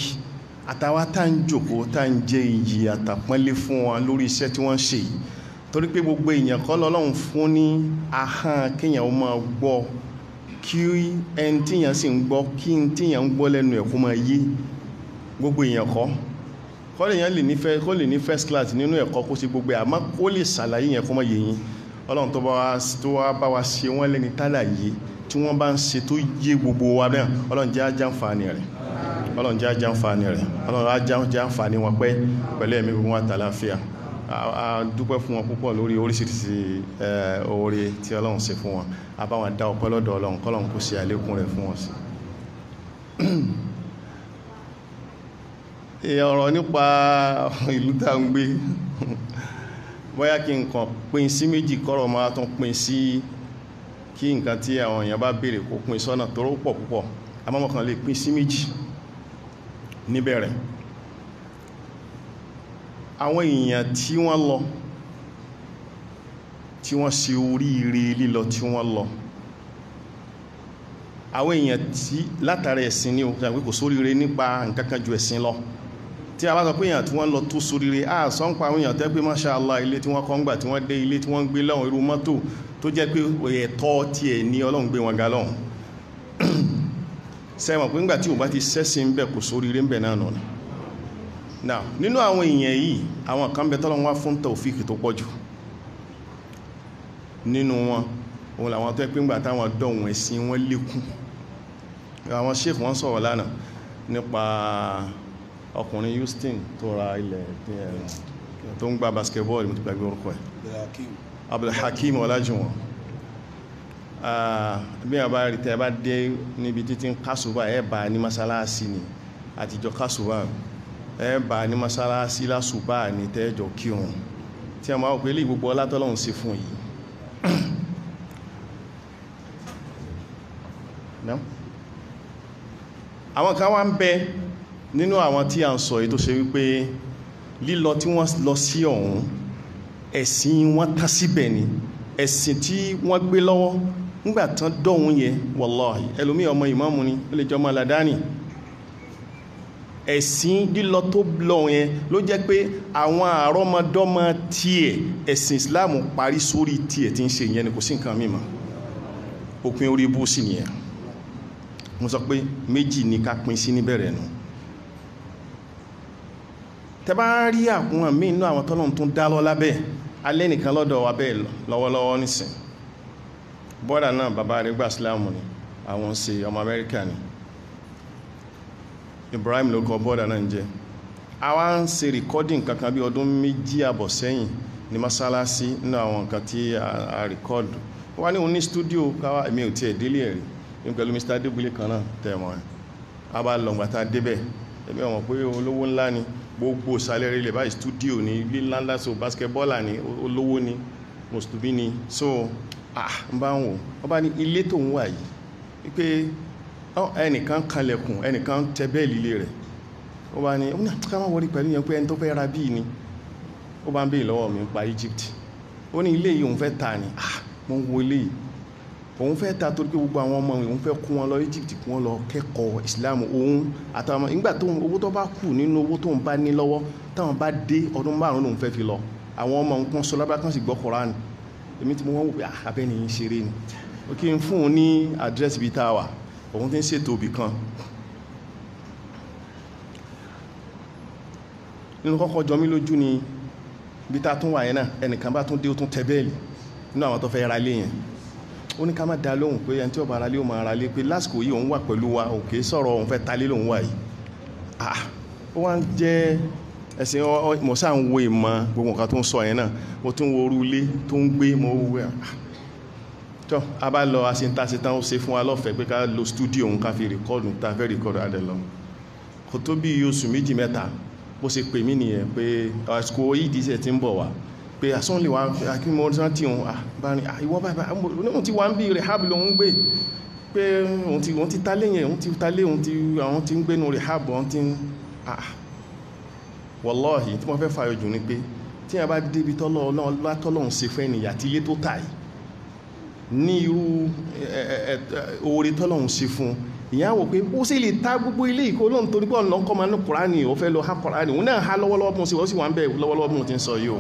àtàwá tá ń jòkó tá ń jẹ iyì àtàpọ́nlé fún wọn lórí iṣẹ́ tí wọ́n ṣe yìí torí pé gbogbo èèyàn kọ́ lọ́lọ́run fún ní ahán kéèyàn ó máa gbọ́ kí ẹni tíyàn sì ń gbọ́ kí n tíyàn ń gbọ́ lẹ́nu ẹ̀kú máa yé gbogbo èèyàn kọ́ kọ́ lè yàn lè ní first class nínú ẹ̀kọ́ kó sí gbogbo àmọ́ kó lè ṣàlàyé yẹn kó mọ̀ yé yín ọlọ́run tó wá bá wa ṣe wọ́n lẹ́ni tálàyé tí wọ́n bá ń ṣe tó yé gbogbo wa náà ọlọ́run jẹ́ ajáǹfààní rẹ̀ ọlọ́run jẹ́ ajáǹfààní rẹ̀ ọlọ́run ajáǹfààní wọn pẹ́ pẹ̀lú ẹ̀mí gbogbo wọn tàlàáfíà a dúpẹ́ fún wọn púpọ̀ lórí oríṣiríṣi oore tí ọlọ́run ṣe fún wọn a bá wọn dá ọpẹ́ lọ́dọ̀ ọlọ́run kọ́lọ́run kó ṣe àlékún rẹ̀ fún wọn sí i. ọ̀rọ̀ nípa ìlú tá ń gbé bóyá kí nǹkan pín sí méjì kọ́rọ̀ máa tún pín sí kí nǹkan tí àwọn èèyàn bá béèrè kó pín sọ́nà tó pọ̀ púpọ̀ amọ́mọ̀kan lè pín sí méjì níbẹ̀rẹ̀ àwọn èèyàn tí wọ́n lọ tí wọ́n oríire lọ àwọn èèyàn tí látara ẹ̀sìn pé kò tí a bá sọ pé èèyàn tí wọ́n lọ tó soríire a sọ ń pa àwọn èèyàn tẹ́ pé masha Allah ilé tí wọ́n kọ́ ń gbà tí wọ́n dé ilé tí wọ́n ń gbé lọ́hùn irú mọ́tò tó jẹ́ pé ẹ̀tọ́ tiẹ̀ ní ọlọ́run gbé wọn ga lọ́hùn sẹ́wọ̀n pé ńgbà tí ò bá ti sẹ́sìn bẹ̀ kò soríire ń bẹ̀ náà nù náà nínú àwọn èèyàn yìí àwọn kan bẹ tọ́lọ́ wá fún tàòfíìkì tó pọ̀ jù nínú wọn òun làwọn tó pé ńgbà táwọn dọ̀hùn ẹ̀sìn wọn lékún àwọn sheikh wọn sọ̀rọ̀ lánàá nípa ọkùnrin Houston tó ra ilẹ̀ tó ń gba basketball mo ti gbàgbé orúkọ ẹ̀ Abdulhakeem Ọlájúwọ̀n bí a bá rí tẹ́ bá dé níbi títí kásùbà ẹ bá ní masalasi ni àtijọ́ kásùbà ẹ bá ní masalasi lásùbà ní tẹ́jọ kírun tí a máa pè lè gbogbo ọlátọ́lọ́hun sí fún yìí àwọn kan wá ń bẹ nínú àwọn tí a ń sọ yìí tó ṣe wípé lílọ tí wọ́n lọ sí ọ̀hún ẹ̀sìn wọn tá síbẹ̀ ni ẹ̀sìn tí wọ́n gbé lọ́wọ́ nígbà tán dọ̀hún yẹn wàláhì ẹlòmíì ọmọ ìmáàmù ni ó lè jẹ́ ọmọ aládàáni ẹ̀sìn lílọ tó lọ yẹn ló jẹ́ pé àwọn àrọ́mọdọ́mọ tiẹ̀ ẹ̀sìn Islam parí sórí tiẹ̀ tí ń ṣe yẹn ni kò sí nǹkan mímọ́ òpin orí bó sì nìyẹn mo sọ pé méjì ni ká pín sí níbẹ̀rẹ̀ nù. No tẹ bá rí àwọn míì nínú àwọn tọ́lọ́run tó ń dá lọ lábẹ́ alẹ́ nìkan lọ́dọ̀ wa bẹ́ẹ̀ lọ́wọ́lọ́wọ́ nísìn bọ́dà náà bàbá rẹ̀ gbà síláàmù ni àwọn ṣe ọmọ amẹ́ríkà ni Ibrahim ló kọ bọ́dà náà ń jẹ́ àwa ń ṣe rìkọ́dì nǹkan kan bí ọdún méjì àbọ̀ sẹ́yìn ní mọ́sálásí nínú àwọn nǹkan tí a rìkọ́dù wọ́n ní òun ní stúdíò káwá èmi ò tiẹ̀ délé ẹ̀rí ní pẹ̀lú Mr adébúlé kan náà tẹ̀ wọ́n a bá lọ́ngbàtà débẹ̀ èmi ò pé olówó ńlá ni gbogbo ìsàlẹ̀ ilẹ̀ báyìí studio ni ilé ńláńlá so basketballer ni olówó ni mùsùlùmí ni so ah n bá ń wò wọ́n bá ní ilé tó ń wà yìí wípé ẹnìkan kanlẹ̀kùn ẹnìkan tẹ bẹ́ẹ̀lì ilé rẹ̀ ó bá ní ọmọ ah, ká má wọrí pẹ̀lú yẹn pé ẹni tó fẹ́ ra bíi ni ó bá ń béè lọ́wọ́ mi pa Egypt ó ní ilé yìí òun fẹ́ ta ni ah mo ń wo ilé yìí òun fẹ́ ta torí pé gbogbo àwọn ọmọ òun fẹ́ kó wọn lọ Egypt kó wọn lọ kẹ́kọ̀ọ́ Islam òun àtàwọn nígbà tó owó tó bá kù nínú owó tó ń bá ní lọ́wọ́ táwọn bá dé ọdún márùn-ún òun fẹ́ fi lọ àwọn ọmọ òun kan sọ lábá kan sì gbọ́ Quran èmi tí mo wọ́n wò pé ah, abẹ́ni ṣeré ni ó kí n fún un ní àdírẹ́sì bíi tá a wà òun ti ń ṣètò òbí kan nínú kọ́kọ́ jọ mí lójú ni bí tá a tún wà yẹn náà ẹnìkan bá tún dé ó tún tẹ bẹ́ẹ̀lì nínú àwọn tó fẹ́ ra ilé yẹn ó ní ká má da lóhùn pé ẹni tí ọba aralé ó máa aralé pé lásìkò yìí òun wà pẹ̀lú wa òkè sọ̀rọ̀ òun fẹ́ talé lòun wà yìí ah ó wá ń jẹ́ ẹ̀sìn mọ̀sá ń wo ìmọ̀ gbogbo nǹkan tó ń sọ yẹn náà mo tún wo orú tó ń gbé mọ́ owó ẹ̀ tó a bá lọ aṣèǹtaṣe ó ṣe fún wa lọ́fẹ̀ẹ́ pé ká lo stúdíò òun ká fi rìkọ́dù tá a fẹ́ rìkọ́dù adẹ lọ kò tó bí oṣù méjì mẹ́ta bó ṣe pè mí nìyẹn pé àsìkò yìí díṣẹ́ ti ń bọ̀ wá pé àsánlè wà akímọ̀ rántí òun àbárin àìwọ́ báyìí òun ti wà ń bí rehab lòun gbé pé òun ti tálé yẹn òun ti tálé òun ti àwọn ti ń gbénu rehab òun ti ń àà wọ́lọ́ọ̀hì tí wọ́n fẹ́ fàyọ jù ní pé tí a bá débi tọ́lọ́run ṣe fẹ́ nìyà tí yé tó tàì ní irú oore tọ́lọ́run ṣe fún ìyá wò pé ó sì lè ta gbogbo ilé ìkó lóhun torí pé ọ̀nà ọkọ̀ máa ń kùránì ó fẹ́ lọ ha kùránì òun náà ha lọ́wọ́lọ́wọ́ bí wọ́n sì wà ń bẹ̀ lọ́wọ́lọ́wọ́ bí wọ́n ti ń sọ yìí o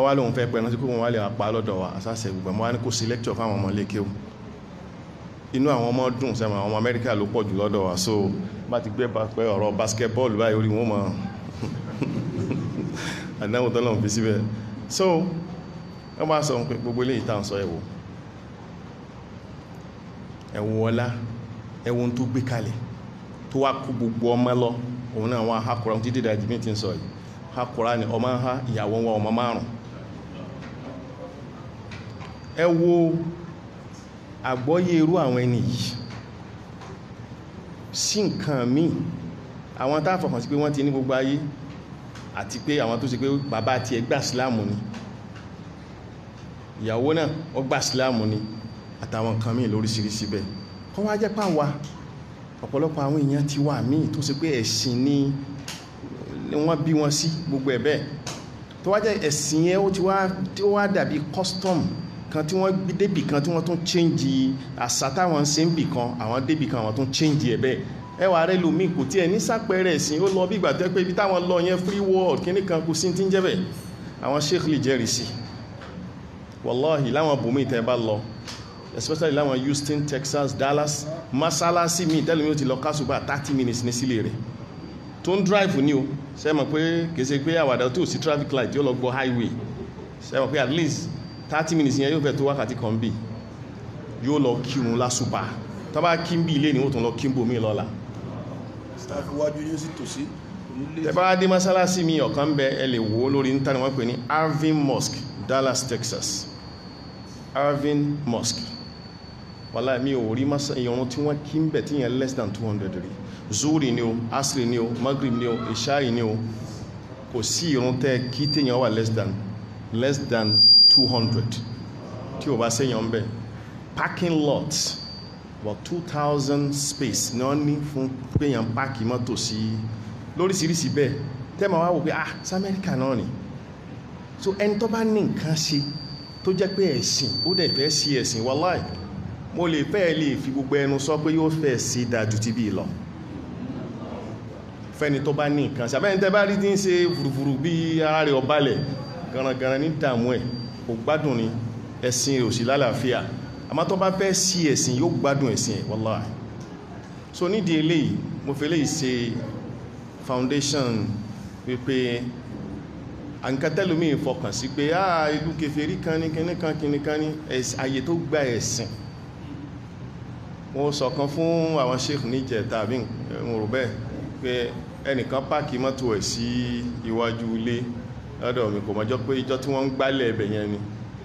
ọwá lóun fẹ́ pẹ̀lú kó wọn wá lè apá lọ́dọ̀ wa àsáṣẹ́ gbogbo mọ́ wá ní kò sí lecture fáwọn ọmọ ilé kéwù inú àwọn ọmọ dùn sẹ́mu àwọn ọmọ amẹ́ríkà ló pọ̀ jù lọ́dọ̀ wa so bá ti gbé pẹ́ ọ̀rọ̀ basketball báyìí orí wọn mọ̀ àdáwò tọ́lọ̀ fi síbẹ̀ so wọ́n bá sọ pé gbogbo eléyìí tá à ń sọ ẹ̀wò ẹ̀wò ọlá ẹ̀wò tó gbé kalẹ̀ tó wá kó gbogbo ọmọ lọ òun náà wọn ahakura títí dàjí mi ti ń sọ yìí hakura ni ọmọ ha ìyàwó wọn ọmọ márùn-ún ẹ wo àgbọ́yé irú àwọn ẹni yìí sí nǹkan míì àwọn tá fọkàn sí pé wọ́n ti ní gbogbo ayé àti pé àwọn tó ṣe pé bàbá àti ẹgbà síláàmù ni ìyàwó náà ọgbà síláàmù ni àtàwọn nǹkan míì lóríṣiríṣi bẹ́ẹ̀ kọ́ wá jẹ́ pàwà ọ̀pọ̀lọpọ̀ àwọn èèyàn ti wà míì tó ṣe pé ẹ̀sìn ni wọ́n bí wọn sí gbogbo ẹ̀ tó wá jẹ́ ẹ̀sìn yẹn ó ti wá dàbí custom kan tí wọ́n gbé débì kan tí wọ́n tún change àṣà táwọn ṣe ń bì kan àwọn débì kan àwọn tún change ẹ̀ bẹ́ẹ̀ ẹ wà rẹ lómi kò tiẹ̀ ní sápẹ́rẹ́ ẹ̀sìn ó lọ bí ìgbà tó pé ibi táwọn lọ yẹn free world kíní kan kò sí ti ń jẹ́ bẹ́ẹ̀ àwọn sheikh lè jẹ́rìí sí wàláhì láwọn bòmí tẹ́ bá lọ especially láwọn Houston Texas Dallas masalasi mi tẹ́lẹ̀ mi ó ti lọ kásùbà thirty minutes ní sílé rẹ̀ tó ń drive ní o ṣe mọ̀ pé kèsè pé àwàdà tó sí traffic light yóò lọ gbọ́ highway ṣe mọ̀ pé at least 30 minutes yẹn yóò fẹ́ tó wákàtí kan bí yóò lọ kírun lásùpá tó kí ń bí ilé ni ó tún lọ kí ń bò mí lọ́la tẹ́bá dé mọ́sálásí mi ọ̀kan bẹ ẹ lè wò lórí níta ni wọ́n pè ní Arvin Musk Dallas Texas Arvin Musk wàlá mi ò rí ìrun tí wọ́n kí ń bẹ̀ tí yẹn less than 200 rí zuri ni o asri ni o magrib ni o ishari ni o kò sí ìrun tẹ́ kí téèyàn wà less than less than two hundred tí o bá séyàn bẹ́ẹ̀ parking lots about two thousand space ni wọ́n ní fún péyàn páàkì mọ́tò sí lóríṣiríṣi bẹ́ẹ̀ tẹ́ẹ̀mà wá wò pé ah sí amẹ́ríkà náà ni so ẹni tó bá ní nǹkan ṣe tó jẹ́ pé ẹ̀sìn ó dẹ̀ fẹ́ sí ẹ̀sìn wàláì mo lè fẹ́ lè fi gbogbo ẹnu sọ pé yóò fẹ́ sí dájú tí bí lọ fẹ́ni tó bá ní nǹkan ṣe àbẹ́ni tẹ́ bá rí tí ń ṣe vùrùvùrù bí ara rẹ̀ ọ̀balẹ̀ gànàgànà ní dààmú ẹ̀ kò gbádùn ni ẹ̀sìn rẹ̀ ò sí lálàáfíà àmọ́ tó bá fẹ́ sí ẹ̀sìn yóò gbádùn ẹ̀sìn ẹ̀ wallahi so nídìí eléyìí mo fẹ́ léyìí ṣe foundation wípé àǹkátẹ́lómi ìfọkàn sí pé ah ìlú kèfèrí kan ní kíní kan kíní kan ní àyè tó gba ẹ̀sìn wọ́n sọ̀kan fún àwọn sheikh níjẹ̀ tàbí mo rò bẹ́ẹ̀ pé ẹnìkan páàkì mọ́tò ẹ̀ sí iwájú ilé lọ́dọ̀ mi kò mọ́jọ́ pé ìjọ tí wọ́n ń gbálẹ̀ ẹ̀bẹ̀ yẹn ni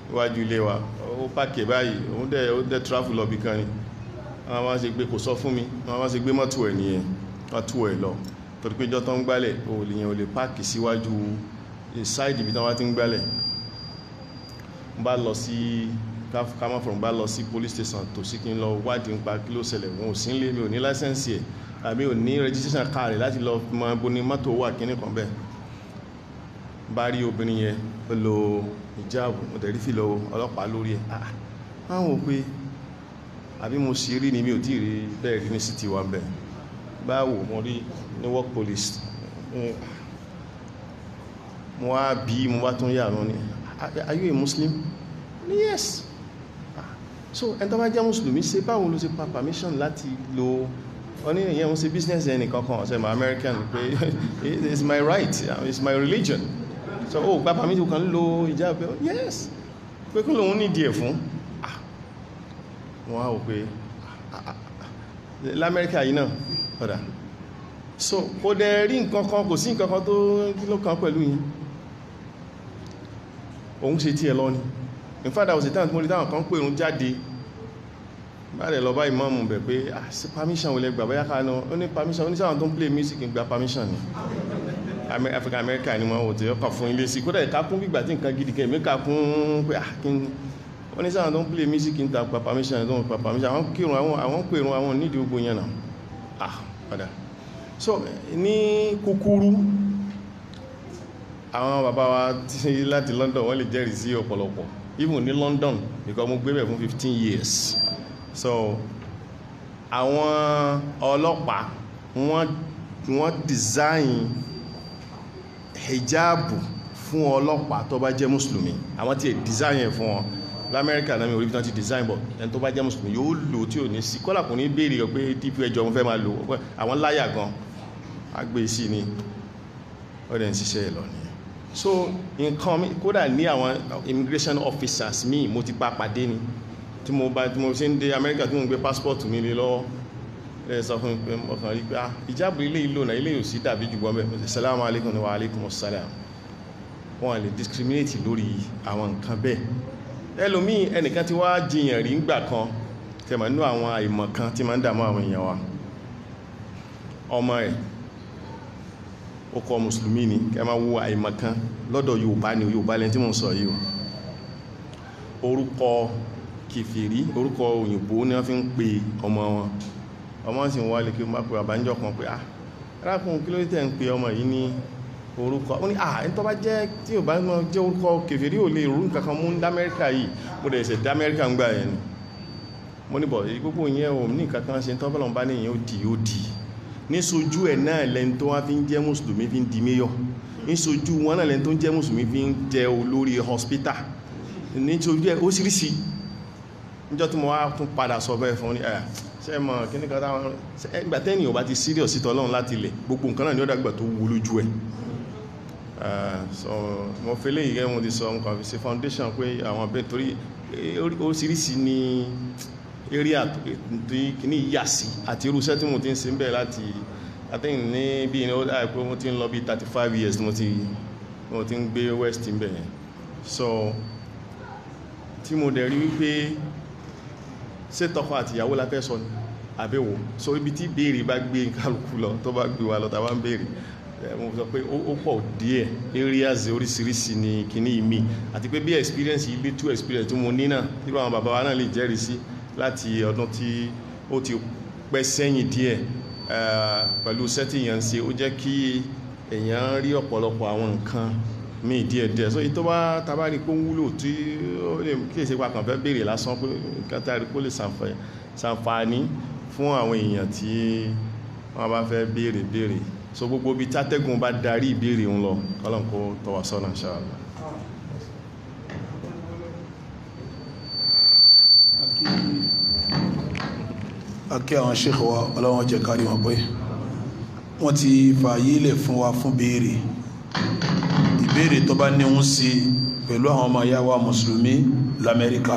níwájú ilé wa ó pàkè báyìí òun dẹ̀ ó dẹ̀ tráfù lọ bí kan ni wọ́n máa ṣe gbé kò sọ fún mi wọ́n máa ṣe gbé mọ́tò ẹ̀ nìyẹn wọ́n tú ẹ̀ lọ torí pé ìjọ tó ń gbálẹ̀ òòlìyàn ò lè pàkì síwájú ṣáìdì eh, ibi tí wọ́n ti ń gbálẹ̀ ń bá lọ sí kámọ́fọ̀rùn bá lọ sí police station tó sì kí n lọ wádìí nípa kí ló ṣẹlẹ̀ wọn ò sí ń lé mi ò ní láísẹ̀nsì ẹ̀ àbí ò ní registration card láti lọ mọ ibo ni mọ́tò wà kíní kan bẹ́ẹ̀ bá rí obìnrin yẹn lo ìjáàbù ọ̀tẹ̀rí fìlọ ọlọ́pàá lórí ẹ̀ àwọn ah, wò pé àbí mo sì rí ni mi ò tí rí bẹ́ẹ̀ rí ní sí ti wà ń bẹ̀ báwo mo rí ní work police mo wá bí mo bá tún yàrá ni are you a muslim ni yes ah, so ẹni tó bá jẹ́ mùsùlùmí ṣe báwo ló ṣe pa permission láti lo oní ìyẹn mo ṣe business ẹnì kankan ọ̀sẹ̀ mọ̀ american pé it's my right it's my religion So, ó gbá pàmí tó kàn ń lo ìjáàbù yes pé kí lòun nídìí ẹ̀ fún ah. wọn á wò pé ah, ah, lamẹ́ríkà yìí náà ọ̀dà so kò dẹ̀ rí nkankan kò sí nkankan tó kí ló kàn pẹ̀lú yìí òun ṣe tí ẹ lọ ni in fact I àwọn ìtàn tí mo rí táwọn kan pè ń jáde báyìí lọ bá ìmáàmù bẹ̀ pé ah permission wọlé gbà báyá ká náà ó ní permission oníṣàwọn tó ń play music ń gba permission ni African America ni wọ́n ò tẹ́ ọkọ̀ fún ilé sí kódà ìka kún gbígbà tí nǹkan gidi kẹ́ ìmẹ́ka kún pé àkín ah, wọ́n ní sáà tó ń play music ń papa mission tó ń papa mission àwọn kírun àwọn nídìí ogun yẹn náà ah padà so ní kúkúrú àwọn bàbá wa láti London wọ́n lè jẹ́rìí sí ọ̀pọ̀lọpọ̀ even ní London because mo gbé bẹ̀ fún fifteen years so àwọn ọlọ́pàá wọ́n design hijabu fún ọlọ́pàá tó bá jẹ́ mùsùlùmí àwọn tí design ẹ̀ fún wọn lamẹ́ríkà náà mi ò tán ti design bọ̀ ẹni tó bá jẹ́ mùsùlùmí yóò lò tí ò ní sí kọ́lá kò ní béèrè pé dp ẹjọ́ mo fẹ́ máa lò àwọn láyà gan agbè e sí ni ọ̀rẹ́ ń ṣiṣẹ́ lọ ni so nǹkan kódà ní àwọn immigration officers mi mo ti bá pàdé ni tí mo bá tí mo ṣe ń dé amẹ́ríkà tí mo ń gbé passport mi lé lọ́wọ́ lẹ́yìn sọ fún mi pé mo kàn rí pé ah ìjábọ̀ ilé ìlò náà ilé yóò sí dàbí jùgbọ́n bẹ́ẹ̀ mo sì salamu alaykum wa alaykum salam wọn lè discriminate lórí àwọn nǹkan bẹ́ẹ̀ ẹlòmíì ẹnìkan tí wá jiyàn rí ngbà kan tẹ̀mọ̀ nínú àwọn àìmọ̀ kan tí máa ń dààmú àwọn èèyàn wa ọmọ ẹ̀ ó kọ́ mùsùlùmí ni kẹ́ máa wo àìmọ̀ kan lọ́dọ̀ Yorùbá ni Yorùbá lẹ́ni tí mò ń sọ yìí o orúkọ kìfìrí orúkọ òyìnbó ni wọ́n fi ń pe ọmọ wọn ọmọ sì ń wálé kí n bá pè àbájọ kan pé ah arákùnrin kí ló tẹ̀ ń pe ọmọ yìí ní orúkọ ó ní ah ẹni tó bá jẹ́ tí ò bá jẹ́ orúkọ kèfèrí ò lè rú nǹkan kan mú ní amẹ́ríkà yìí mo dẹ̀ ṣẹ̀ dé amẹ́ríkà ń gbà yẹn ni mo níbọ̀ gbogbo yẹn ò ní nǹkan kan ṣe ń tọ́bọ̀lọ́n bá nìyẹn ó di ó di ní sojú ẹ̀ náà lẹ́ni tó wá fi ń jẹ́ mùsùlùmí fi ń di méyọ̀ ní sojú wọn náà lẹ́ni tó ń jẹ́ mùsùlùmí fi ń jẹ olórí hospital ní sojú ẹ̀ ó ṣíríṣi níjọ́ tí mo wá tún padà sọ bẹ́ẹ̀ fún ẹ̀ ṣe mọ̀ kíní kan táwọn ẹgbà tẹ́yìn ọba ti serious sí tọ́lọ́run láti ilẹ̀ gbogbo nǹkan náà ni ó dàgbà tó wú lójú ẹ̀ mo fi léyìí gẹ́gẹ́ mo ti sọ nǹkan fi ṣe foundation pé àwọn abẹ́ torí eh, oríṣiríṣi ni eré àtúntò kíní yà sí àti irúṣẹ́ tí mo ti ń ṣe ń bẹ̀ láti I think ní bí ní ó dáa pé mo ti ń lọ bí thirty five years mo ti mo ti ń gbé west ń bẹ̀ yẹn so tí mo dẹ̀ rí wípé ṣé tọkọ àtìyàwó la fẹ́ sọ ni àbẹ̀wò so ibi tí béèrè bá gbé kálukú lọ tó bá gbé wa lọ tá ń béèrè mo sọ pé ó pọ̀ díẹ̀ areas oríṣiríṣi ni kíní mi àti pé bí experience yìí little experience tí mo ní náà nírú àwọn bàbá wa náà lè jẹ́rìí sí láti ọdún tí ó ti pẹ́ sẹ́yìn díẹ̀ pẹ̀lú sẹ́tìyàn ṣe ó jẹ́ kí èèyàn rí ọ̀pọ̀lọpọ̀ àwọn nǹkan mi díẹ̀ díẹ̀ so ìtọ́ bá tabari pé ń wúlò tí ó lè kí èsì pa kàn fẹ́ béèrè lásán pé nǹkan tàbí kó lè ṣàǹfààní fún àwọn èèyàn tí wọ́n bá fẹ́ béèrè béèrè so gbogbo ibi tátẹ́gùn bá darí ìbéèrè ń lọ kọ́lọ̀ kó tọ́ wa sọ́nà ṣáàlá. akí àwọn ṣèkọ wa ọlọ́wọ́n jẹ kárí wọn pé wọ́n ti fààyè fún wa fún béèrè ìbéèrè tó bá níhun sí pẹ̀lú àwọn ọmọ ìyá wa mùsùlùmí lamẹ́ríkà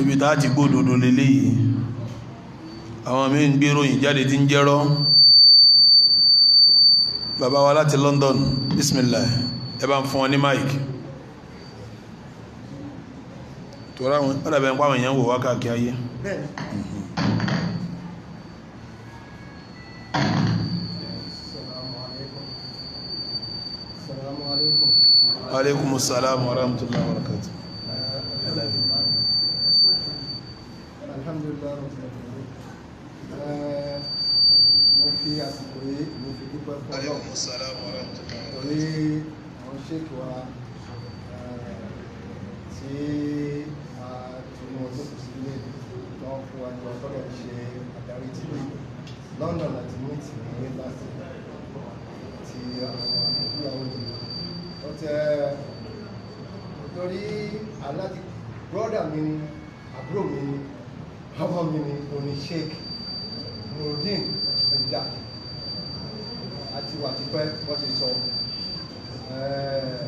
ibi tá a ti gbódodo lélẹ́yìí àwọn míì ń gbé jáde tí ń jẹ́rọ́ bàbá wa láti London bismillah ẹ bá ń fún wọn ní mike tó ra wọn ó dàbẹ̀ ń pa èèyàn wò wákàkí ayé. bẹ́ẹ̀ aleykum salaam wa rahmatulah wa barakatu. alhamdulilayi eh, mo fi àsìkò yìí mo fi dúpẹ́ fún ọ aleykum salaam wa rahmatulah torí àwọn ṣèkì wa eh, tí a tún mọ tó kù sílé lọ fún wa ní ọ̀tọ̀dọ̀ ṣe àdarí tí wọ́n London àti mú ìtìmọ̀ ní láti ti àwọn ìgbéyàwó yìí but nítorí uh, aláti brọ́dà mi ni àbúrò mi ni ọmọ mi ni oní sheik nurdin rida àti wà tipẹ́ wọ́n ti sọ uh,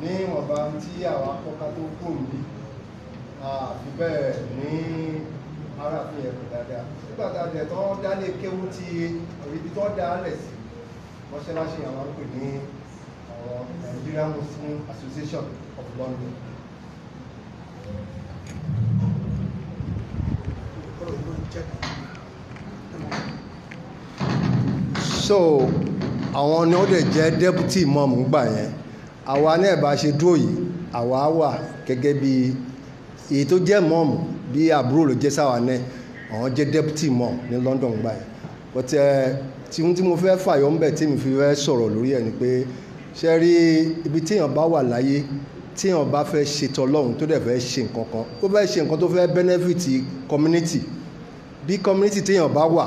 ní ìwọ̀nba tí àwa kọ́ká tó gbòmù bí àfi bẹ́ẹ̀ ní aráàfin ẹ̀kọ́ dáadáa nígbà tá a jẹ tán dálé kéwú ti ibi tán dá lẹ̀ sí mọ́ṣáláṣí àwọn pè ní Nigerian Muslim Association of London. so àwọn ni ó dẹ̀ jẹ́ deputy imam gbà yẹn àwa náà bá ṣe dúró yìí àwa wà gẹ́gẹ́ bí èyí tó jẹ́ imam bí àbúrò ló jẹ́ sáwa náà àwọn jẹ́ deputy imam ní London gbà yẹn but ẹ eh, tí mo fẹ́ fàyọ̀ ń bẹ̀ tí mi fi fẹ́ sọ̀rọ̀ lórí ẹ̀ ni pé ṣe rí ibi téèyàn bá wà láyé téèyàn bá fẹ́ ṣètò ọlọ́run tó dẹ̀ fẹ́ ṣe nǹkan kan ó fẹ́ ṣe nǹkan tó fẹ́ benefit community bí community téèyàn bá wà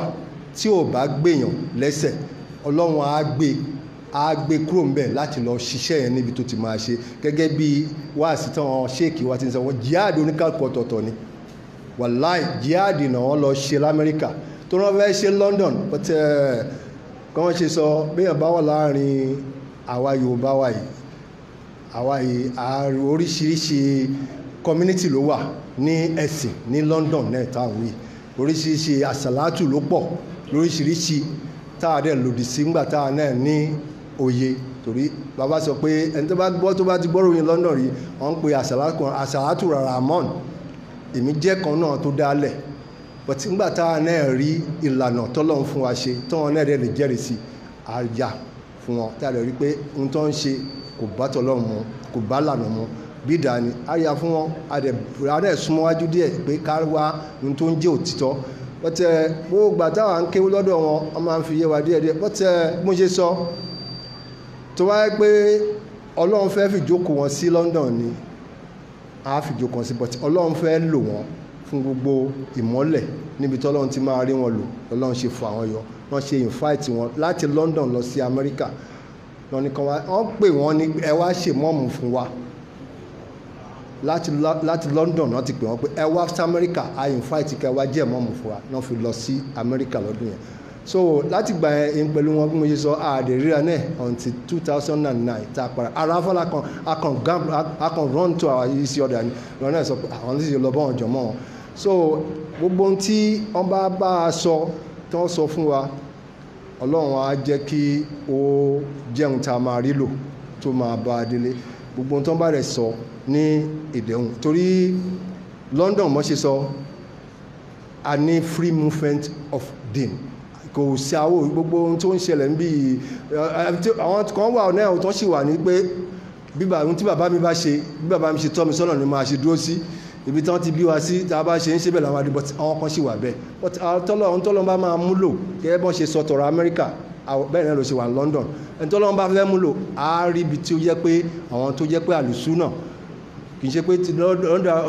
tí ò bá gbèyàn lẹ́sẹ̀ ọlọ́run á gbé á gbé kúrò ń bẹ̀ láti lọ ṣiṣẹ́ yẹn níbi tó ti máa ṣe gẹ́gẹ́ bí wáàsí tán ṣéèkì wá ti ń sọ wọ́n jihad oníkàkú ọ̀tọ̀ọ̀tọ̀ ni wàláì jihad náà wọ́n lọ ṣe lamẹ́ríkà tó rán fẹ́ ṣe London but eh, kí wọ́n ṣe sọ béèyàn bá wà láàrin àwa Yorùbá wa yìí àwa yìí àrò oríṣiríṣi community ló wà ní ẹ̀sìn ní London náà táwọn yìí oríṣiríṣi àṣàlátù ló pọ̀ lóríṣiríṣi tá a dẹ̀ lòdì sí ńgbà tá a náà ní òye torí bàbá sọ pé ẹni tó bá gbọ́ tó bá ti gbọ́ ròyìn London rí wọ́n ń pe àṣàlátù Rahman èmi jẹ́ kan náà tó dálẹ̀ bọ̀tí ńgbà tá a náà rí ìlànà tọ́lọ́run fún wa ṣe tọ́wọ́n náà dẹ̀ lè jẹ́rìí sí àyà fún wọn tá a lè rí pé ohun tó ń ṣe kò bá tọ́lọ́run mu kò bá lànà mu bí dání á yà fún wọn á dẹ̀ súnmọ́ wájú díẹ̀ pé ká wá ohun tó ń jẹ́ òtítọ́ bọ́tẹ eh, gbogbo táwa ń kéwú lọ́dọ̀ wọn wọ́n máa ń fi yé wa díẹ̀díẹ̀ bọ́tẹ bó eh, ṣe sọ tó wáyé pé ọlọ́run fẹ́ fìjókòó wọn sí London ni a fìjókòó sí bọ́tẹ ọlọ́run fẹ́ lò wọ́n fún gbogbo ìmọ́lẹ̀ níbi tọ́lọ́run ti máa rí wọn lò ọlọ́run ṣe fọ àwọn yọ wọ́n ṣe invite wọn láti London lọ sí Amẹ́ríkà lọ́nìkan wọ́n pè wọ́n ní ẹ wá ṣe mọ́ọ̀mù fún wa láti láti London náà ti pè wọ́n pé ẹ wá sí Amẹ́ríkà a invite kẹ wá jẹ́ mọ́ọ̀mù fún wa náà fi lọ sí Amẹ́ríkà lọ́dún yẹn so láti gbà yẹn pẹ̀lú wọn bí mo ṣe sọ àdè ríra náà until two thousand and nine tá a para ara afọlá kan a kan gam run to our isi ọ̀dà ni lọ́nà sọ pé àwọn ti lọ bọ́ wọn jọ mọ́ wọn so gbogbo ohun tí wọ́n bá bá a sọ tí wọ́n sọ fún wa ọlọ́run á jẹ́ kí ó jẹun tá a máa rí lò tó máa bá a délé gbogbo tó ń bá rẹ̀ sọ ní ìdẹ̀hùn torí London mọ́ ṣe sọ a ní free movement of deen kò sí àwọn gbogbo ohun tó ń ṣẹlẹ̀ níbí eh, àwọn kan wà náà tó ṣì wà ní pé bí bàbá mi bá ṣe bí bàbá mi ṣe tọ́ mi sọ́nà ni màá ṣe dúró sí ibi tí wọ́n ti bí wa sí tá a bá ṣe ń ṣe bẹ́ẹ̀ làwọn àdìbò àwọn kan sì wà bẹ́ẹ̀ but àwọn tọ́lọ́ bá máa múlò gẹ́gẹ́ bọ́n ṣe sọ tọ̀rọ̀ Amẹ́ríkà bẹ́ẹ̀ náà ló ṣe wà ní London ẹni tọ́lọ́ bá fẹ́ múlò á rí ibi tí ó jẹ́ pé àwọn tó jẹ́ pé àlùsúnà kì í ṣe pé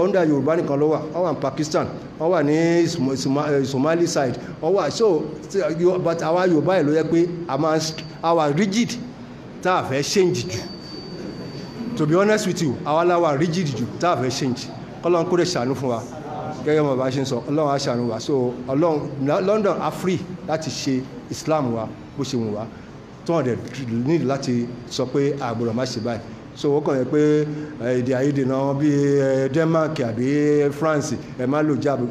under Yorùbá nìkan ló wà wọ́n wà ní Pakistan wọ́n wà ní eh, Somali side wọ́n wà so but àwa Yorùbá yìí ló yẹ pé àwa rigid tá a fẹ́ change jù to be honest with you àwa la rigid jù tá a fẹ́ change kọ́lọ́n kó lè ṣàánú fún wa gẹ́gẹ́ bí wọ́n bá ṣe ń sọ ọlọ́run á ṣàánú wa so ọlọ́run London afri, free láti ṣe Islam wa bó ṣe wù wá tó hàn dẹ̀ nílò láti sọ pé àgbọ̀dọ̀ má ṣe báyìí so wọ́n kàn yẹ pé eh, èdè àìyedè náà bí eh, Denmark àbí France ẹ̀ má lò jáàbù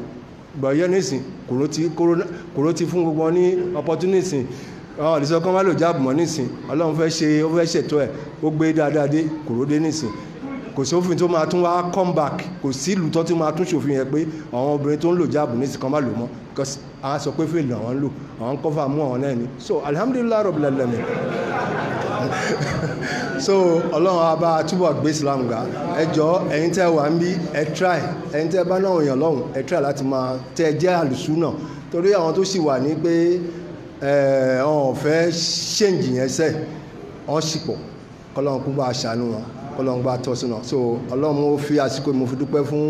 gbọ̀nyẹ́ nísìn kòró ti fún gbogbo ní opportunity àwọn àdìsọ́kàn má lò jáàbù mọ́ nísìn ọlọ́run fẹ́ ṣe ó fẹ́ ṣètò ẹ̀ ó gbé dáadáa dé kòró dé nísìn kò sófin tó máa tún wá come back kò sí ìlú tó tún máa tún ṣòfin yẹn pé àwọn obìnrin tó ń lò jáàbù ní ìsìnkàn má lò mọ́ because àwọn sọ pé fèlè àwọn ń lò àwọn kọ́fà mú àwọn náà ni so alhamdulilayi rabbil alamin so ọlọ́run abá túbọ̀ gbé islam ga ẹ jọ ẹ̀yin tẹ́ wà ń bí ẹ try ẹ̀yin tẹ́ bá náà yàn lọ́hùn ẹ try láti máa tẹ́ ẹ jẹ́ àlùsù náà torí àwọn tó sì wà ní pé ọ̀n fẹ́ ṣèǹjì yẹn sẹ́ wọ́n sì pọ̀ kọ́lọ́run bá a wọn kọlọ́ngbà tọ́sùnà so ọlọ́run ó fi àsìkò mo fi dúpẹ́ fún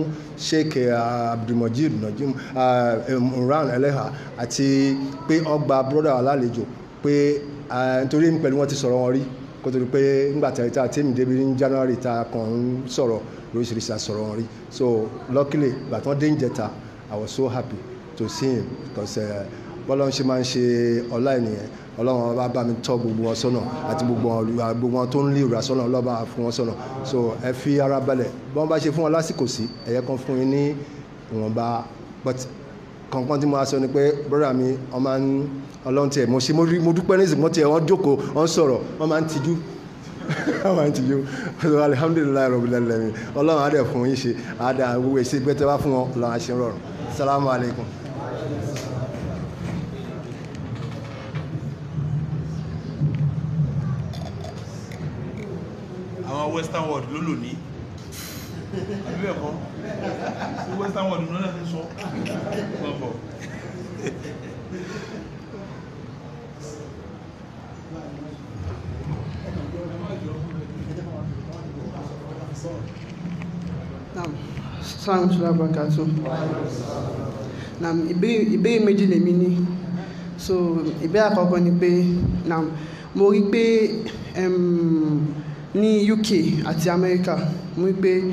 sheikh uh, abdulmajid najim uh, um, imran eleha àti pé ọgbà broda alálejò pé uh, nítorí mi pẹ̀lú wọn ti sọ̀rọ̀ wọn rí kó tó di pé ńgbà tí a tẹ́mi débi ní january ta kàn ń sọ̀rọ̀ lóríṣiríṣi àsọ̀rọ̀ wọn rí so luckily gbàtàn dé ń jẹta i was so happy to see him because. Uh, bọ́lá ń ṣe máa ń ṣe ọlá ènìyàn ọlọ́run ọba bá mi tọ́ gbogbo wọn sọ́nà àti gbogbo wọn tó ń lè rà sọ́nà ọlọ́ba fún wọn sọ́nà so ẹ fi ara balẹ̀ bí wọ́n bá ṣe fún wọn lásìkò sí ẹ̀yẹ kan fún yín ní ìwọ̀nba but kankan tí mo sọ ni pé brọ́dà mi ọmọ ọlọ́run tiẹ̀ mo ṣe mo dúpẹ́ ní ìsìnkú tiẹ̀ wọ́n jókòó wọ́n sọ̀rọ̀ wọ́n máa ń tijú àwọn àti yóò ọlọ́run alihamudulilayi rọ̀bìlẹ́lẹ́mi ọlọ́run adẹ̀ fún yín ṣe àdá gbogbo èsì gbẹ́tẹ́ wá fún wọn ọlọ́run àṣẹ rọrùn salamu alaykum. western world ló lò ní àbí bẹ́ẹ̀ kọ́ sí western world ló náà fi sọ ọ̀pọ̀. sáwọn ṣọlá bàkà tó na ìbéèrè méjì lèmi ní so ìbéèrè àkọ́kọ́ ni pé na mo rí pé ní UK àti America wípé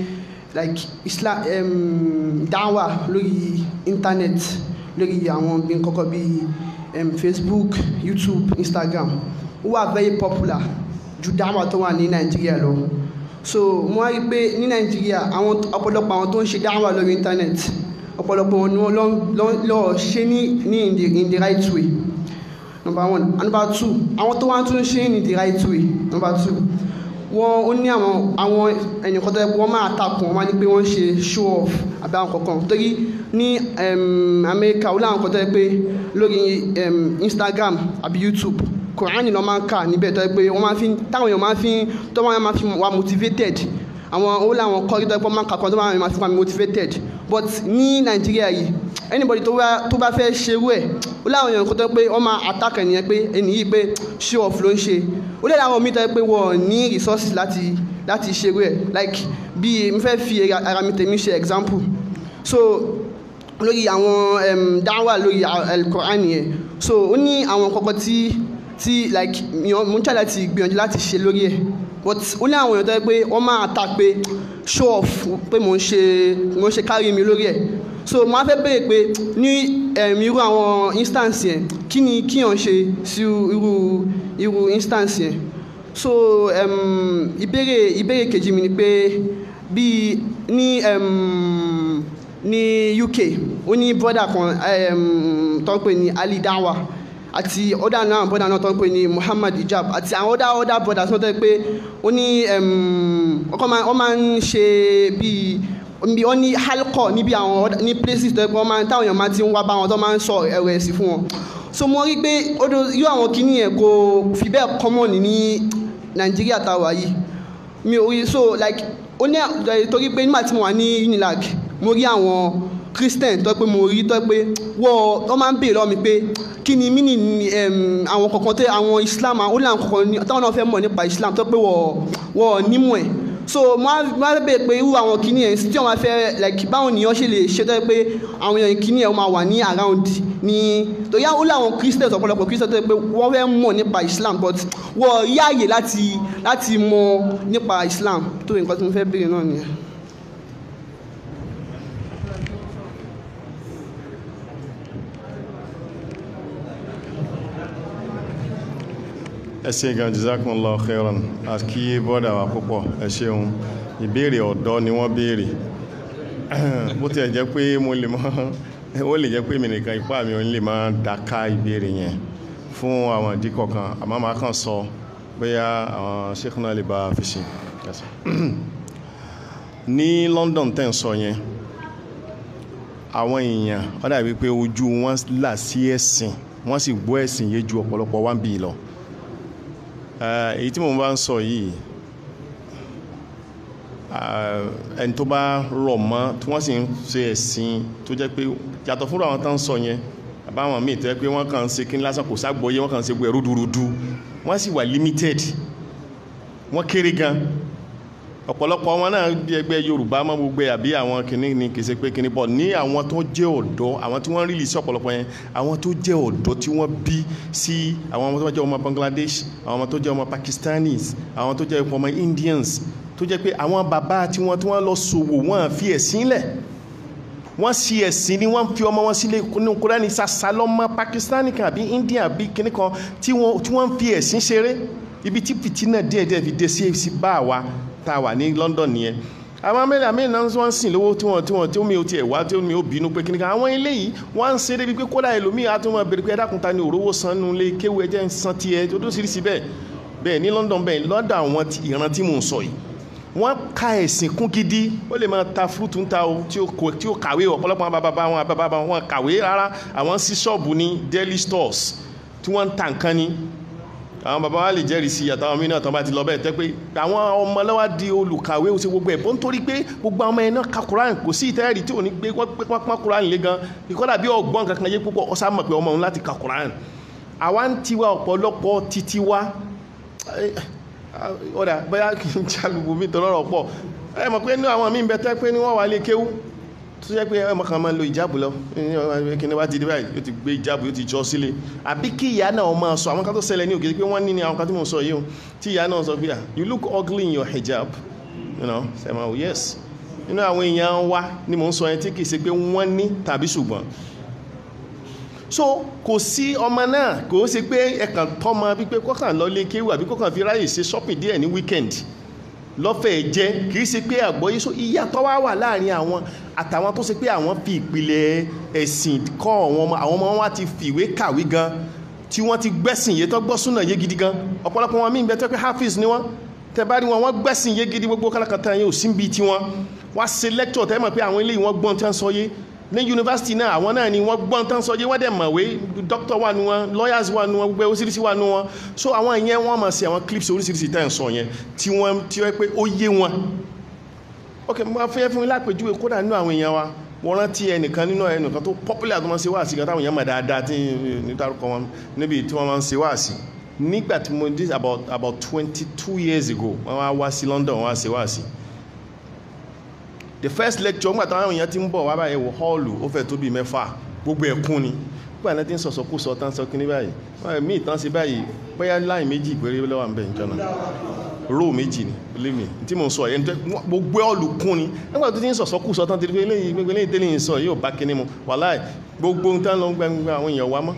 like Islam um, dáwà lórí internet lórí àwọn bí kọ́kọ́ bí um, Facebook YouTube Instagram ó wà very popular ju dáwà tó wà ní Nàìjíríà lọ so mo wá rí i pé ní Nàìjíríà àwọn ọ̀pọ̀lọpọ̀ àwọn tó ń ṣe dáwà lórí internet ọ̀pọ̀lọpọ̀ wọn ni wọ́n lọ ṣe ní ní in the in the right way number one and number two àwọn tó wá tún ṣe in the right way number two wọ́n ó ní àwọn àwọn ẹnìkan tó yẹ wọ́n máa takùn wọ́n máa pé wọ́n ń ṣe show off àbí àwọn kankan torí ní amẹ́ríkà ó láwọn kan tó yẹ pé lórí instagram àbí youtube kòránì lọ́ máa ń kà níbẹ̀ tó yẹ pé wọ́n máa fi táwọn èèyàn máa fi tó máa fi wà motivated àwọn ó láwọn kọ́rí tó yẹ pé wọ́n máa kà kan tó máa fi wà motivated but ní nàìjíríà yìí anybody tó bá tó bá fẹ́ ṣerú ẹ̀ ó láwọn èèyàn kan tó pé wọ́n máa attack ènìyàn pé ẹni yìí pé show off ló ń ṣe ó lè láwọn míì tó pé wọ́n ní resources láti láti ṣerú ẹ̀ like bí mo fẹ́ fi ara mi tèmi ṣe example so lórí àwọn dáwà lórí alukur'an yẹn so ó ní àwọn kọ̀ọ̀kan tí tí like mo ń try láti gbìyànjú láti ṣe but ó ní àwọn èèyàn tó yẹ pé wọ́n máa ta pé show off pé mo ń ṣe mo ń ṣe mi lórí ẹ̀ so mo á fẹ́ béèrè pé ní irú àwọn instance yẹn kí ni kí yàn ṣe sí irú irú instance yẹn so ìbéèrè ìbéèrè kejì mi ni pé bíi ní ní UK ó ní brother kan tó ń pè ní Ali Dawa àti ọ̀dà náà bọ́dà náà tó ń pè ní Muhammad Ijab àti àwọn ọ̀dà ọ̀dà brothers náà tó ń pè ó ní wọ́n máa ń ṣe bíi bí wọ́n ní halkọ níbi àwọn ní places tó ń pè wọ́n máa táwọn èèyàn máa ti ń wá bá wọn tó máa ń sọ ẹ̀rọ ẹ̀sìn fún wọn so mo rí i pé irú àwọn kìíní yẹn kò fi bẹ́ẹ̀ common ní Nàìjíríà táwa yìí mi ò rí so like ó ní torí pé nígbà tí mo wà ní UNILAG mo rí àwọn christian tó pé mo rí tó pé wọ́n wọ́n máa ń béèrè lọ́wọ́ mi pé kí ni mini àwọn kankan tẹ àwọn islam ó ní àwọn kankan táwọn náà fẹ́ mọ̀ nípa islam tó pé wọ́n nímọ̀ ẹ̀ so wọ́n á bẹ̀rẹ̀ pé irú àwọn kìíní yẹn tí wọ́n máa fẹ́ like báwọn ènìyàn ṣe lè ṣe tó pé àwọn èèyàn kìíní yẹn wà ní around ní torí ó láwọn christian ọ̀pọ̀lọpọ̀ christian tó pé wọ́n fẹ́ mọ̀ nípa islam but wọ́n yáàyè láti láti mọ̀ nípa islam tó nǹkan tí mo fẹ́ béèrè náà nìyẹn. ẹ ṣe gan jazakumullahu khairan àti bọ́dà wa púpọ̀ ẹ ṣeun ìbéèrè ọ̀dọ́ ni wọ́n béèrè bó tiẹ̀ jẹ́ pé mo lè mọ́ ó lè jẹ́ pé mi nìkan ipá mi ò lè máa daka ìbéèrè yẹn fún àwọn ìdí kọ̀ọ̀kan àmọ́ màá kàn sọ bóyá àwọn sheikh lè bá fi ṣe ní London tẹ̀ ń sọ yẹn àwọn èèyàn ó dàbí pé ojú wọn là sí ẹ̀sìn wọ́n sì gbọ́ ẹ̀sìn yé ju ọ̀pọ̀lọpọ̀ wá ń bì lọ èyí tí mo bá ń sọ yìí ẹni tó bá rọ̀ mọ́ tí wọ́n sì ń ṣe ẹ̀sìn tó jẹ́ pé yàtọ̀ fúnra àwọn tó ń sọ yẹn àbáwọn míì tó jẹ́ pé wọ́n kàn ń ṣe kí ní lásán kò ságbóyé wọ́n kàn ń ṣe gbẹ̀rú wọ́n sì wà limited wọ́n kéré gan-an ọ̀pọ̀lọpọ̀ wọn náà di ẹgbẹ́ Yorùbá mọ́ gbogbo àbí àwọn kìnní ni kì í ṣe pé kìnní bọ̀ ní àwọn tó jẹ́ ọ̀dọ́ àwọn tí wọ́n rìlì sí ọ̀pọ̀lọpọ̀ yẹn àwọn tó jẹ́ ọ̀dọ́ tí wọ́n bí sí àwọn ọmọ tó jẹ́ ọmọ Bangladesh àwọn ọmọ tó jẹ́ ọmọ Pakistanis àwọn tó jẹ́ ọmọ Indians tó jẹ́ pé àwọn bàbá tí wọ́n tí wọ́n lọ ṣòwò wọ́n fi ẹ̀sìn lẹ̀ wọ́n sí ẹ̀sìn ni wọ́n fi ọmọ wọn sílé ní kúrẹ́ni sasalọ́mọ Pakistani kan àbí India àbí kìnní kan tí wọ́n fi ẹ̀sìn ṣeré ibi tí fìtínà díẹ̀díẹ̀ fi dé sí bá wa tá a wà ní London nìyẹn àwọn amẹ́rin amẹ́rin náà wọ́n ń sìn lówó tí wọ́n tí wọ́n tí omi ò tiẹ̀ wá tí omi ò bínú pé kíníkan àwọn eléyìí wọ́n ń ṣe débi pé kódà ẹlòmíì á tún wọn bèrè pé ẹ̀dákun ta ni òróró san nu lé kéwu ẹjẹ́ ń san tiẹ̀ tó tó ṣiríṣi bẹ́ẹ̀ bẹ́ẹ̀ ní London bẹ́ẹ̀ lọ́dọ̀ àwọn ìran tí mò ń sọ yìí wọ́n ka ẹ̀sìn kún gidi ó lè máa ta fúrúùtù ń ta o tí ó kàwé ọ̀pọ̀lọpọ̀ àbábá wọn àbábá wọn kàwé rárá àwọn sí stores tí wọ́n àwọn bàbá wa lè jẹ́rìí sí àtàwọn mí náà tán bá ti lọ bẹ́ẹ̀ tẹ́ pé àwọn ọmọ lọ́wọ́ di olùkàwé ó ṣe gbogbo ẹ̀ bó ń torí pé gbogbo àwọn ọmọ ẹ̀ náà ka Kùránì kò sí ìtẹ́rì tí ò ní gbé pọ́n Kùránì lé gan ìkọ́dà bí ọgbọ́n kankan yé púpọ̀ ọ̀sá mọ̀ pé ọmọ òun láti ka Kùránì àwa ń tiwa ọ̀pọ̀lọpọ̀ titi wa ọ̀dà bóyá kì í jalùbù mi tọ́lọ́rọ̀ pọ̀ ẹ mọ̀ pé inú àwọn míì tó jẹ́ pé ọmọ kan máa ń lo ìjáàbù lọ kíni wá ti dé báyìí yóò ti gbé ìjáàbù yóò ti jọ sílé àbí kí ìyá náà máa sọ àwọn kan tó ṣẹlẹ̀ ní òkè pé wọ́n ní ni àwọn kan tí mo sọ yìí o tí ìyá náà sọ pé ah you look ugly in your hijab you know sẹ́mà o oh, yes inú àwọn èèyàn wa ni mò ń sọ yẹn tí kì í ṣe pé wọ́n ní tàbí ṣùgbọ́n so kò sí ọmọ náà kò ó ṣe pé ẹ̀kàn tọ́mọ bí pé kọ́kàn lọ lé kéwù àbí shopping díẹ̀ ní weekend lọ́fẹ̀ẹ́ jẹ́ kìí ṣe pé àgbọ́yé so ìyàtọ̀ wá wà láàrin àwọn àtàwọn tó ṣe pé àwọn fi ìpìlẹ̀ ẹ̀sìn kọ́ àwọn ọmọ àwọn ọmọ wọn ti fìwé kàwé gan tí wọ́n ti gbẹ́sìn yé tó gbọ́sùnà yé gidi gan ọ̀pọ̀lọpọ̀ wọn míì bẹ́ẹ̀ tó pé hafiz ni wọ́n tẹ bá rí wọn wọ́n gbẹ́sìn yé gidi gbogbo kálákàtà yẹn ò sí bíi tiwọn wá ṣe lẹ́kítọ̀ tẹ́ mọ̀ pé àwọn eléyìí wọ́n gbọ́n tí wọ́n sọ yé ní yunifásitì náà àwọn náà ni wọ́n gbọ́n tán sọ́jẹ́ wọ́n dẹ̀ mọ̀wé dókítà wà nù wọn lawyers wà nù wọn gbogbo oríṣiríṣi wà nù wọn so àwọn ìyẹn wọ́n máa ṣe àwọn clips oríṣiríṣi tẹ́ ń sọ yẹn tí wọ́n tí wọ́n pé ó yé wọn. ok mo máa fẹ́ fún yín lápèjúwe kódà nínú àwọn èèyàn wa wọ́n rántí ẹnìkan nínú ẹnìkan tó popular tó máa ń ṣe wáàsí kan táwọn èèyàn mọ̀ dáadáa tí nítorúkọ wọn níbi tí wọ́n máa ń ṣe wáàsí nígbà tí mo dé about about twenty two years ago wọ́n wá wá sí London wọ́n wá ṣe wáàsí the first lecture ńgbà táwọn èèyàn ti ń bọ̀ wá báyìí wò họ́ọ̀lù ó fẹ́ tó bí mẹ́fà gbogbo ẹ̀kún ni gbogbo àná ti ń sọ̀sọ̀ kú sọ tán sọ kí ní báyìí mí ìtàn sí báyìí bóyá láì méjì péré lọ́wọ́ ń bẹ̀ nǹkan náà róò méjì ni believe me tí mo ń sọ yẹn gbogbo ọlùkún ni nígbà tó ti ń sọ̀sọ́ kù sọ tán ti rí pé eléyìí gbogbo eléyìí tẹ́lẹ̀ ń sọ yóò bá kíní mu wàláì gbogbo ń tán lọ gbẹngbẹ àwọn èèyàn wá mọ́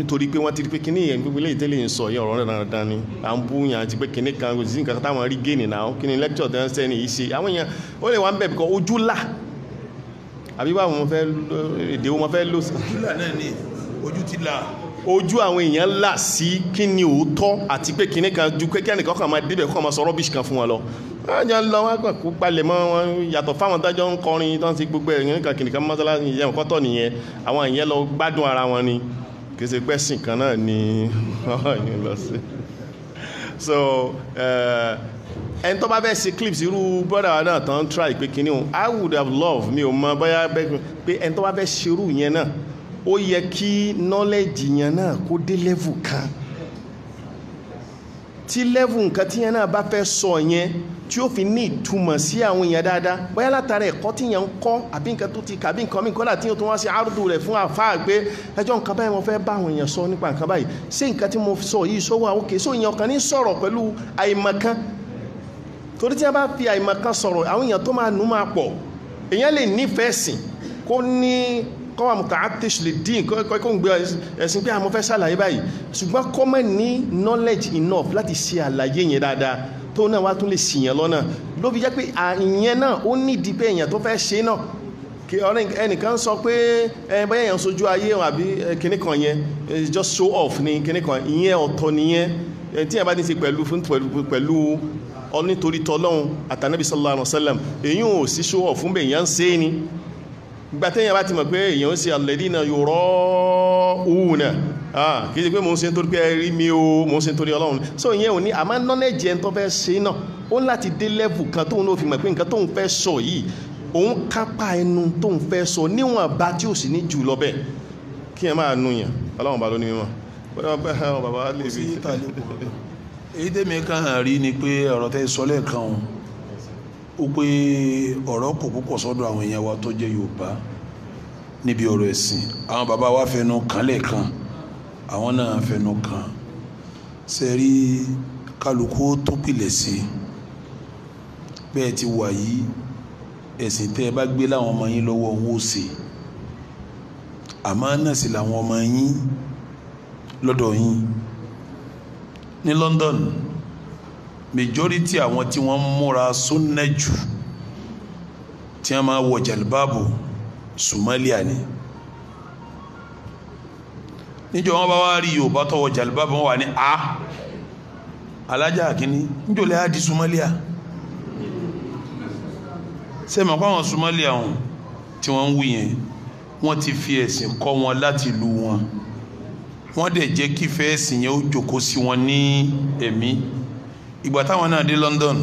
nítorí pé wọ́n ti rí pé kíní yẹn gbogbo eléyìí tẹ́lẹ̀ ń sọ yẹn ọ̀rọ̀ dandan ni à ń bú yàn àti pé kíní kan kò sí nǹkan táwọn rí géènì náà kíní lẹ́kítọ̀ tẹ́ ń sẹ́ni yìí ṣe àwọn èèyàn ó lè wá ń bẹ̀ bíkọ́ ojú là àbí báwo mo fẹ́ èdè wo mo fẹ́ lò sí. ojú là náà ni ojú ti là ojú àwọn èèyàn là sí kí ni òótọ́ àti pé kìnní kan ju pé kẹ́nìkan kan máa débẹ̀ kọ́ máa sọ rọ́bìṣì kìí ṣe pẹ́sìn kan náà ni ọ̀yìn lọ sí so eh, ẹni tó bá fẹ́ ṣe clips irú brother wa náà tán try pé kíní o i would have loved mi ò mọ bóyá pé ẹni tó bá fẹ́ ṣerú yẹn náà ó yẹ kí knowledge yẹn náà kó dé level kan tí level nǹkan tí yẹn náà bá fẹ́ sọ yẹn tí ó fi ní ìtumọ̀ sí àwọn èèyàn dáadáa bóyá látara ẹ̀kọ́ tí yẹn ń kọ́ àbí nǹkan tó ti kà bí nǹkan mí kọ́lá tí yẹn tó wá sí àrùdù rẹ̀ fún àfáà pé ẹjọ́ nǹkan báyìí mo fẹ́ bá àwọn èèyàn sọ nípa nǹkan báyìí ṣé nǹkan tí mo sọ yìí sọ wà òkè só èèyàn kan ní sọ̀rọ̀ pẹ̀lú àìmọ̀kan torí tí wọ́n bá fi àìmọ̀kan sọ̀rọ̀ àwọn èèyàn tó máa nù máa pọ̀ èèyàn lè nífẹ̀ẹ́ sìn kó ní kọ́wà mutaatis lè dín kó ń gbé ẹ̀sìn pé àwọn ah, fẹ́ ṣàlàyé báyìí ṣùgbọ́n kọ́mọ̀ ní knowledge enough láti ṣe àlàyé yẹn dáadáa tó náà wá tún lè ṣìyàn lọ́nà ló fi jẹ́ pé ìyẹn náà ó nídìí pé èèyàn tó fẹ́ ṣe náà kí ọ̀rẹ́ ẹnìkan sọ pé bóyá èèyàn sojú ayé àbí kinní yẹn just show off ni kinní kan ìyẹn ọ̀tọ̀ nìyẹn tí èèyàn bá ní í ṣe pẹ̀lú pẹ̀lú onítorí tọlọ́hun sallallahu alaihi wasallam èyí ò show off fún bẹ́ẹ̀ èèyàn ń ṣe é ni gbàtẹ́yìn bá ti mọ̀ pé Ah, kìí ṣe pé mo ń ṣe nítorí pé ẹ rí mi o mo ń ṣe nítorí ọlọ́run so ìyẹn ò ní àmọ́ nọ́nẹ́jì ẹni tó fẹ́ ṣe náà ó ń láti dé lẹ́vù kan tóun ló fi mọ̀ pé nǹkan tóun fẹ́ sọ yìí òun kápá ẹnu tóun fẹ́ sọ níwọ̀n bá tí ò sì ní jù lọ bẹ́ẹ̀ kí ẹ máa nu yàn ọlọ́run bá ló ní mímọ́ bàbá lè fi. èyí tèmi kan rí ni pé ọ̀rọ̀ tẹ́ sọ lẹ́ẹ̀kan o ó pé ọ̀rọ̀ kò àwọn náà fẹnu kàn sẹ́rí kálukú tún pilẹ̀ sí bẹ́ẹ̀ ti wà yìí ẹ̀sìn tẹ́ ẹ bá gbé láwọn ọmọ yín lọ́wọ́ wọn ó àmọ́ náà sì làwọn ọmọ yín lọ́dọ̀ yín ní London majority àwọn tí wọ́n múra súnnà jù tí wọ́n máa wọ jàlbáàbù Somalia ni níjọ wọn bá wá rí yorùbá tọwọ jàlùbá bá wà ní a alájà kínní níjọlẹ á di Somalia sẹmọ kó àwọn Somalia wọn tí wọn ń wí yẹn wọn ti fi ẹsìn kọ́ wọn láti lu wọn wọn dẹ̀ jẹ́ kí fẹẹsì yẹn ó jókòó sí wọn ní ẹ̀mí ìgbà táwọn náà dé London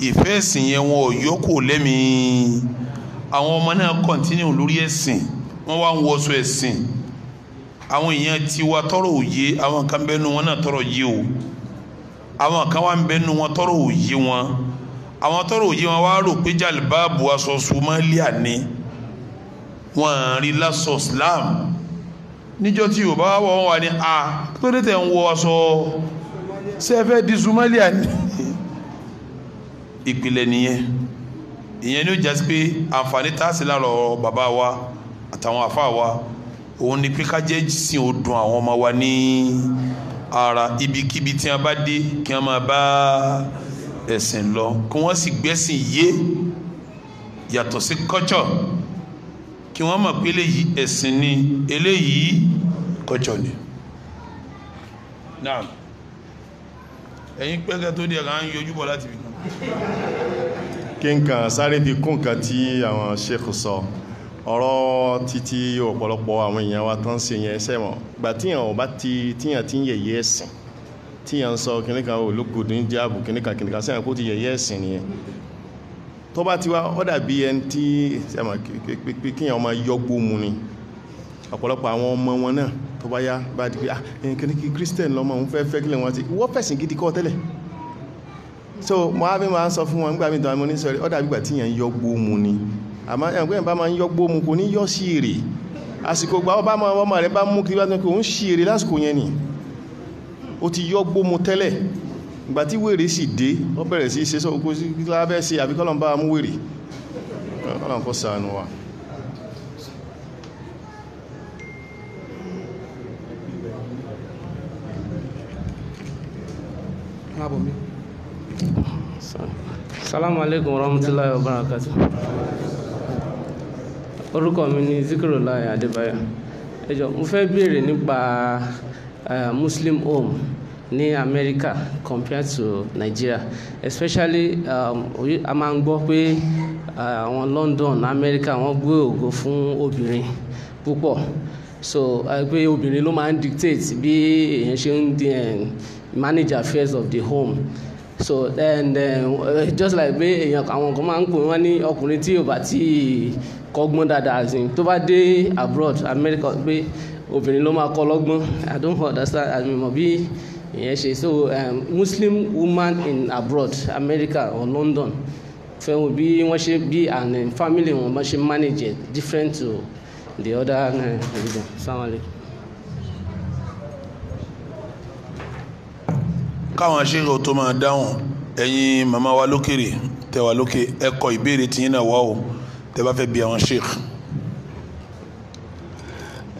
ìfẹ́ ẹ̀sìn yẹn wọn ò yọkù lẹ́mìí àwọn ọmọ náà kọ̀ntínú lórí ẹ̀sìn wọ́n wá ń wọṣọ ẹ̀sìn àwọn èèyàn tiwa tọrọ òye àwọn kan bẹnu wọn náà tọrọ yé o àwọn kan wà ń bẹnu wọn tọrọ òye wọn àwọn tọrọ òye wọn wá rò pé jàlibáàbù aṣọ Somalia ni wọn rí lásọ Islam níjọ tí Yorùbá wọ wọn wà ní a tó dé tẹ̀ ń wọ aṣọ sẹfẹ di Somalia ni ìpìlẹ̀ nìyẹn ìyẹn ni ó jásí pé àǹfààní tá a sì lára bàbá wa àtàwọn àfa wa òun ni pé ká jẹ́ sìn ó dùn àwọn ọmọ wa ní ara ibikíbi tí wọ́n bá dé kí wọ́n máa bá ẹ̀sìn lọ kí wọ́n sì gbẹ́sìn yé yàtọ̀ sí kọ́tsọ̀ kí wọ́n mọ̀ pé eléyìí ẹ̀sìn ni eléyìí kọ́tsọ̀ ni. naam ẹ̀yin pẹ́kẹ́ tó di ẹ̀ka ń yọjú bọ̀ láti bì kí n kan sáré fi kún kan tí àwọn sheikh sọ. So ọ̀rọ̀ títí ọ̀pọ̀lọpọ̀ àwọn èèyàn wa tán ṣe yẹn ẹsẹ̀ wọn gbà tíyàn ọba ti tíyàn ti ń yẹ̀yẹ́ ẹ̀sìn tíyàn ń sọ kìnìkan ológòdì ń jáàbù kìnìkan kìnìkan sẹ́yìn kó ti yẹ̀yẹ́ ẹ̀sìn nìyẹn tó bá ti wá ó dàbí ẹni tí kíyàn ọmọ yọgbó mu ni ọ̀pọ̀lọpọ̀ àwọn ọmọ wọn náà tó bá yá bá di pé ah kìnìkan Christian lọ́mọ òun fẹ́ fẹ́ kílẹ̀ wọn ti wọ́n so mo á fi máa ń sọ fún wọn nígbà míì àmọ́ ẹgbẹ́ bá máa ń yọ gbóòmù kò ní yọ sí èrè àsìkò gbà ọba máa wọ́n máa rẹ̀ bá mú kí wọ́n kò ń sí èrè lásìkò yẹn ni ó ti yọ gbóòmù tẹ́lẹ̀ ìgbà tí wèrè sì dé ó bẹ̀rẹ̀ sí ṣe sọ kó sí lábẹ́ sí àbí kọ́lọ̀ bá mú wèrè kọ́lọ̀ kó sànù wa. Assalamu alaikum warahmatullahi wabarakatuh orúkọ mi ni Zikirolai Adébáyọ̀ ẹ jọ̀ọ́ mo fẹ́ béèrè nípa Muslim home ní America compared to Nigeria especially a máa ń gbọ́ pé àwọn London America wọ́n gbé ògo fún obìnrin púpọ̀ so pé obìnrin ló máa ń dictate bí èèyàn ṣe ń manage affairs of the home so then, then just like pé èèyàn àwọn kan máa ń pè wọ́n ní ọkùnrin tí ò bá tí kọ́gbọ́n dáadáa àzìn tó bá dé abroad America pé obìnrin ló máa kọ́ lọ́gbọ́n I don't understand I'm mọ̀ bí ìyẹn ṣe so um, Muslim woman in abroad America or London fẹ́ wo bí wọ́n ṣe bí and um, family wọn bá ṣe manage it different to the other uh, religion. Assalamu alaikum. káwọn aṣèrò tó máa dáhùn ẹ̀yin màmá wa lókèrè tẹ̀wà lókè ẹ̀kọ́ ìbéèrè tìyín náà wá o tẹ́ bá fẹ́ bí àwọn sheikh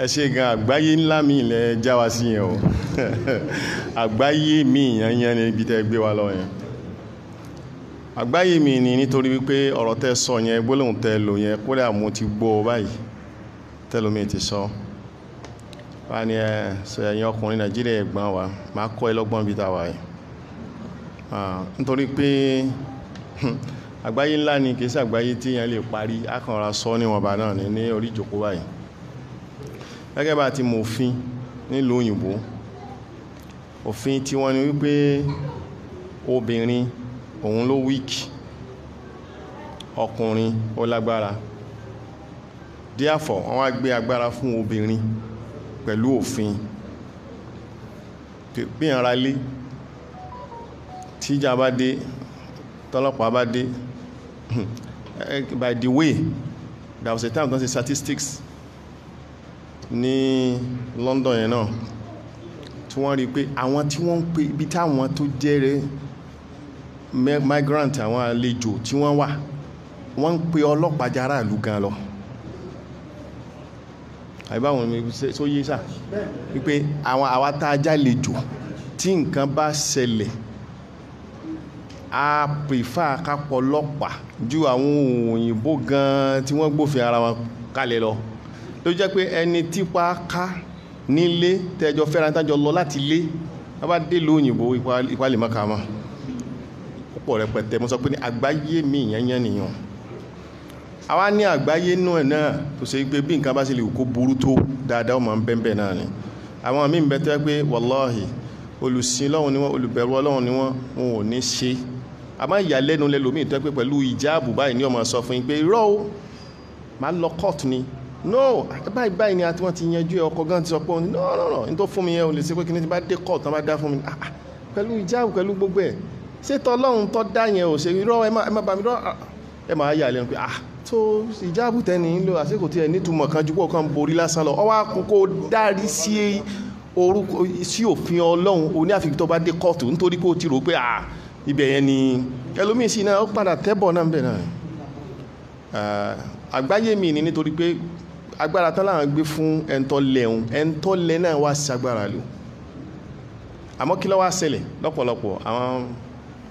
ẹ ṣe gan àgbáyé ńlá mi ilẹ̀ já wa sí yẹn o àgbáyé mi yẹn yẹn ni ibi tẹ́ gbé wa lọ yẹn àgbáyé mi ni nítorí wípé ọ̀rọ̀ tẹ́ sọ yẹn gbólóhùn tẹ́ lò yẹn kódà mo ti gbọ́ báyìí tẹ́lómi ti sọ wá ní ẹ sọ ẹ̀yin ọkùnrin nàìjíríà ẹ̀gbọ́n wa máa kọ́ ẹ lọ́gbọ́n bíi tàwa yìí nítorí pé àgbáyé ńlá ni kìí sàgbáyé tí èèyàn lè parí akànra sọ níwọ̀nba náà ní ní orí ìjòkó báyìí gẹ́gẹ́ bá ti mòfin nílùú òyìnbó òfin tí wọ́n ní wípé obìnrin òun ló wíkì ọkùnrin ó lágbára therefore wọ́n wá gbé agbára fún obìnrin pẹ̀lú òfin bí ìrànlé tíjà bá dé tọ́lọ́pàá bá dé eh, by the way there was a time don say statistics ní London yẹn náà tí wọ́n rí i pé àwọn tí wọ́n pè ibi táwọn tó jẹ́rẹ́ migrant àwọn àlejò tí wọ́n wà wọ́n ń pè ọlọ́pàá jára ìlú gan lọ àbíbáwọn mi sóyè sà wípé àwọn àwa tá tí nǹkan bá ṣẹlẹ̀ a prefer ká pọlọ́pàá ju àwọn òyìnbó gan-an tí wọ́n gbófin ara wọn kalẹ̀ lọ ló jẹ́ pé ẹni tipa ká nílé tẹ́jọ fẹ́ra tájọ lọ láti lé wọ́n bá dé ìlú òyìnbó ipa lè má kà mọ́ púpọ̀ rẹpẹtẹ mo sọ pé ní àgbáyé mi yányán nìyàn àwa ní àgbáyé náà náà tó ṣe pé bí nǹkan bá ṣe lè kó burú tó dáadáa ó máa ń bẹ́ẹ̀ náà ni àwọn míì ń bẹ tẹ́ pé wàláhì olùsìn Ọlọ́hun ni wọ́n olùbẹ̀rù Ọlọ́hun ni wọ́n wọn ò ní ṣe àmọ́ ìyàlẹ́nu lẹ́lòmíì tẹ́ pé pẹ̀lú ìjáàbù báyìí ni ọmọ sọ fún yín pé irọ́ o máa lọ court ni no báyìí báyìí ni àti wọ́n ti yanjú ẹ ọkọ gan ti sọ pé òun no no no n tó fún mi yẹn o lè ṣe pé kí ni ti bá dé court tán bá dá fún mi ah, ah pẹ̀lú ìjáàbù pẹ̀lú gbogbo ẹ̀ ṣé tọ́lọ́run tọ́ dá yẹn ò ṣe irọ́ ẹ má bàmí irọ́ ah, ah, ẹ máa yà lẹ́nu pé ah tó ìjáàbù tẹ́ni ń lo àsìkò tí ẹ nítumọ̀ kan ju kọ́ọ̀kan borí lásán lọ ọwọ́ àkókò dárí sí orúkọ sí òfin ọlọ́run oní àfikún tó bá dé kóòtù nítorí pé ó ti rò pé ah ibẹ̀ yẹn ni ẹlòmíì sí náà ó padà tẹ́bọ̀ náà bẹ̀ náà àgbáyé mi ni nítorí pé agbára tán láwọn gbé fún ẹ̀ńtọ́ lẹ́hun ẹ̀ńtọ́ lẹ́ náà wá sí agbára lò àmọ́ kí ló wá ṣẹlẹ̀ lọ́pọ̀lọpọ̀ àwọn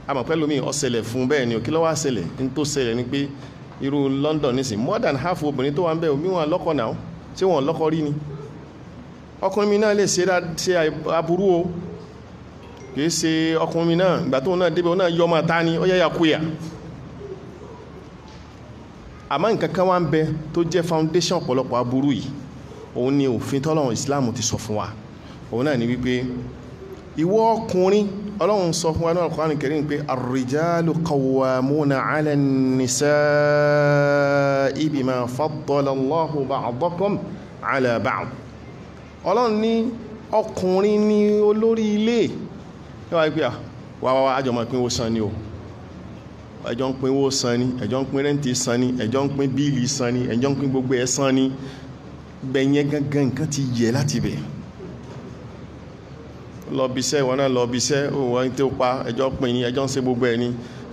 amọ̀pẹ́lómi ọ̀ṣẹlẹ̀ fún bẹ́ẹ̀ ni kí ló wá ṣẹlẹ̀ ní tó ni pé irú London nísìn more than half obìnrin tó wà ń bẹ̀ omi wọn lọ́kọ náà ṣé wọn lọ́kọ rí ni ọkùnrin mi náà lè ṣe aburú o kìí ṣe ọkùnrin náà ìgbà tó náà débẹ̀ náà yọ ọmọ ta ni ó yẹ́yà kúyà àmọ́ nǹkan kan wá ń bẹ tó jẹ́ foundation ọ̀pọ̀lọpọ̀ aburú yìí òun ni òfin tọ́lọ́run Islam ti sọ fún wa òun náà ni wípé ìwọ ọkùnrin ọlọ́run sọ fún wa náà Al-Qur'an Karim pé ar-rijalu qawwamuna 'ala an-nisa'i bima faddala Allahu ba'dakum 'ala ba'd ọlọ́run ní ọkùnrin ni olórí ilé yíwa wípé wàwàwà àjọmọ̀ ìpínwó san ni o ẹjọ́ ń pínwó san ni ẹjọ́ ń pín rẹ́ǹtì san ni ẹjọ́ ń pín bíìlì san ni ẹjọ́ ń pín gbogbo ẹ̀ san ni gbẹ̀yẹn gangan nǹkan ti yẹ láti bẹ̀ lọ́bíṣẹ́ ìwọ náà lọ́bíṣẹ́ òun tí ó pa ẹjọ́ pín ni ẹjọ́ ń se gbogbo ẹ̀ ni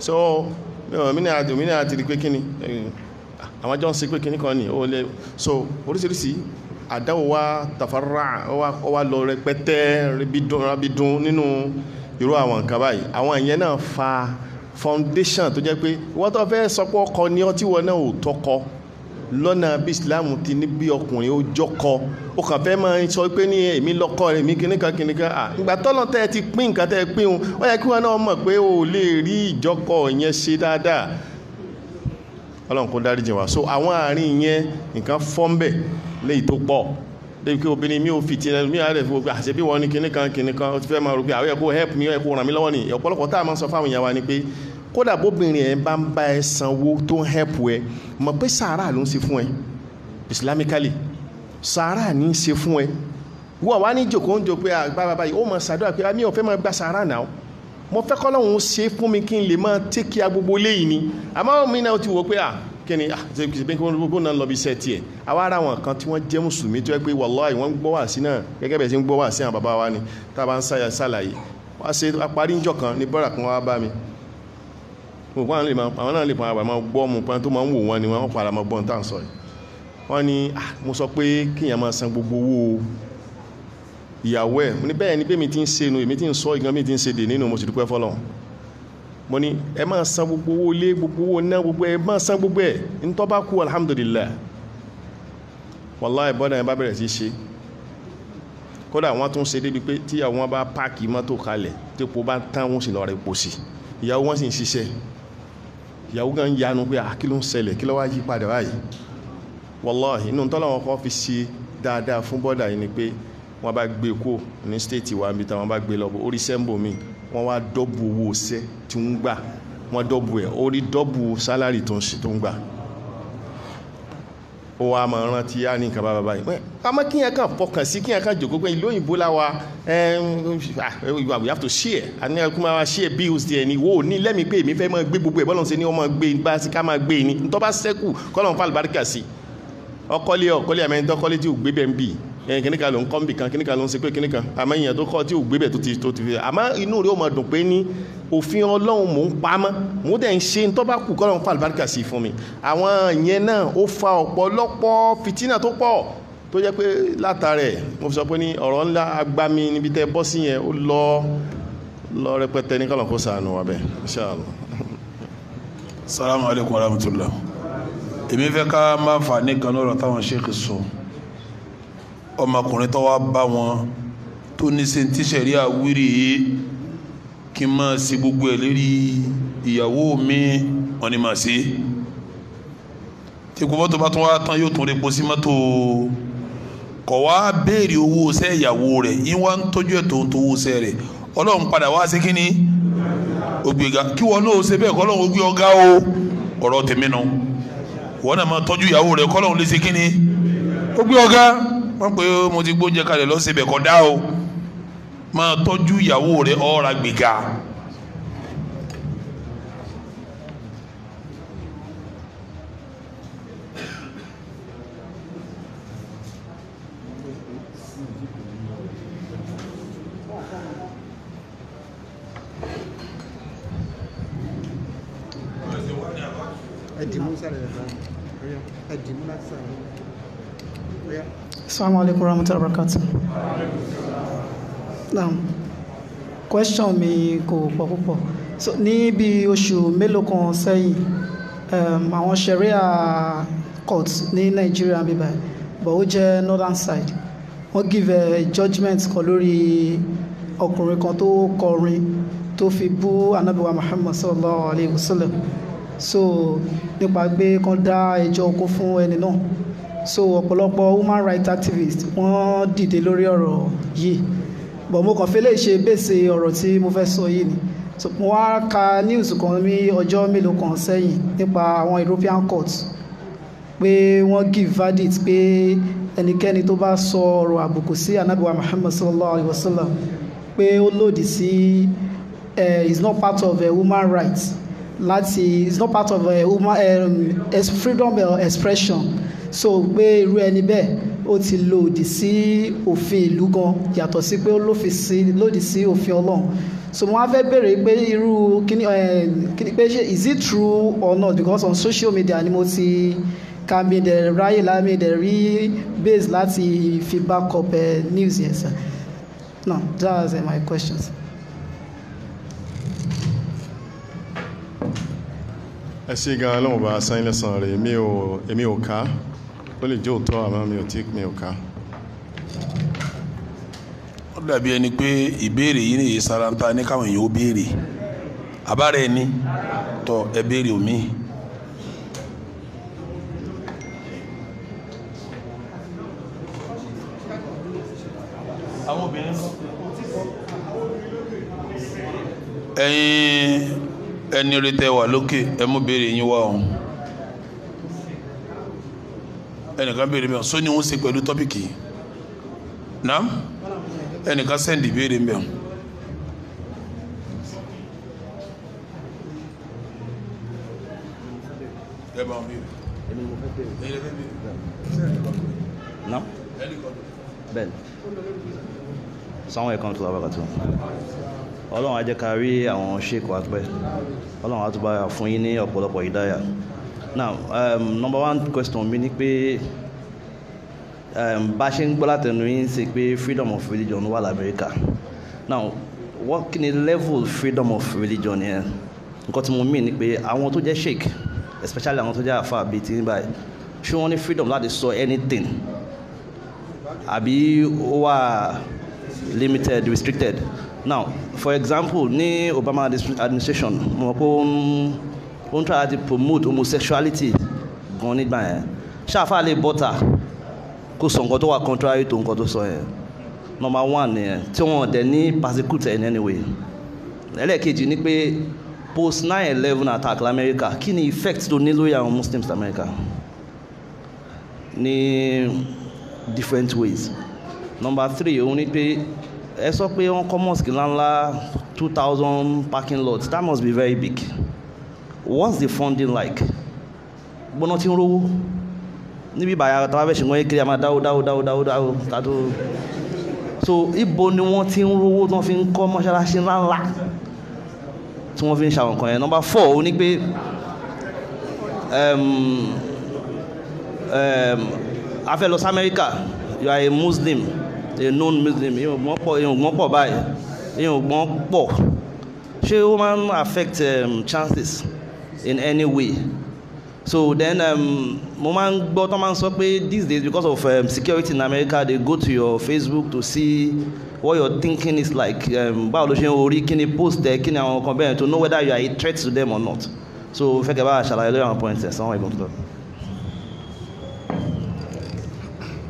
so mínà àti rí pé kíni eh, àwọn ẹjọ́ ń ṣe pé kíni kan ni ó lè so oríṣiríṣi àdáwò wa tàfárà ó wá lọ rẹpẹtẹ rabidun nínú irú àwọn nǹkan báyìí àwọn ìyẹn náà fa foundation tó jẹ́ pé wọ́n tó fẹ́ sọ pé ọkọ ni ọtí wọn náà ò tọkọ lọ́nà bí Islam ti ní bí ọkùnrin ó jọkọ ó kàn fẹ́ máa sọ pé ní èmi lọ́kọ rẹ̀ mi kìnnìkan kìnnìkan à ìgbà tọ́lọ́ tẹ́ ẹ ti pín nǹkan tẹ́ ẹ pín un ó yẹ kí wọn náà mọ̀ pé o lè rí ìjọkọ yẹn ṣe dáadáa Ọlọ́run kó dáríjì wá so àwọn àárín yẹn nǹkan fọ́ńbẹ̀ léyìí tó pọ̀ débi pé obìnrin mi ò fìtì ẹnu mi àárẹ̀ fi wo àṣẹ bí wọ́n ní kinní kan kinní kan ó máa rò pé àwọn ẹ̀kọ́ help mi ẹ̀kọ́ ràn mí lọ́wọ́ ni ọ̀pọ̀lọpọ̀ tá a máa sọ fáwọn èèyàn wa ni pé kódà bóbìnrin ẹ̀ bá ń bá ẹ sanwó tó ń help ẹ mọ̀ pé sàárà ló ń ṣe fún ẹ islamically sàárà ní í ṣe fún ẹ wọ́n wá ní jòkó ń jò pé bàbá báyìí ó mọ̀ sàdúrà pé mi ò fẹ́ máa gba sàárà náà mo fẹ́ kọ́ lọ́hùn ṣe fún mi kí n lè máa tẹ́kíá gbogbo léyìí ni àmọ́ mi náà ti wò pé à kíni ah, bó náà lọ bí iṣẹ́ tiẹ̀ àwa ara àwọn kan tí wọ́n jẹ́ mùsùlùmí tó yẹ pé wàláì wọ́n ń gbọ́ wà sí náà gẹ́gẹ́ bẹ̀ẹ́ sí ń gbọ́ wà sí àwọn bàbá wa ni tá a bá ń ṣàlàyé wá ṣe apárí ń jọ̀kan ní bọ́ra kan wá bá mi àwọn náà lè pa àgbà máa gbọ́ mu pẹ́ẹ́n tó máa ń wò wọ́n ni wọ́n padà máa gbọ́n tá à ń sọ yìí wọ́n ní ah, mo sọ pé kíyàn máa san gbogbo owó ìyàwó ẹ̀ mo ní bẹ́ẹ̀ ni bẹ́ẹ̀ mi ti ń ṣe nu èmi ti ń sọ ìgan mi ti ń ṣe dè nínú mo sì dúpẹ́ fọlọ́run mo ní ẹ máa san gbogbo owó ilé gbogbo owó ná gbogbo ẹ máa san gbogbo ẹ ń bá kú alhamdulillah wàláì bọ́dà yẹn bá bẹ̀rẹ̀ sí ṣe kódà wọ́n tún ṣe débi pé tí àwọn bá páàkì mọ́tò kalẹ̀ tí epo bá tán wọ́n sì lọ rẹ̀ pò sí ìyàwó wọn sì ń ṣiṣẹ́ ìyàwó gan yanu pé ah, kí ló ń ṣẹlẹ̀ kí ló wá yí padà báyìí wàláì inú tọ́lọ́wọ́n kọ́ fi ṣe dáadáa fún bọ́dà yìí ni pé wọ́n bá gbé kó ní stéètì wa níbi táwọn bá gbé lọ bó orí sẹ́ńbò míì wọ́n wá dọ́bù owó iṣẹ́ tí ń gbà wọ́n dọ́bù ẹ̀ ó rí dọ́bù sálárì tó ń ṣe tó ń gbà ó wá máa rántí á ní nǹkan bá bàbá yìí àmọ́ kí yẹn kàn fọkàn sí kí yẹn kàn jòkó pé ìlú òyìnbó la wa ah, we have to share àní ẹkún máa share bills there ni wo ní lẹ́mi pé èmi fẹ́ máa gbé gbogbo ẹ̀ bọ́lọ̀ ṣe ni wọ́n máa gbé bá sí ká máa gbé e ni ntọ́ bá sẹ́kù kọ́lọ̀ ń fa àlùbáríkà sí ọkọ́lé ọkọ́lé àmẹ́ńtọ́kọ́lé tí ò gbé bẹ́ẹ̀ ń bì í Eh, kíní kan ló ń kọ́mbì kan kíní kan ló ń ṣe pé kíní kan àmọ́ èèyàn tó kọ́ tí ò gbé bẹ̀ tó ti tó ti fi àmọ́ inú rẹ̀ ó máa dùn pé ní òfin ọlọ́run mò ń pamọ́ mò ń dẹ̀ ń ṣe tó bá kù kọ́ lọ́run fàlùbáríkà sí fún mi àwọn ìyẹn náà ó fa ọ̀pọ̀lọpọ̀ fìtínà tó pọ̀ tó jẹ́ pé látàrẹ̀ mo fi sọ pé ní ọ̀rọ̀ ńlá agbami níbi tẹ́ bọ́ sí yẹn ó lọ lọ rẹpẹtẹ ní kọ́lọ̀ kó sànù wa bẹ́ẹ̀ insha Allah. salamu ọmọkùnrin tó wá bá wọn tó ní ṣe ti sẹ̀rí àwírí yìí kí n máa ṣe gbogbo ẹ̀ lérí ìyàwó mi wọn ni màá ṣe tí gbogbo tó bá tún wá tán yóò tún repo sí mọ́tò kọ̀ wá béèrè owó sẹ́ ìyàwó rẹ̀ yín wá ń tọ́jú ẹ̀ tó ń towó sẹ́ rẹ̀ ọlọ́run padà wá sí kínní ògbéga kí wọn náà ṣe bẹ́ẹ̀ kọ́lọ́run ó gbé o ọ̀rọ̀ tèmi wọn náà máa tọ́jú ìyàwó rẹ̀ kọ́lọ́run lè ṣe kínní ó gbé wọ́n pé oh, mo ti gbóúnjẹ kalẹ̀ lọ́sẹ̀ bẹ̀ kọ́ dá o máa tọ́jú ìyàwó rẹ̀ ọ̀ọ́ra gbèga. Assalamu alaikum warahmatullahi wabarakatuh. Now, question mi ko pọ̀ púpọ̀. So ni bí oṣù mélòó kan sẹ́yìn, um, àwọn sharia court ní Nàìjíríà bíbá but ó jẹ́ northern side. Wọ́n give a eh, judgement kan lórí ọkùnrin kan tó kọrin tó fi bú anábìwá Muhammad sallallahu alayhi wa sallam. So nípa gbé kan dá ẹjọ́ kó fún ẹni náà so ọ̀pọ̀lọpọ̀ human rights activists wọ́n dìde lórí ọ̀rọ̀ yìí but mo kàn fẹ́ lè ṣe bẹ́sẹ̀ ọ̀rọ̀ tí mo fẹ́ sọ yìí ni so mo wá ka news kan ní ọjọ́ mélòó kan sẹ́yìn nípa àwọn European court pé wọ́n give verdict pé ẹnikẹ́ni tó bá sọ ọ̀rọ̀ àbùkù sí Ànábì wa Muhammad sallallahu alayhi wa sallam pé ó lòdì sí eh, is not part of uh, human rights láti is not part of uh, human um, freedom of expression so pé irú ẹni bẹ́ẹ̀ ó ti lòdì sí òfin ìlú gan yàtọ̀ sí pé ó lòdì sí òfin ọlọ́run so mo wá fẹ́ béèrè pé irú kíní kíní pé ṣe is it true or not because on social media ni mo ti ka mi dẹ̀ ráyè lámi dẹ̀ rí base láti fi back up uh, news yẹn sir no that's uh, eh, my questions. ẹ ṣe gan-an lọ́wọ́ bá sáyẹ́ńlẹ̀sán rẹ̀ èmi ò ká. o le jẹ́ òótọ́ mi ò tí mi ò ká. ó dàbí ẹni pé ìbéèrè yìí nìyí sára ń ta ní káwọn èèyàn ó béèrè àbára tọ ẹ omi. eyi ẹni wà lókè ẹ béèrè yín ẹnìkan béèrè mẹ́wọ̀n sóní wọ́n ṣe pẹ̀lú tọ́pìkì náà ẹnìkan sẹ́ndì béèrè mẹ́wọ̀n. ẹ bá wọn béèrè. ẹni mo fẹ́ béèrè. ẹni mo fẹ́ béèrè. náà. ẹnì kan tó. bẹ́ẹ̀ ni sanwó ẹ̀kan tó lábàkà tó ọlọ́run á jẹ́ ká rí àwọn ṣèkò àpẹ́ ọlọ́run á tún bá fún yín ní ọ̀pọ̀lọpọ̀ ìdáyà now um, number one question mi ni pé um, bá a ṣe ń gbọ́ látẹnu yín ṣe freedom of religion wà America. now what kí ni level freedom of religion yẹn nǹkan tí mo mean ni pé àwọn to jẹ́ sheik especially àwọn tó jẹ́ àfa bíi ti nígbà ṣé wọ́n ní freedom láti sọ anything àbí ó wà limited restricted now for example ní Obama administration mo mọ̀ pé ó ń ó ń try láti promote homosexuality gan nígbà yẹn ṣáfà lè bọ́tà kó sọ nǹkan tó wà contrary to nǹkan tó sọ yẹn number one nìyẹn tí wọn dẹ̀ ní persecute in any way ẹlẹ́ẹ̀kejì ni pé post nine eleven attack lamẹ́ríkà kí ni effect tó ní lórí àwọn muslims lamẹ́ríkà ní different ways number three òun ni pé ẹ sọ pé wọn kọ́ mosque ńláńlá two thousand parking lot that must be very big what's the funding like gbọ́nà tí ń rówó níbi ìbàyà tàbá fẹ́ ṣùgbọ́n ékiri àmà dáwó dáwó dáwó dáwó dáwó tàdó so ibo ni wọ́n ti ń rówó tí wọ́n fi ń kọ́ mọ́ṣáláṣí ńláńlá tí wọ́n fi ń ṣàwọn nǹkan yẹn number four ó ní pé um, um, a fẹ́ lọ sí America you are a Muslim a known Muslim èyàn ò gbọ́n pọ̀ báyìí èyàn ò gbọ́n pọ̀ ṣé ó máa ń affect um, chances in any way so then um, mo máa ń gbọ́ tó máa ń sọ pé these days because of um, security in America they go to your Facebook to see what your thinking is like um, báwo ló ṣe ń orí kí ni post ẹ kí ni àwọn kan bẹ́ẹ̀ to know whether you are a threat to them or not so fẹ́kẹ̀ bá ṣàlàyé lórí àwọn points ẹ̀ sọ́wọ́n ìbọn tó lọ.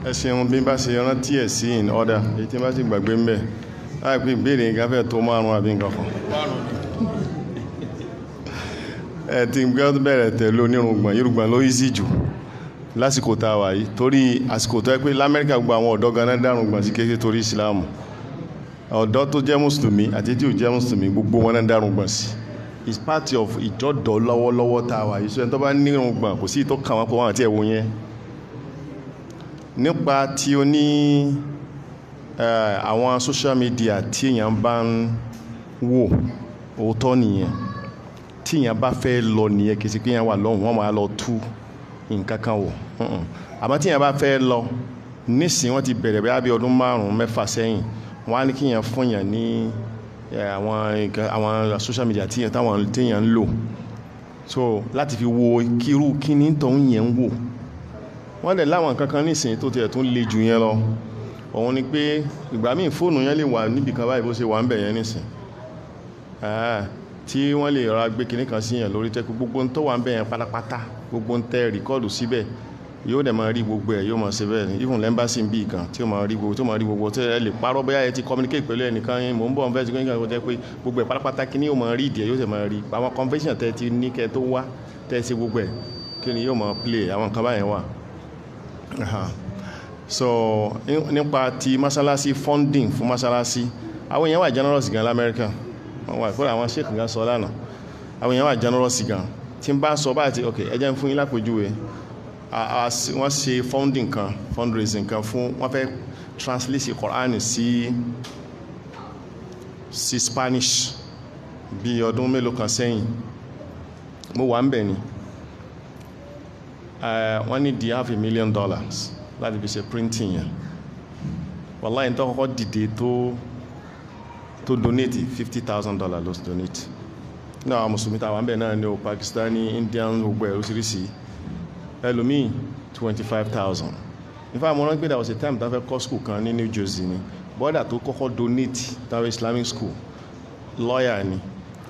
ẹ ṣeun bí n bá ṣe rántí ẹ sí in order èyí tí n bá ṣe gbàgbé ń bẹ láìpẹ́ ìbéèrè nǹkan tó márùn-ún àbí nǹkan kan ẹ̀tì gbẹ́ tó bẹ̀rẹ̀ tẹ̀lé onírùngbọ̀n irùngbọ̀n ló easy jù lásìkò tá a wà yìí torí àsìkò tó yẹ pé lamẹ́ríkà gbogbo àwọn ọ̀dọ́ gan-an dárùngbọ̀n sí kékeré torí ìsìláàmù ọ̀dọ́ tó jẹ́ mùsùlùmí àti tí ò jẹ́ mùsùlùmí gbogbo wọn náà dárùngbọ̀n sí is part of ìjọ́dọ̀ lọ́wọ́lọ́wọ́ tá a wà yìí sọ́yìn tó bá nírùngbọ̀n kò sí ìtọ́ka wọn kó wọn àti ẹ̀wò yẹn nípa tí o ní àwọn social media tí èèyàn bá ń wò òótọ́ nìyẹn tíyàn bá fẹ́ lọ nìyẹn kì í sí pé yẹn wà lọ́hùn wọn máa lọ tú nǹkan kan wò àmọ́ tíyàn bá fẹ́ lọ nísìnyí wọ́n ti bẹ̀rẹ̀ bẹ́ẹ̀ bí ọdún márùn-ún mẹ́fà sẹ́yìn wọ́n á ní kíyàn fúnyàn ní àwọn nǹkan àwọn social media tíyàn táwọn tíyàn ń lò so láti fi wo kírú kíní tó ń yẹn ń wò wọ́n lẹ̀ láwọn kankan nísìnyí tó tiẹ̀ tún le jù yẹn lọ òun ni pé ìgbà míì fóònù yẹn lè wà níbìkan báyìí bó ṣe wà ń bẹ̀ yẹn nísìnyí tí wọ́n lè ra gbé kinní kan sí yàn lórí tẹ́kù gbogbo ń tó wà ń bẹ̀yàn pátápátá gbogbo ń tẹ́ rìkọ́ọ̀dù síbẹ̀ yóò dẹ̀ máa rí gbogbo ẹ̀ yóò máa ṣe bẹ́ẹ̀ ni even lẹ́mbàsí ń bí ìkan tí ó máa rí gbogbo tí ó máa rí gbogbo tẹ́ ẹ lè parọ́ bóyá ẹ ti communicate pẹ̀lú ẹnìkan mò ń bọ̀ ń fẹ́ ti kọ́ ẹ̀ pé gbogbo ẹ̀ pátápátá kinní yóò máa rí ìdí ẹ̀ yóò sì máa rí àwọn convention tẹ́ ti ní kẹ́ tó wá tẹ́ ṣe gbogbo ẹ̀ kí ni yóò máa play àwọn nǹkan báyẹn wà. so nípa ti mọ́sálásí funding fún mọ́sálásí àwọn èèyàn wà generous gan lamẹ́ríkà wọ́n wà kódà àwọn sheik gan sọ lánàá àwọn èèyàn wà generous gan tí ń bá sọ bá ti ok ẹjẹ́ fún yín wọ́n ṣe funding kan fundraising kan fún wọ́n fẹ́ translate Quran sí sí Spanish bí ọdún mélòó kan sẹ́yìn mo wà ń bẹ̀ ni wọ́n ní di half a million dollars láti fi ṣe printing yẹn wàláyé tó kọ́kọ́ dìde tó. To donate fifty thousand dollars, ló donate ní àwọn mùsùlùmí táwọn abẹ́ náà ní o Pakistani Indian gbogbo ẹ̀ oríṣiríṣi ẹlòmíì twenty five thousand in fact mo rántí pé that was a time tá a fẹ́ kọ́ school kan ní New Jersey ni bọ́dà tó kọ́kọ́ donate táwọn Islamic school lọ́ọ̀yà ni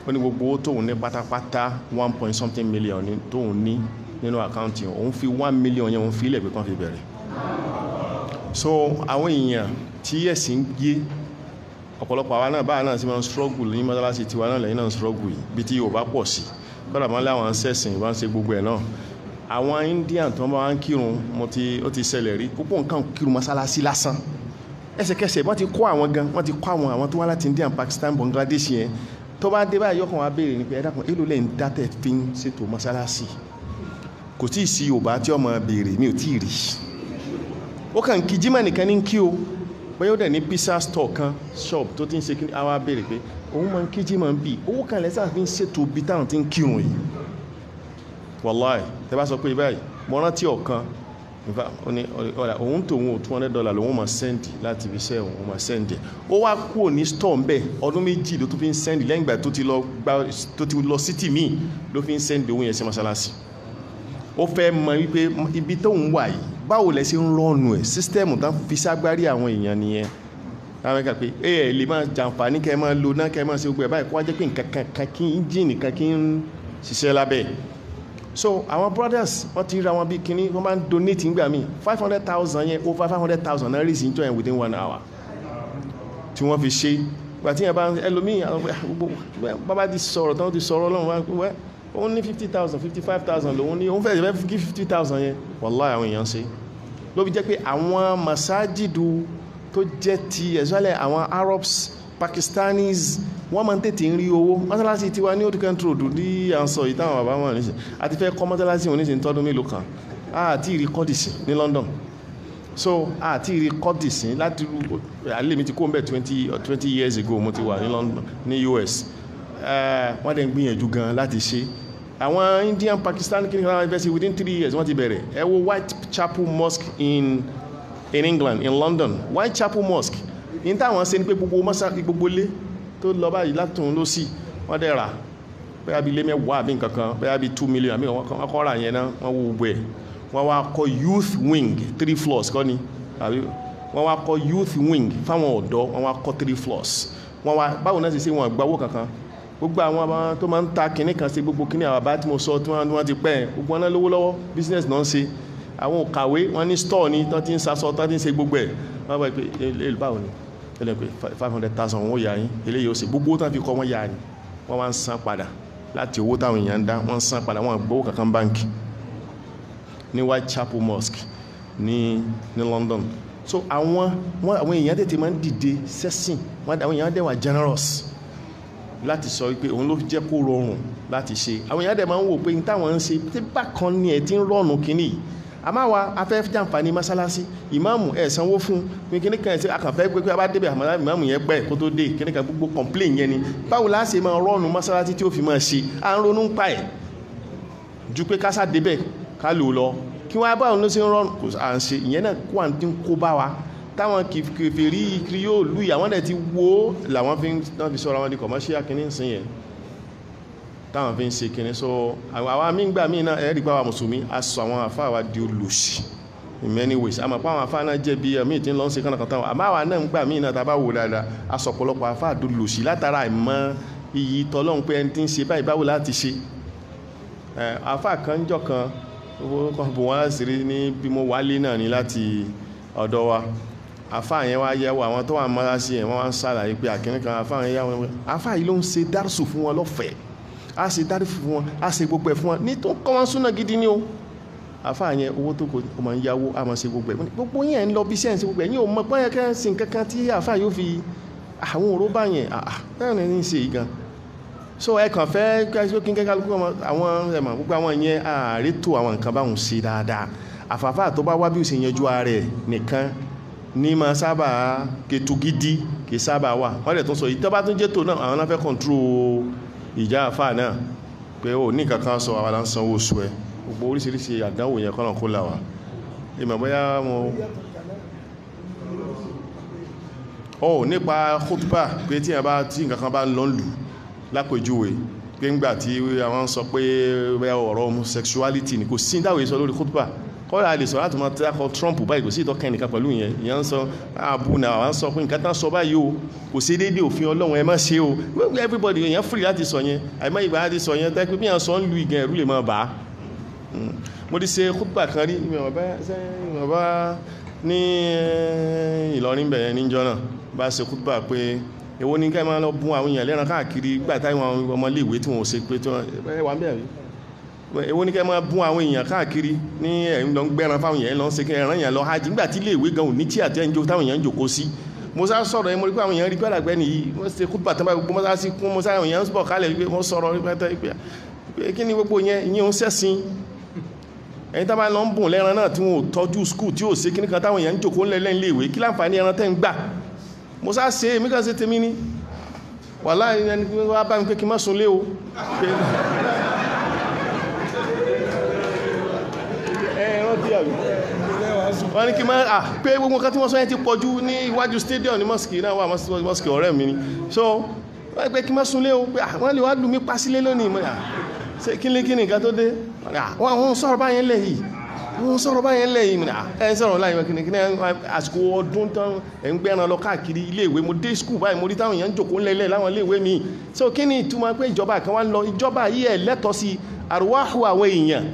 ó ní gbogbo tóun ní pátápátá one point something million tóun ní nínú àkáǹtì òun fi one million yẹn òun fi ilẹ̀ pé kán fi bẹ̀rẹ̀ so àwọn èèyàn tí ẹ̀sìn ń gbé ọ̀pọ̀lọpọ̀ àwa náà báà náà sí máa ń struggle ní mọ́sálásí tiwa náà lẹ́yìn náà ń struggle yìí bí tí yóò bá pọ̀ sí kọ́dà máa láwọn sẹ̀sìn ìwà ń ṣe gbogbo ẹ̀ náà àwọn indian tó máa ń kírun mo ti ó ti ṣẹlẹ̀ rí púpọ̀ nǹkan kírun mọ́sálásí lásán ẹsẹ̀kẹsẹ̀ wọ́n ti kọ́ àwọn gan wọ́n ti kọ́ àwọn àwọn tó wá láti indian pakistan bangladesh yẹn tó bá dé báyìí ọkàn wa ni pé ẹ dákun èló lẹ́yìn dátẹ̀ fi ń ṣètò mọ́sálásí kò tí ì sí yorùbá tí ọmọ bóyá ó dẹ̀ ní pizza store kan shop tó ti ń ṣe kí a wá béèrè pé òun máa ń kíjí máa ń bì owó kan lẹ́sà fi ń ṣètò bí táwọn ti ń kírun yìí wàláì tẹ bá sọ pé báyìí mo rántí ọ̀kan òun tòun ò two hundred dollar lòun máa sẹ́ndì láti ibi iṣẹ́ òun máa sẹ́ndì ó wá kúrò ní store ńbẹ ọdún méjì ló tún fi ń sẹ́ndì lẹ́yìn ìgbà tó ti lọ gba ti lọ city míì ló fi ń sẹ́ndì owó yẹn sí mọ́ṣáláṣí ó fẹ́ mọ wípé ibi tóun wà yìí báwo lẹ ṣe ń rọnu ẹ̀ sísítẹ́ẹ̀mù tán fi ságbárí àwọn èèyàn nìyẹn àwọn kan pé ẹ lè máa jàǹfààní kẹ máa lo náà kẹ máa ṣe gbogbo ẹ báyìí kó wá jẹ́ pé nǹkan kan kí íńjìnì kan kí ń ṣiṣẹ́ lábẹ́ so àwọn brothers wọ́n ti ra wọn bíi kínní wọ́n máa ń donate ńgbà míì five hundred thousand yẹn over five hundred thousand náà rèézì níjọ́ yẹn within one hour tí wọ́n fi ṣe gbàtí yẹn bá ẹlòmíì bàbá ti sọ̀rọ̀ tán ti sọ̀rọ̀ ọlọ́run wá òun ní 50,000 55,000 lòun ní òun fẹ́ ìjẹ́fẹ́ kí 50,000 yẹn wallahi àwọn èèyàn ṣe ló fi jẹ́ pé àwọn masajidu tó jẹ́ ti ẹ̀sọ́lẹ̀ àwọn Arabs Pakistanis wọ́n máa ń tètè ń rí owó mọ́sálásí tiwa ní old country road ní àǹsọ̀ yìí táwọn bàbá wọn níṣẹ́ àti fẹ́ kọ́ mọ́sálásí òun níṣẹ́ ń tọ́dún mélòó kan àti ìrí kọ́dìsì ní London so àti ìrí kọ́dìsì láti àlè mi ti kó ń bẹ̀ 20 years ago mo ti wà ní London ní US Eh, wọ́n dẹ̀ ń gbìyànjú gan láti ṣe àwọn Indian Pakistan clinical university within three years wọ́n ti bẹ̀rẹ̀ ẹ wo Chapel Mosque in in England in London White Chapel Mosque ní táwọn ṣe ni pé gbogbo mọ́sáàkì gbogbo lé tó lọ báyìí látún ló sì wọ́n dẹ̀ rà bóyá bíi ilé mẹ́wàá àbí nǹkan kan bóyá bíi two million àbí wọ́n kọ́ ra yẹn náà wọ́n wo gbogbo ẹ̀ wọ́n wá kọ́ youth wing three floors kọ́ ni àbí wọ́n wá kọ́ youth wing fáwọn ọ̀dọ́ wọ́n wá kọ́ three floors wọ́n wá báwo náà ṣe ṣe wọ́n gbawó kankan gbogbo àwọn àwọn tó máa ń ta kìnní kan sí gbogbo kìnní àwọn àbá tí mo sọ tí wọ́n ti pẹ́ gbogbo wọn lówó lọ́wọ́ business náà ń ṣe àwọn òkàwé wọn ní store ni tán ti ń sasọ tán ti ń ṣe gbogbo ẹ̀ wọ́n bá pè é báwo ni ẹlẹ́ pé five hundred thousand wọn ò yá yín eléyìí ó sì gbogbo tán fi kọ́ wọn yá ni wọ́n wá ń san padà láti owó táwọn èèyàn ń dá wọ́n ń san padà wọ́n gbowó kankan báńkì ní Whitechapel Mosque ní ní London so àwọn àwọn èèyàn tètè máa ń dìde sẹ́sìn àwọn èèyàn dẹ̀ wà generous láti sọ wípé òun ló jẹ́ kó rọrùn láti ṣe àwọn èèyàn dẹ̀ máa ń wò pé táwọn ń ṣe tí bákan ni ẹ̀ ti ń rọrùn kínní yìí àmọ́ àwa afẹ́ jàǹfààní mọ́sálásí ìmáàmù ẹ̀ sanwó fún mi kíní kan ṣe àkànfẹ́ pé pé a bá débẹ̀ àmọ́ ìmáàmù yẹn pẹ́ kó tó dé kíní kan gbogbo complain yẹn ni báwo la ṣe máa rọrùn mọ́sálásí tí ó fi máa ṣe à ń ronú pa ẹ̀ ju pé kásá débẹ̀ ká lò lọ kí wọ́n á báwọn ló ṣe ń rọrùn à ń ṣe ìyẹn náà kó à ń tí ń kó bá wa táwọn kèfèrí kiri yóò lú ìyàwọ́n dẹ̀ ti wó làwọn fi náà fi sọ́ra wọn di commercial kìíní sí yẹn táwọn fi ń ṣe kìíní so àwọn amíngbà míì náà ẹ̀rí pàwà mùsùlùmí a sọ àwọn àfáà wa di olùsì in many ways àmọ́ pàwọn àfáà náà jẹ́ bí ẹ̀mí tí ń lọ ń ṣe kánàkàn táwọn àmọ́ àwa náà ń gbà míì náà tá a bá wò dáadáa a sọ ọ̀pọ̀lọpọ̀ àfáà di olùsì látara ìmọ̀ iyì tọ́lọ́hún pé ẹni tí ń ṣe báyìí báwo láti ṣe àfáà kan jọ kan bò wọ́n láṣìírí ní bí mo wálé náà ní láti ọ̀dọ̀ wa àfáà yẹn wá yẹ̀wò àwọn tó wà mọ́ra sí ẹ̀ wọ́n wá ń ṣàlàyé pé àkíní kan àfáà yẹn yẹ̀wò àfáà yìí ló ń ṣe dárùsù fún wọn lọ́fẹ̀ẹ́ á ṣe dárùsù fún wọn á ṣe gbogbo ẹ̀ fún wọn nítorí kọ́ wọn súnà gidi ni o àfáà yẹn owó tó kò ó máa ń yáwó á máa ṣe gbogbo ẹ̀ gbogbo yẹn ń lọ bí sẹ́ǹsì gbogbo ẹ̀ yín ò mọ pé ẹ̀ kẹ́hìn sí nǹkan kan tí àfáà yóò fi àwọn òró bá yẹn bẹ́ẹ̀ ni ń ṣe yìí gan so ẹ kàn fẹ́ kí n kẹ́kẹ́ kálukú àwọn ẹ̀mọ̀ gbogbo àwọn yẹn àárẹ̀ tó àwọn nǹkan báwọn ṣe dáadáa àfààfà ní ma sábà kètò gidi kì sábà wà wọ́n lè tún sọ yìí tó bá tún jẹ́tò náà àwọn náà fẹ́ kọ̀ǹtró ìjà àfà náà pé ó ní kankan sọ àwọn aláǹsán owó oṣù ẹ gbogbo oríṣiríṣi àdánwò yẹn kọ́nà kó là wá ìmọ̀ bóyá mo ọ nípa khutba pé tí yẹn bá tí nǹkan bá ń lọ lù lápèjúwe pé ńgbà tí àwọn sọ pé ọ̀rọ̀ homosexuality ni kò sí dáwọ̀ yìí lórí khutba kọ́ra lè sọ láti máa takọ Trump báyìí kò sí ìtọ́kẹ́ nìkan pẹ̀lú yẹn ìyẹn ń sọ ààbò ah, náà àwọn sọ pé nǹkan tán sọ báyìí o kò sí déédéé òfin Ọlọ́run ẹ má ṣe o everybody èèyàn free láti sọ yẹn àìmọ́ ìgbà láti sọ yẹn tẹ́kí bí yẹn sọ ń lu ìgàn ẹ̀rú lè máa bà á. Hmm. mo ti ṣe kúpà kan rí ìmọ̀ọ́bá ní eh, Ìlọrin bẹ̀rẹ̀ níjọ náà bá ṣe kúpà pé ni ká máa lọ bún àwọn èèyàn lẹ́ran káàkiri gbà táwọn ọmọléèwé tí wọn ò ṣe pé tí wọn ẹ èwo ní kẹ́ máa bún àwọn èèyàn káàkiri ní ẹ̀yìn lọ ń gbẹ́ran fáwọn èèyàn lọ ń sekẹ́ ẹ̀ràn èèyàn lọ hajj nígbà tí iléèwé gan òní tí àtẹ́ ìjó táwọn èèyàn ń jòkó sí musa sọ̀rọ̀ yẹn mo rí pé àwọn èèyàn rí pé àdàgbẹ́ nìyí wọ́n ṣe kú bàtàn báyìí musa sí kún musa àwọn èèyàn ń bọ̀ kálẹ̀ pé wọ́n sọ̀rọ̀ pé kí ni gbogbo yẹn ìyẹn ń sẹ́sìn ẹ̀yin táwọn lọ ń bùn lẹ́ran náà tí wọn ò tọ́jú skul tí ò ṣe kí nìkan táwọn èèyàn ń jòkó ńlẹ̀ lẹ́yìn iléèwé kí láǹfààní ẹran tẹ́ ń gbà musa ṣe èmi kan ṣe tèmi ni wàhálà ẹni wàá o wọ́n ní kí máa à ah, pé gbogbo kan tí wọ́n sọ yẹn ti pọ̀jù ní iwájú stadium ní mosque náà wà mosque ọ̀rẹ́ mi ni so wọ́n pẹ́ kí máa sunlé o pé ah, wọ́n lè wá lù pasílé lónìí mọ́ ah, ṣe kí ní nǹkan tó dé wọ́n ń sọ̀rọ̀ báyẹn lẹ̀ yìí wọ́n sọ̀rọ̀ báyẹn lẹ̀ yìí ẹ̀ ń sọ̀rọ̀ láyé kí ní àsìkò ọdún tán ẹ̀ ń gbẹ́ran lọ káàkiri iléèwé mo dé skul báyìí mo rí táwọn èèyàn ń jòkó ńlẹ̀lẹ̀ láwọn iléèwé mi so kí ìtumọ̀ pé ìjọba kan wá ń lọ ìjọba yìí ẹ̀ lẹ́tọ̀ọ́ sí àrùwáhù àwọn èèyàn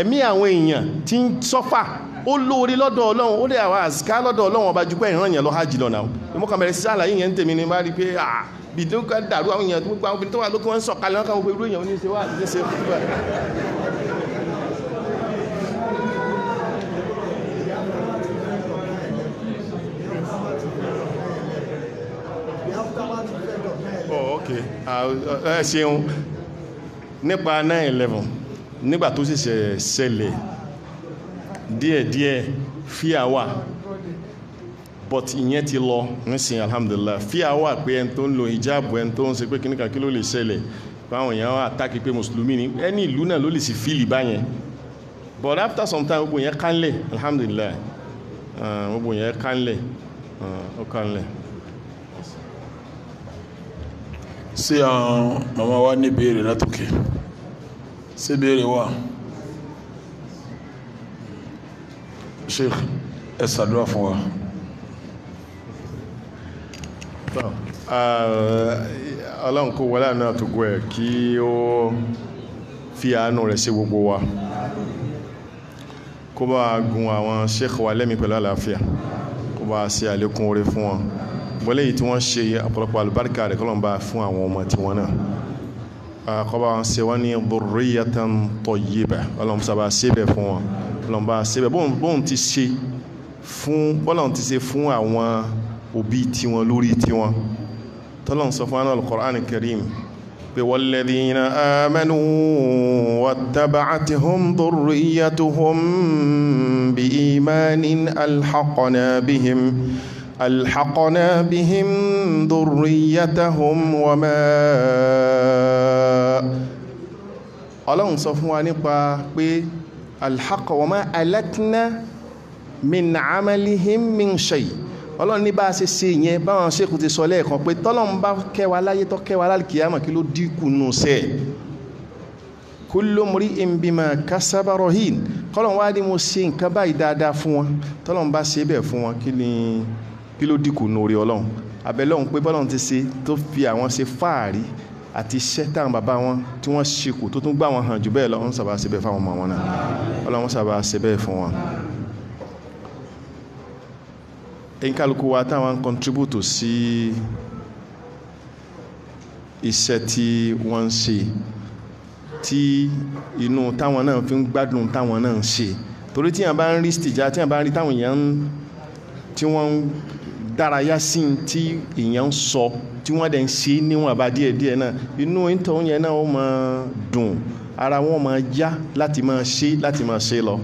ẹ̀mí àwọn èèyàn tí ń sọ́fà ó lóore lọ́dọ̀ ọlọ́run ó lè àwọn àsìká lọ́dọ̀ ọlọ́run ọba jù pé ìran yẹn lọ hajj lọ náà ìmọ̀kàn bẹ̀rẹ̀ sí àlàyé yẹn ń tèmi ni máa rí pé àà ah, bí tó ká dàrú àwọn èèyàn gbogbo àwọn obìnrin tó wà lókè wọn ń sọ̀kalẹ̀ wọn káwọn irú èèyàn oníṣẹ́ wà níṣẹ́ ok ẹ ah, eh, ṣeun nípa nine eleven nígbà tó sì ṣẹlẹ̀ díẹ̀díẹ̀ fíà wà but ìyẹn ti lọ nísìn alhamdulillah fíà wà pé ẹni tó ń lo hijab ẹni tó ń ṣe pé kíníkà kí ló lè ṣẹlẹ̀ fáwọn èèyàn àtàkì pé mùsùlùmí ni ẹni ìlú náà ló lè sì fíìlì báyẹn but after some time gbogbo yẹn kánlẹ̀ alhamdulillah ah, gbogbo yẹn kánlẹ̀ ah, ó kánlẹ̀. ṣé àwọn màmá wa ní ìbéèrè látòkè. Okay sí béèrè wa sheikh ẹ wa. ọlọ́run kó wọlé àná àtúgbò ẹ̀ kí ó fi àánú rẹ̀ sí gbogbo wa kó bá gun àwọn sheikh wa lẹ́mìí pẹ̀lú àlàáfíà kó bá ṣe àlékún oore fún wọn bọ́lẹ̀ yìí tí wọ́n ṣe ọ̀pọ̀lọpọ̀ àlùbáríkà rẹ̀ kọ́lọ́n bá fún àwọn ọmọ tiwọn náà. Ah, kọba ṣe wọ́n ní burriyatan tayyiba ọlọ́mùsàbà síbẹ̀ fún wọn ọlọ́mùbà síbẹ̀ bóun ti ṣe fún bọ́lọ́n ti ṣe fún àwọn òbí tiwọn lórí tiwọn tọ́lọ́n sọ fún anú al-Qur'an al-Karim pé walladhina amanu wattaba'athum dhurriyyatuhum bi imanin alhaqna bihim. ألحقنا بهم ذريتهم وما ọlọ́run sọ fún wa nípa pé alhaqa wa ma alatna min amalihim min shay ọlọ́run ní bá a ṣe ṣe ìyẹn báwọn ṣékù ti sọ lẹ́ẹ̀kan pé tọ́lọ́run bá kẹwa láyé tó kẹwa lálkìyàmọ̀ kí ló dínkù nù sẹ́ kullu mri'in bima kasaba rahin kọ́lọ́run wá ní mo ṣe nǹkan báyìí dáadáa fún wọn tọ́lọ́run bá ṣe bẹ́ẹ̀ fún wọn kí ni kí ló dínkù nu orí ọlọ́run abẹ́lẹ́ ọ̀hún pé bọ́lọ́run ti ṣe tó fi àwọn ṣe fáàrí àti iṣẹ́ táwọn bàbá wọn tí wọ́n ṣe kù tó tún gbà wọn hàn jù bẹ́ẹ̀ lọ ń sábà ṣe bẹ́ẹ̀ fáwọn ọmọ wọn náà ọlọ́run sábà ṣe bẹ́ẹ̀ fún wọn. ẹ̀yin kálukú wa táwọn ń contribute sí iṣẹ́ tí wọ́n ń ṣe tí inú táwọn náà fi ń gbádùn táwọn náà ń ṣe torí tí bá ń rí stìjà tí bá ń rí táwọn èèyàn tí wọ́n ń dárayá sí i tí èèyàn ń sọ tí wọ́n dẹ̀ ń ṣe níwọ̀n àbá díẹ̀díẹ̀ náà inú ìtàn yẹn náà ó máa dùn ara wọn máa yá láti máa ṣe láti máa ṣe lọ.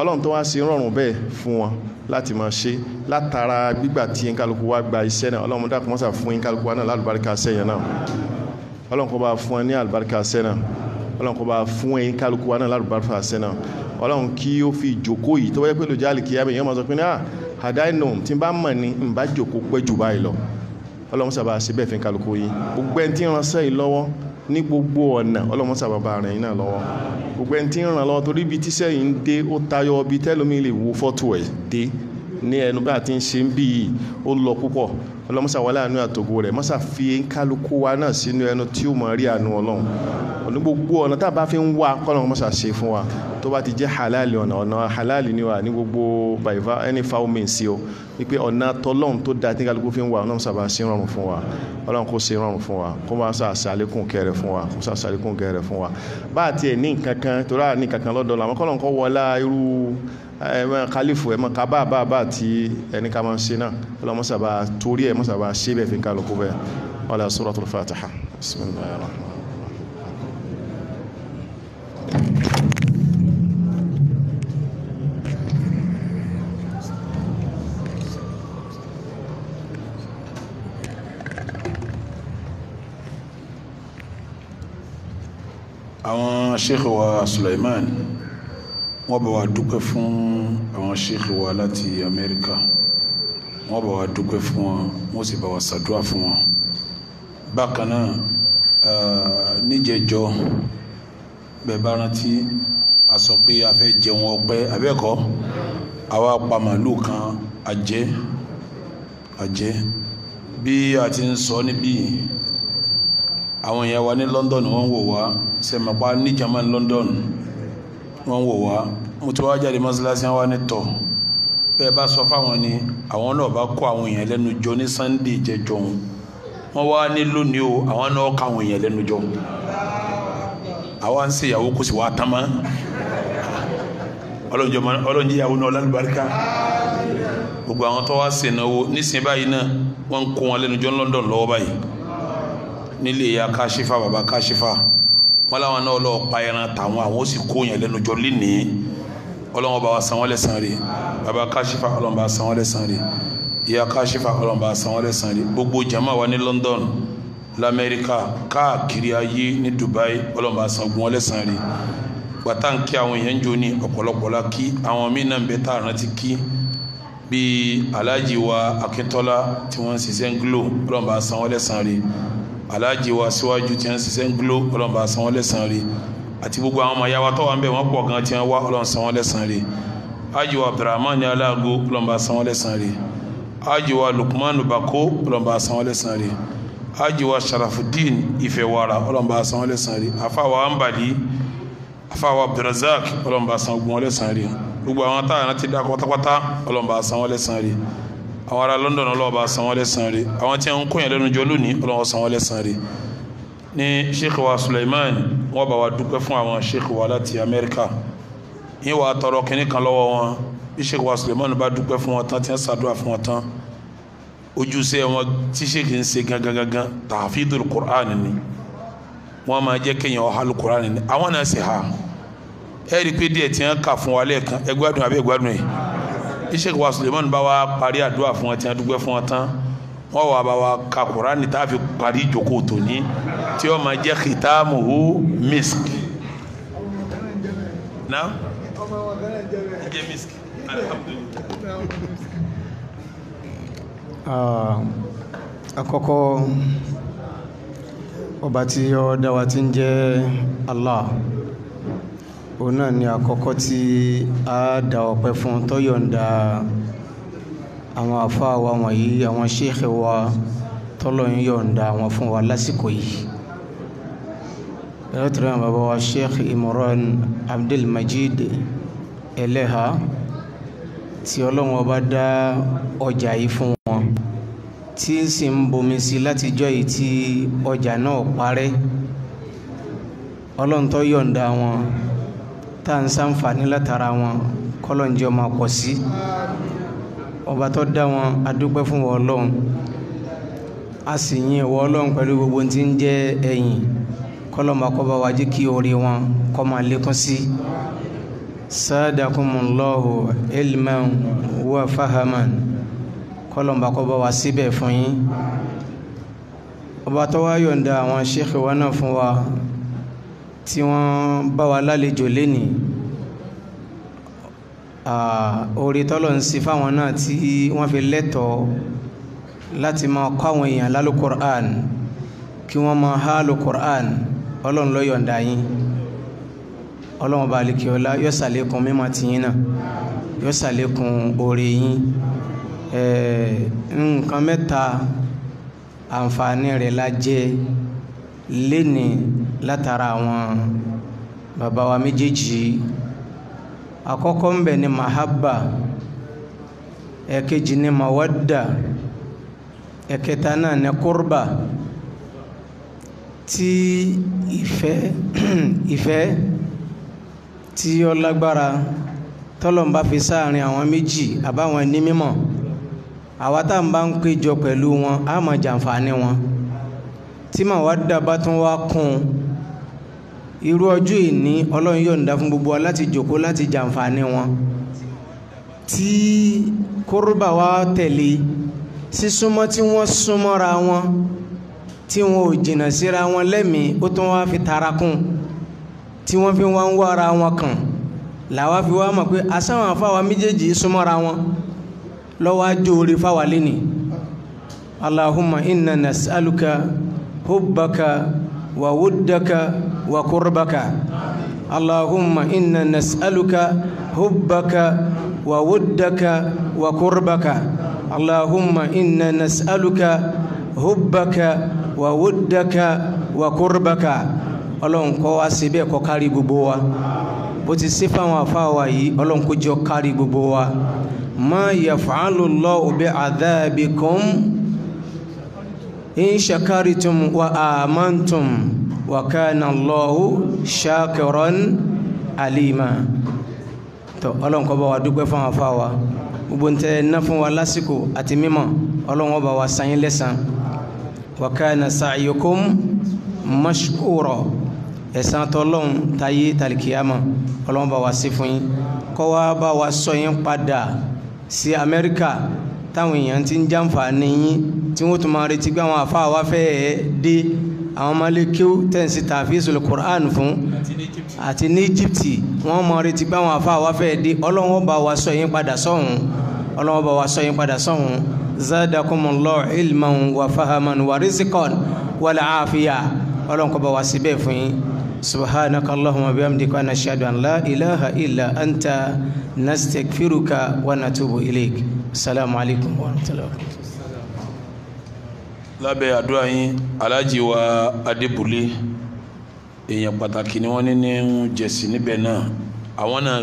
ọlọ́run tó wá sí rọrùn bẹ́ẹ̀ fún wọn láti máa ṣe látara gbígbà tí nkálukú wa gba iṣẹ́ náà ọlọ́run dákun mọ́sà fún nkálukú wa náà lálùbáríkà sẹ́yìn náà ọlọ́run kó bá fún ẹ ní àlùbáríkà sẹ́yìn náà ọlọ́run kó bá fún ẹ̀yin kálukú wa náà lálùbáfà sẹ́nà ọlọ́run kí ó fi ìjókòó yìí tó wáyé pé lójú àlìkíyàmẹ̀ yẹn máa sọ pé ní à àdáìnà tí n bá mọ̀ ní n bá jókòó pẹ́ jù báyìí lọ ọlọ́run sábà ṣe bẹ́ẹ̀ fi kálukú yìí gbogbo ẹni ti ń ránṣẹ́ yìí lọ́wọ́ ní gbogbo ọ̀nà ọlọ́run sábà bá rẹ̀ yín náà lọ́wọ́ gbogbo ẹni tí ń ràn lọ́wọ́ torí ibi tíṣẹ́ yìí ń dé ó tayọ ibi tẹ́lómi lè wo fọ́tò ẹ̀ dé ní ẹnu bá ti ń ṣe ń bí i ó lọ púpọ̀ ọlọ́mọ́sà wà láàánú àtògo rẹ̀ mọ́sà fi ń kálukú wa náà sínú ẹnu tí ó mọ̀ rí àánú ọlọ́run ọ̀nà gbogbo ọ̀nà tá a bá fi ń wá kọ́nà mọ́sà ṣe fún wa tó bá ti jẹ́ halali ọ̀nà ọ̀nà halali ni wa ní gbogbo bàìfà ẹni fa omi sí o wípé ọ̀nà tọ́lọ́run tó da tí kálukú fi ń wá ọlọ́run sábà sí rọrùn fún wa ọlọ́run kó ṣe rọrùn fún wa kó máa sọ àṣàlékún kẹrẹ fún wa kó sọ àṣàlékún kẹrẹ fún wa bá a tiẹ̀ ní nǹkan kan tó rà nǹkan kan lọ́dọ̀ ẹmọ kálífù ẹmọ ká bá bá bá tí ẹni ká máa ṣe náà ọlọ́mọ́sàbá torí ẹ̀ mọ́sàbá ṣe bẹ̀ fi ń kálukú bẹ́ẹ̀ ọlá suratul Fatiha taha. rahmanir rahim àwọn sheikh wa Suleiman wọ́n bá wa dúpẹ́ fún àwọn ṣéèkì wa láti amẹ́ríkà wọ́n bá wa dúpẹ́ fún wọn wọ́n sì bá wa ṣàdúrà fún wọn. bákan náà níjẹjọ bẹ́ẹ̀ bá rántí a sọ pé a fẹ́ jẹun ọpẹ́ abẹ́kọ́ àwa pa màálù kan àjẹ́ àjẹ́ bí a ti ń sọ níbí àwọn èèyàn wa ní London wọ́n wò wá sẹ́mọ̀pá níjàmá London wọ́n wò wá mo ti wá jáde mọ́sálásí wa ní tọ̀ bẹ́ẹ̀ bá sọ fáwọn ni àwọn náà bá kó àwọn èèyàn lẹ́nu jọ ní sunday jẹjọ òun wọ́n wá ní lónìí o àwọn náà ká àwọn èèyàn lẹ́nu jọ àwa ń ṣe ìyàwó kò sì wá tán mọ́ ọlọ́njẹ́ ìyàwó náà lálùbáríkà gbogbo àwọn tó wá ṣe nísìnyí báyìí náà wọ́n ń kó wọn lẹ́nu jọ ní London lọ́wọ́ báyìí nílé ya káṣífà bàbá káṣífà wọn làwọn náà lọ pa ẹran tàwọn àwọn ó sì kó yẹn lẹ́nu jọ lénìí ọlọ́wọ́n bá wa san wọ́n lẹ́san rẹ̀ baba kashifa ọlọ́wọ́n bá san wọ́n lẹ́san rẹ̀ ìyá kashifa ọlọ́wọ́n bá san wọ́n lẹ́san rẹ̀ gbogbo jama wa ní London lamẹ́ríkà káàkiri ayé ní Dubai ọlọ́wọ́n bá san gun wọ́n lẹ́san rẹ̀ gbàtà ń kí àwọn èèyàn jò ní ọ̀pọ̀lọpọ̀ la kí àwọn míì ń bẹ tá àrántí kí bíi alhaji wa Akíntọ́lá tí wọ́n ń ṣiṣẹ́ ń glo aláàjì wa síwájú tí wọ́n ṣiṣẹ́ ń gbúlò ọlọ́run bá san wọ́n lẹ́san rí àti gbogbo àwọn ọmọ ìyá wa tọ́wọ́ ń bẹ̀ wọ́n pọ̀ gan tí wọ́n wá ọlọ́run san wọ́n lẹ́san rí ájì wa abdulrahman ní aláàgó ọlọ́run bá san wọ́n lẹ́san wa lukmanu bako ọlọ́run bá san wọ́n lẹ́san wa sharafudin ìfẹ̀wàrà ọlọ́run bá san wọ́n lẹ́san rí afáwa ambali afáwa abdulrazak ọlọ́run bá san wọ́n lẹ́san rí gbogbo àwọn táwọn ti dá pátápátá ọlọ́run bá san wọ́n àwọn ará London Ọlọ́run bá san wọ́n lẹ́san rẹ̀ àwọn tí wọ́n ń kóyàn lẹ́nu jọ lónìí Ọlọ́run san wọ́n lẹ́san rẹ̀ ní sheikh wa Suleiman wọ́n bá wa dúpẹ́ fún àwọn sheikh wa láti Amẹ́ríkà yín wàá tọrọ kínní kan lọ́wọ́ wọn bí sheikh wa Suleiman bá dúpẹ́ fún wọn tán tí wọ́n ṣàdúrà fún wọn tán ojúṣe wọn tí sheikh ń ṣe gangan gangan tàfídùl Qur'an ni wọ́n máa jẹ́ kéèyàn ọ̀hálù Qur'an ni àwọn náà sì ha ẹ̀rí pé díẹ̀ tí wọ́n kà fún wa lẹ́ẹ̀kan ẹgbẹ́ àdùn àbí ẹgbẹ́ àdùn yìí iṣẹ́ wa Suleiman bá wa parí àdúrà fún wọn tí wọ́n dúpẹ́ fún wọn tán wọ́n wà bá wa ka Kùránì tá a fi parí ìjókòó tòní tí ó máa jẹ́ kìtàmùhù misk. na jẹ́ misk alhamdulillah. Ah, àkọ́kọ́ ọba tí ó dá wa tí ń jẹ́ Allah òun náà ni àkọ́kọ́ tí a dá ọpẹ́ fún tó àwọn àfáà wa wọ̀nyí àwọn ṣéèkì wa tọ́lọ́yìn yọ̀ǹda wọn fún wa lásìkò yìí ẹ̀rọ tẹ̀lé àwọn bàbá wa Sheikh Imran Abdulmajid Eleha tí ọlọ́run ọba dá ọjà yìí fún wọn tí ń sì ń bomi sí látijọ́ yìí tí ọjà náà parẹ́ ọlọ́run tó yọ̀ǹda wọn tá à ń sàǹfààní látara wọn kọ́lọ́njẹ́ máa pọ̀ sí ọba tó dá wọn adúpẹ́ fún wọn ọlọ́run a sì yìn ìwọ ọlọ́run pẹ̀lú gbogbo tí ń jẹ́ ẹ̀yìn kọ́lọ́mọ akọ́bá wa jẹ́ kí orí wọn kọ́ máa lékún sí sadakumullahu ilman wa fahaman kọ́lọ́mọ akọ́bá wa síbẹ̀ fún yín ọba tó wá yọ̀ǹda àwọn sheikh wa náà fún wa tí wọ́n bá wa lálejò lénìí oore tọ́lọ̀ ń ṣe fáwọn náà tí wọ́n fi lẹ́tọ̀ọ́ láti máa kọ́ àwọn èèyàn lálù Qur'an kí wọ́n máa há lù Qur'an ọlọ́run ló yọ̀ǹda yín ọlọ́run bá lè kí yóò ṣàlékún mímọ́ tìyín náà yóò ṣàlékún oore yín nǹkan mẹ́ta àǹfààní rẹ̀ la lénìí látara àwọn bàbá wa méjèèjì àkọ́kọ́ ń bẹ ní mahabba ẹ̀kejì ní mawadda ẹ̀kẹta náà ní kurba tí ìfẹ́ ìfẹ́ tí ó lágbára tọ́lọ́mbà fi sáàrin àwọn méjì àbáwọn ẹni mímọ́ àwa tá à ń bá ń péjọ pẹ̀lú wọn á jàǹfààní wọn tí màwá dábàá tún wá kún un irú ọjọ́ ìní ọlọ́run yọ̀ǹda fún gbogbo wa láti jòkó láti jàǹfààní wọn tí kóróbà wa tẹ̀lé sísúnmọ́ tí wọ́n súnmọ́ra wọn tí wọn ò jìnnà síra wọn lẹ́mìí ó tún wá fi tara kún tí wọ́n fi wá ń wá ara wọn kàn làwa fi wá mọ̀ pé asáwọn afáwa méjèèjì súnmọ́ra wọn lọ́wọ́ ajo fáwa lẹ́nìí Allahumma inna nas'aluka hubbaka wa وقربك اللهم إنا نسألك حبك وودك وقربك اللهم إنا نسألك حبك وودك وقربك ọlọ́run kó wá sí bẹ́ẹ̀ kó kárí gbogbo wa bó ti sí fáwọn afáwa yìí ọlọ́run kó jọ kárí gbogbo wa ma yaf'alu Allahu bi'adhabikum in shakartum wa amantum. Wakana kana Allahu alima tó ọlọ́run kó bá wa dúpẹ́ fún àwọn afáwa gbogbo ń tẹ́ ná fún wa lásìkò àti mímọ̀ ọlọ́run ó bá wa san yín lẹ́san wa kana sa'yukum mashkura ẹ̀san tọ́lọ́run táyé tàlìkìyàmọ̀ ọlọ́run bá wa sí fún yín wa sọ yín padà sí táwọn èèyàn ti ń jàǹfààní yín tí wọ́n tún máa retí pé àwọn àfáà wa fẹ́ẹ́ dé àwọn malikiw tẹ̀sí tàfíìsì Qur'an fún àti ní Egypt wọ́n mọ retí pé àwọn afa wa fẹ́ di ọlọ́wọ́n bá wa sọ yín padà sọ́hún ọlọ́wọ́n bá wa sọ yín padà sọ́hún zadakumullahu ilman wa fahaman wa rizikon wa laafiya ọlọ́wọ́n bá wa síbẹ̀ fún yín subhanaka allahumma bihamdika wa nashhadu an la ilaha illa anta nastaghfiruka wa natubu ilayk assalamu wa rahmatullahi lábẹ́ àdúrà yín aláàjì wa adébúlé èèyàn pàtàkì ni wọ́n ní ní jẹ̀sí níbẹ̀ náà àwọn náà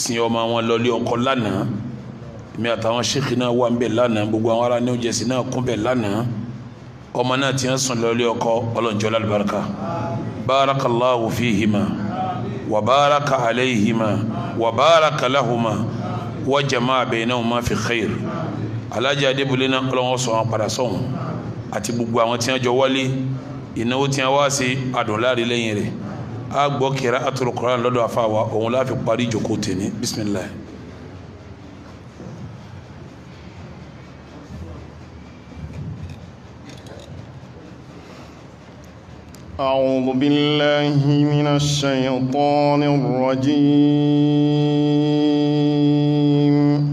sin ọmọ wọn lọlé ọkọ lánàá èmi àtàwọn ṣèkì náà wà níbẹ̀ lánàá gbogbo àwọn ará ní jẹ̀sí náà kún bẹ̀ lánàá ọmọ náà ti ń sùn lọlé ọkọ ọlọ́njọ́ lálùbáríkà bárakàláhu fíhìmá wà báraka àlẹ́yìhìmá wà báraka láhùmá wà jama bainahuma fi khair aláàjì adébúlé náà ọlọ́wọ́ sọ wọn padà sọ́hun àti gbogbo àwọn tí wọ́n jọ wọlé ìnáwó tí wọ́n wá sí adùnláre lẹ́yìn rẹ̀ a gbọ́ kíra àtúrò Qur'an lọ́dọ̀ àfàwà òun láfi parí ìjókòó tèmi bisimilayi. أعوذ بالله من الشيطان الرجيم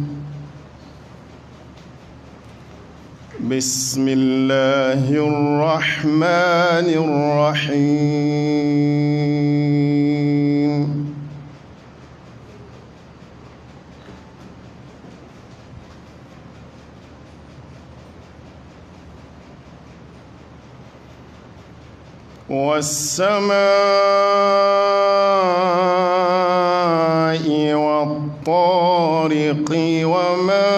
بسم الله الرحمن الرحيم والسماء والطارق وما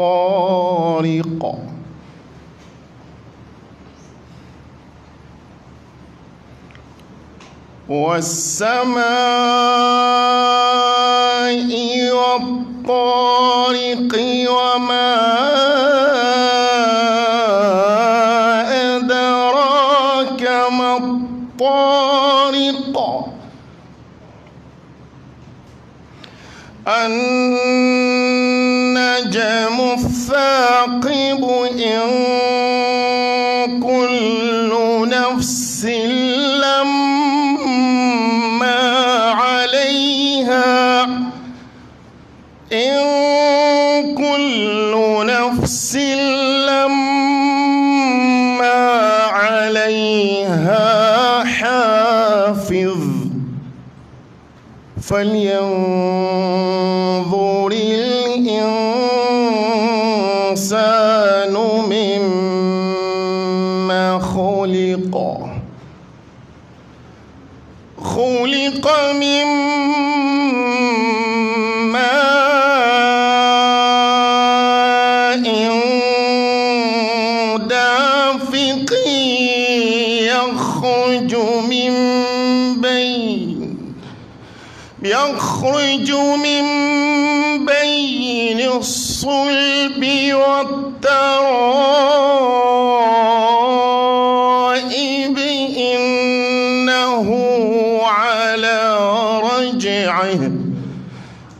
الطارق والسماء والطارق وما أدراك ما الطارق أن كل نفس لما عليها إن كل نفس لما عليها حافظ فلينظر من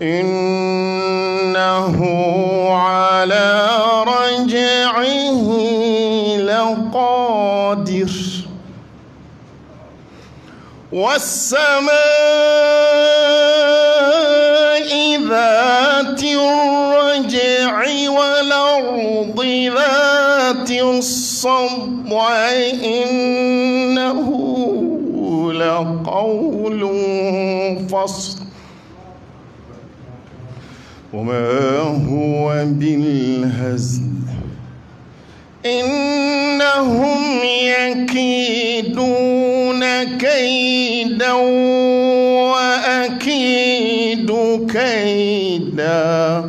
إنه على رجعه لقادر والسماء ذات الرجع والأرض ذات الصدع إنه لقول فصل وما هو بالهزل إنهم يكيدون كيدا وأكيد كيدا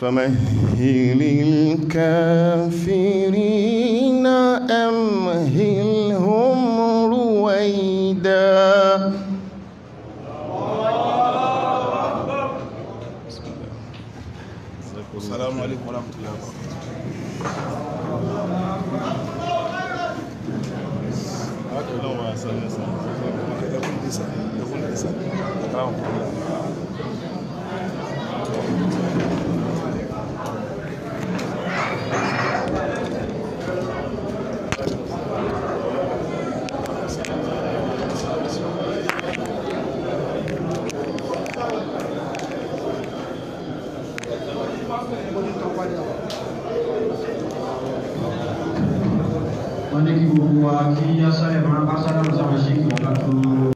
فمهل الكافرين Assalamu alaikum warahmatullahi wabarakatuh. Akẹ́lọ́wọ̀ àṣà ẹ̀sán. Ẹkùn dísà. Ẹkùn dísà. Ẹkùn dísà. aquí ya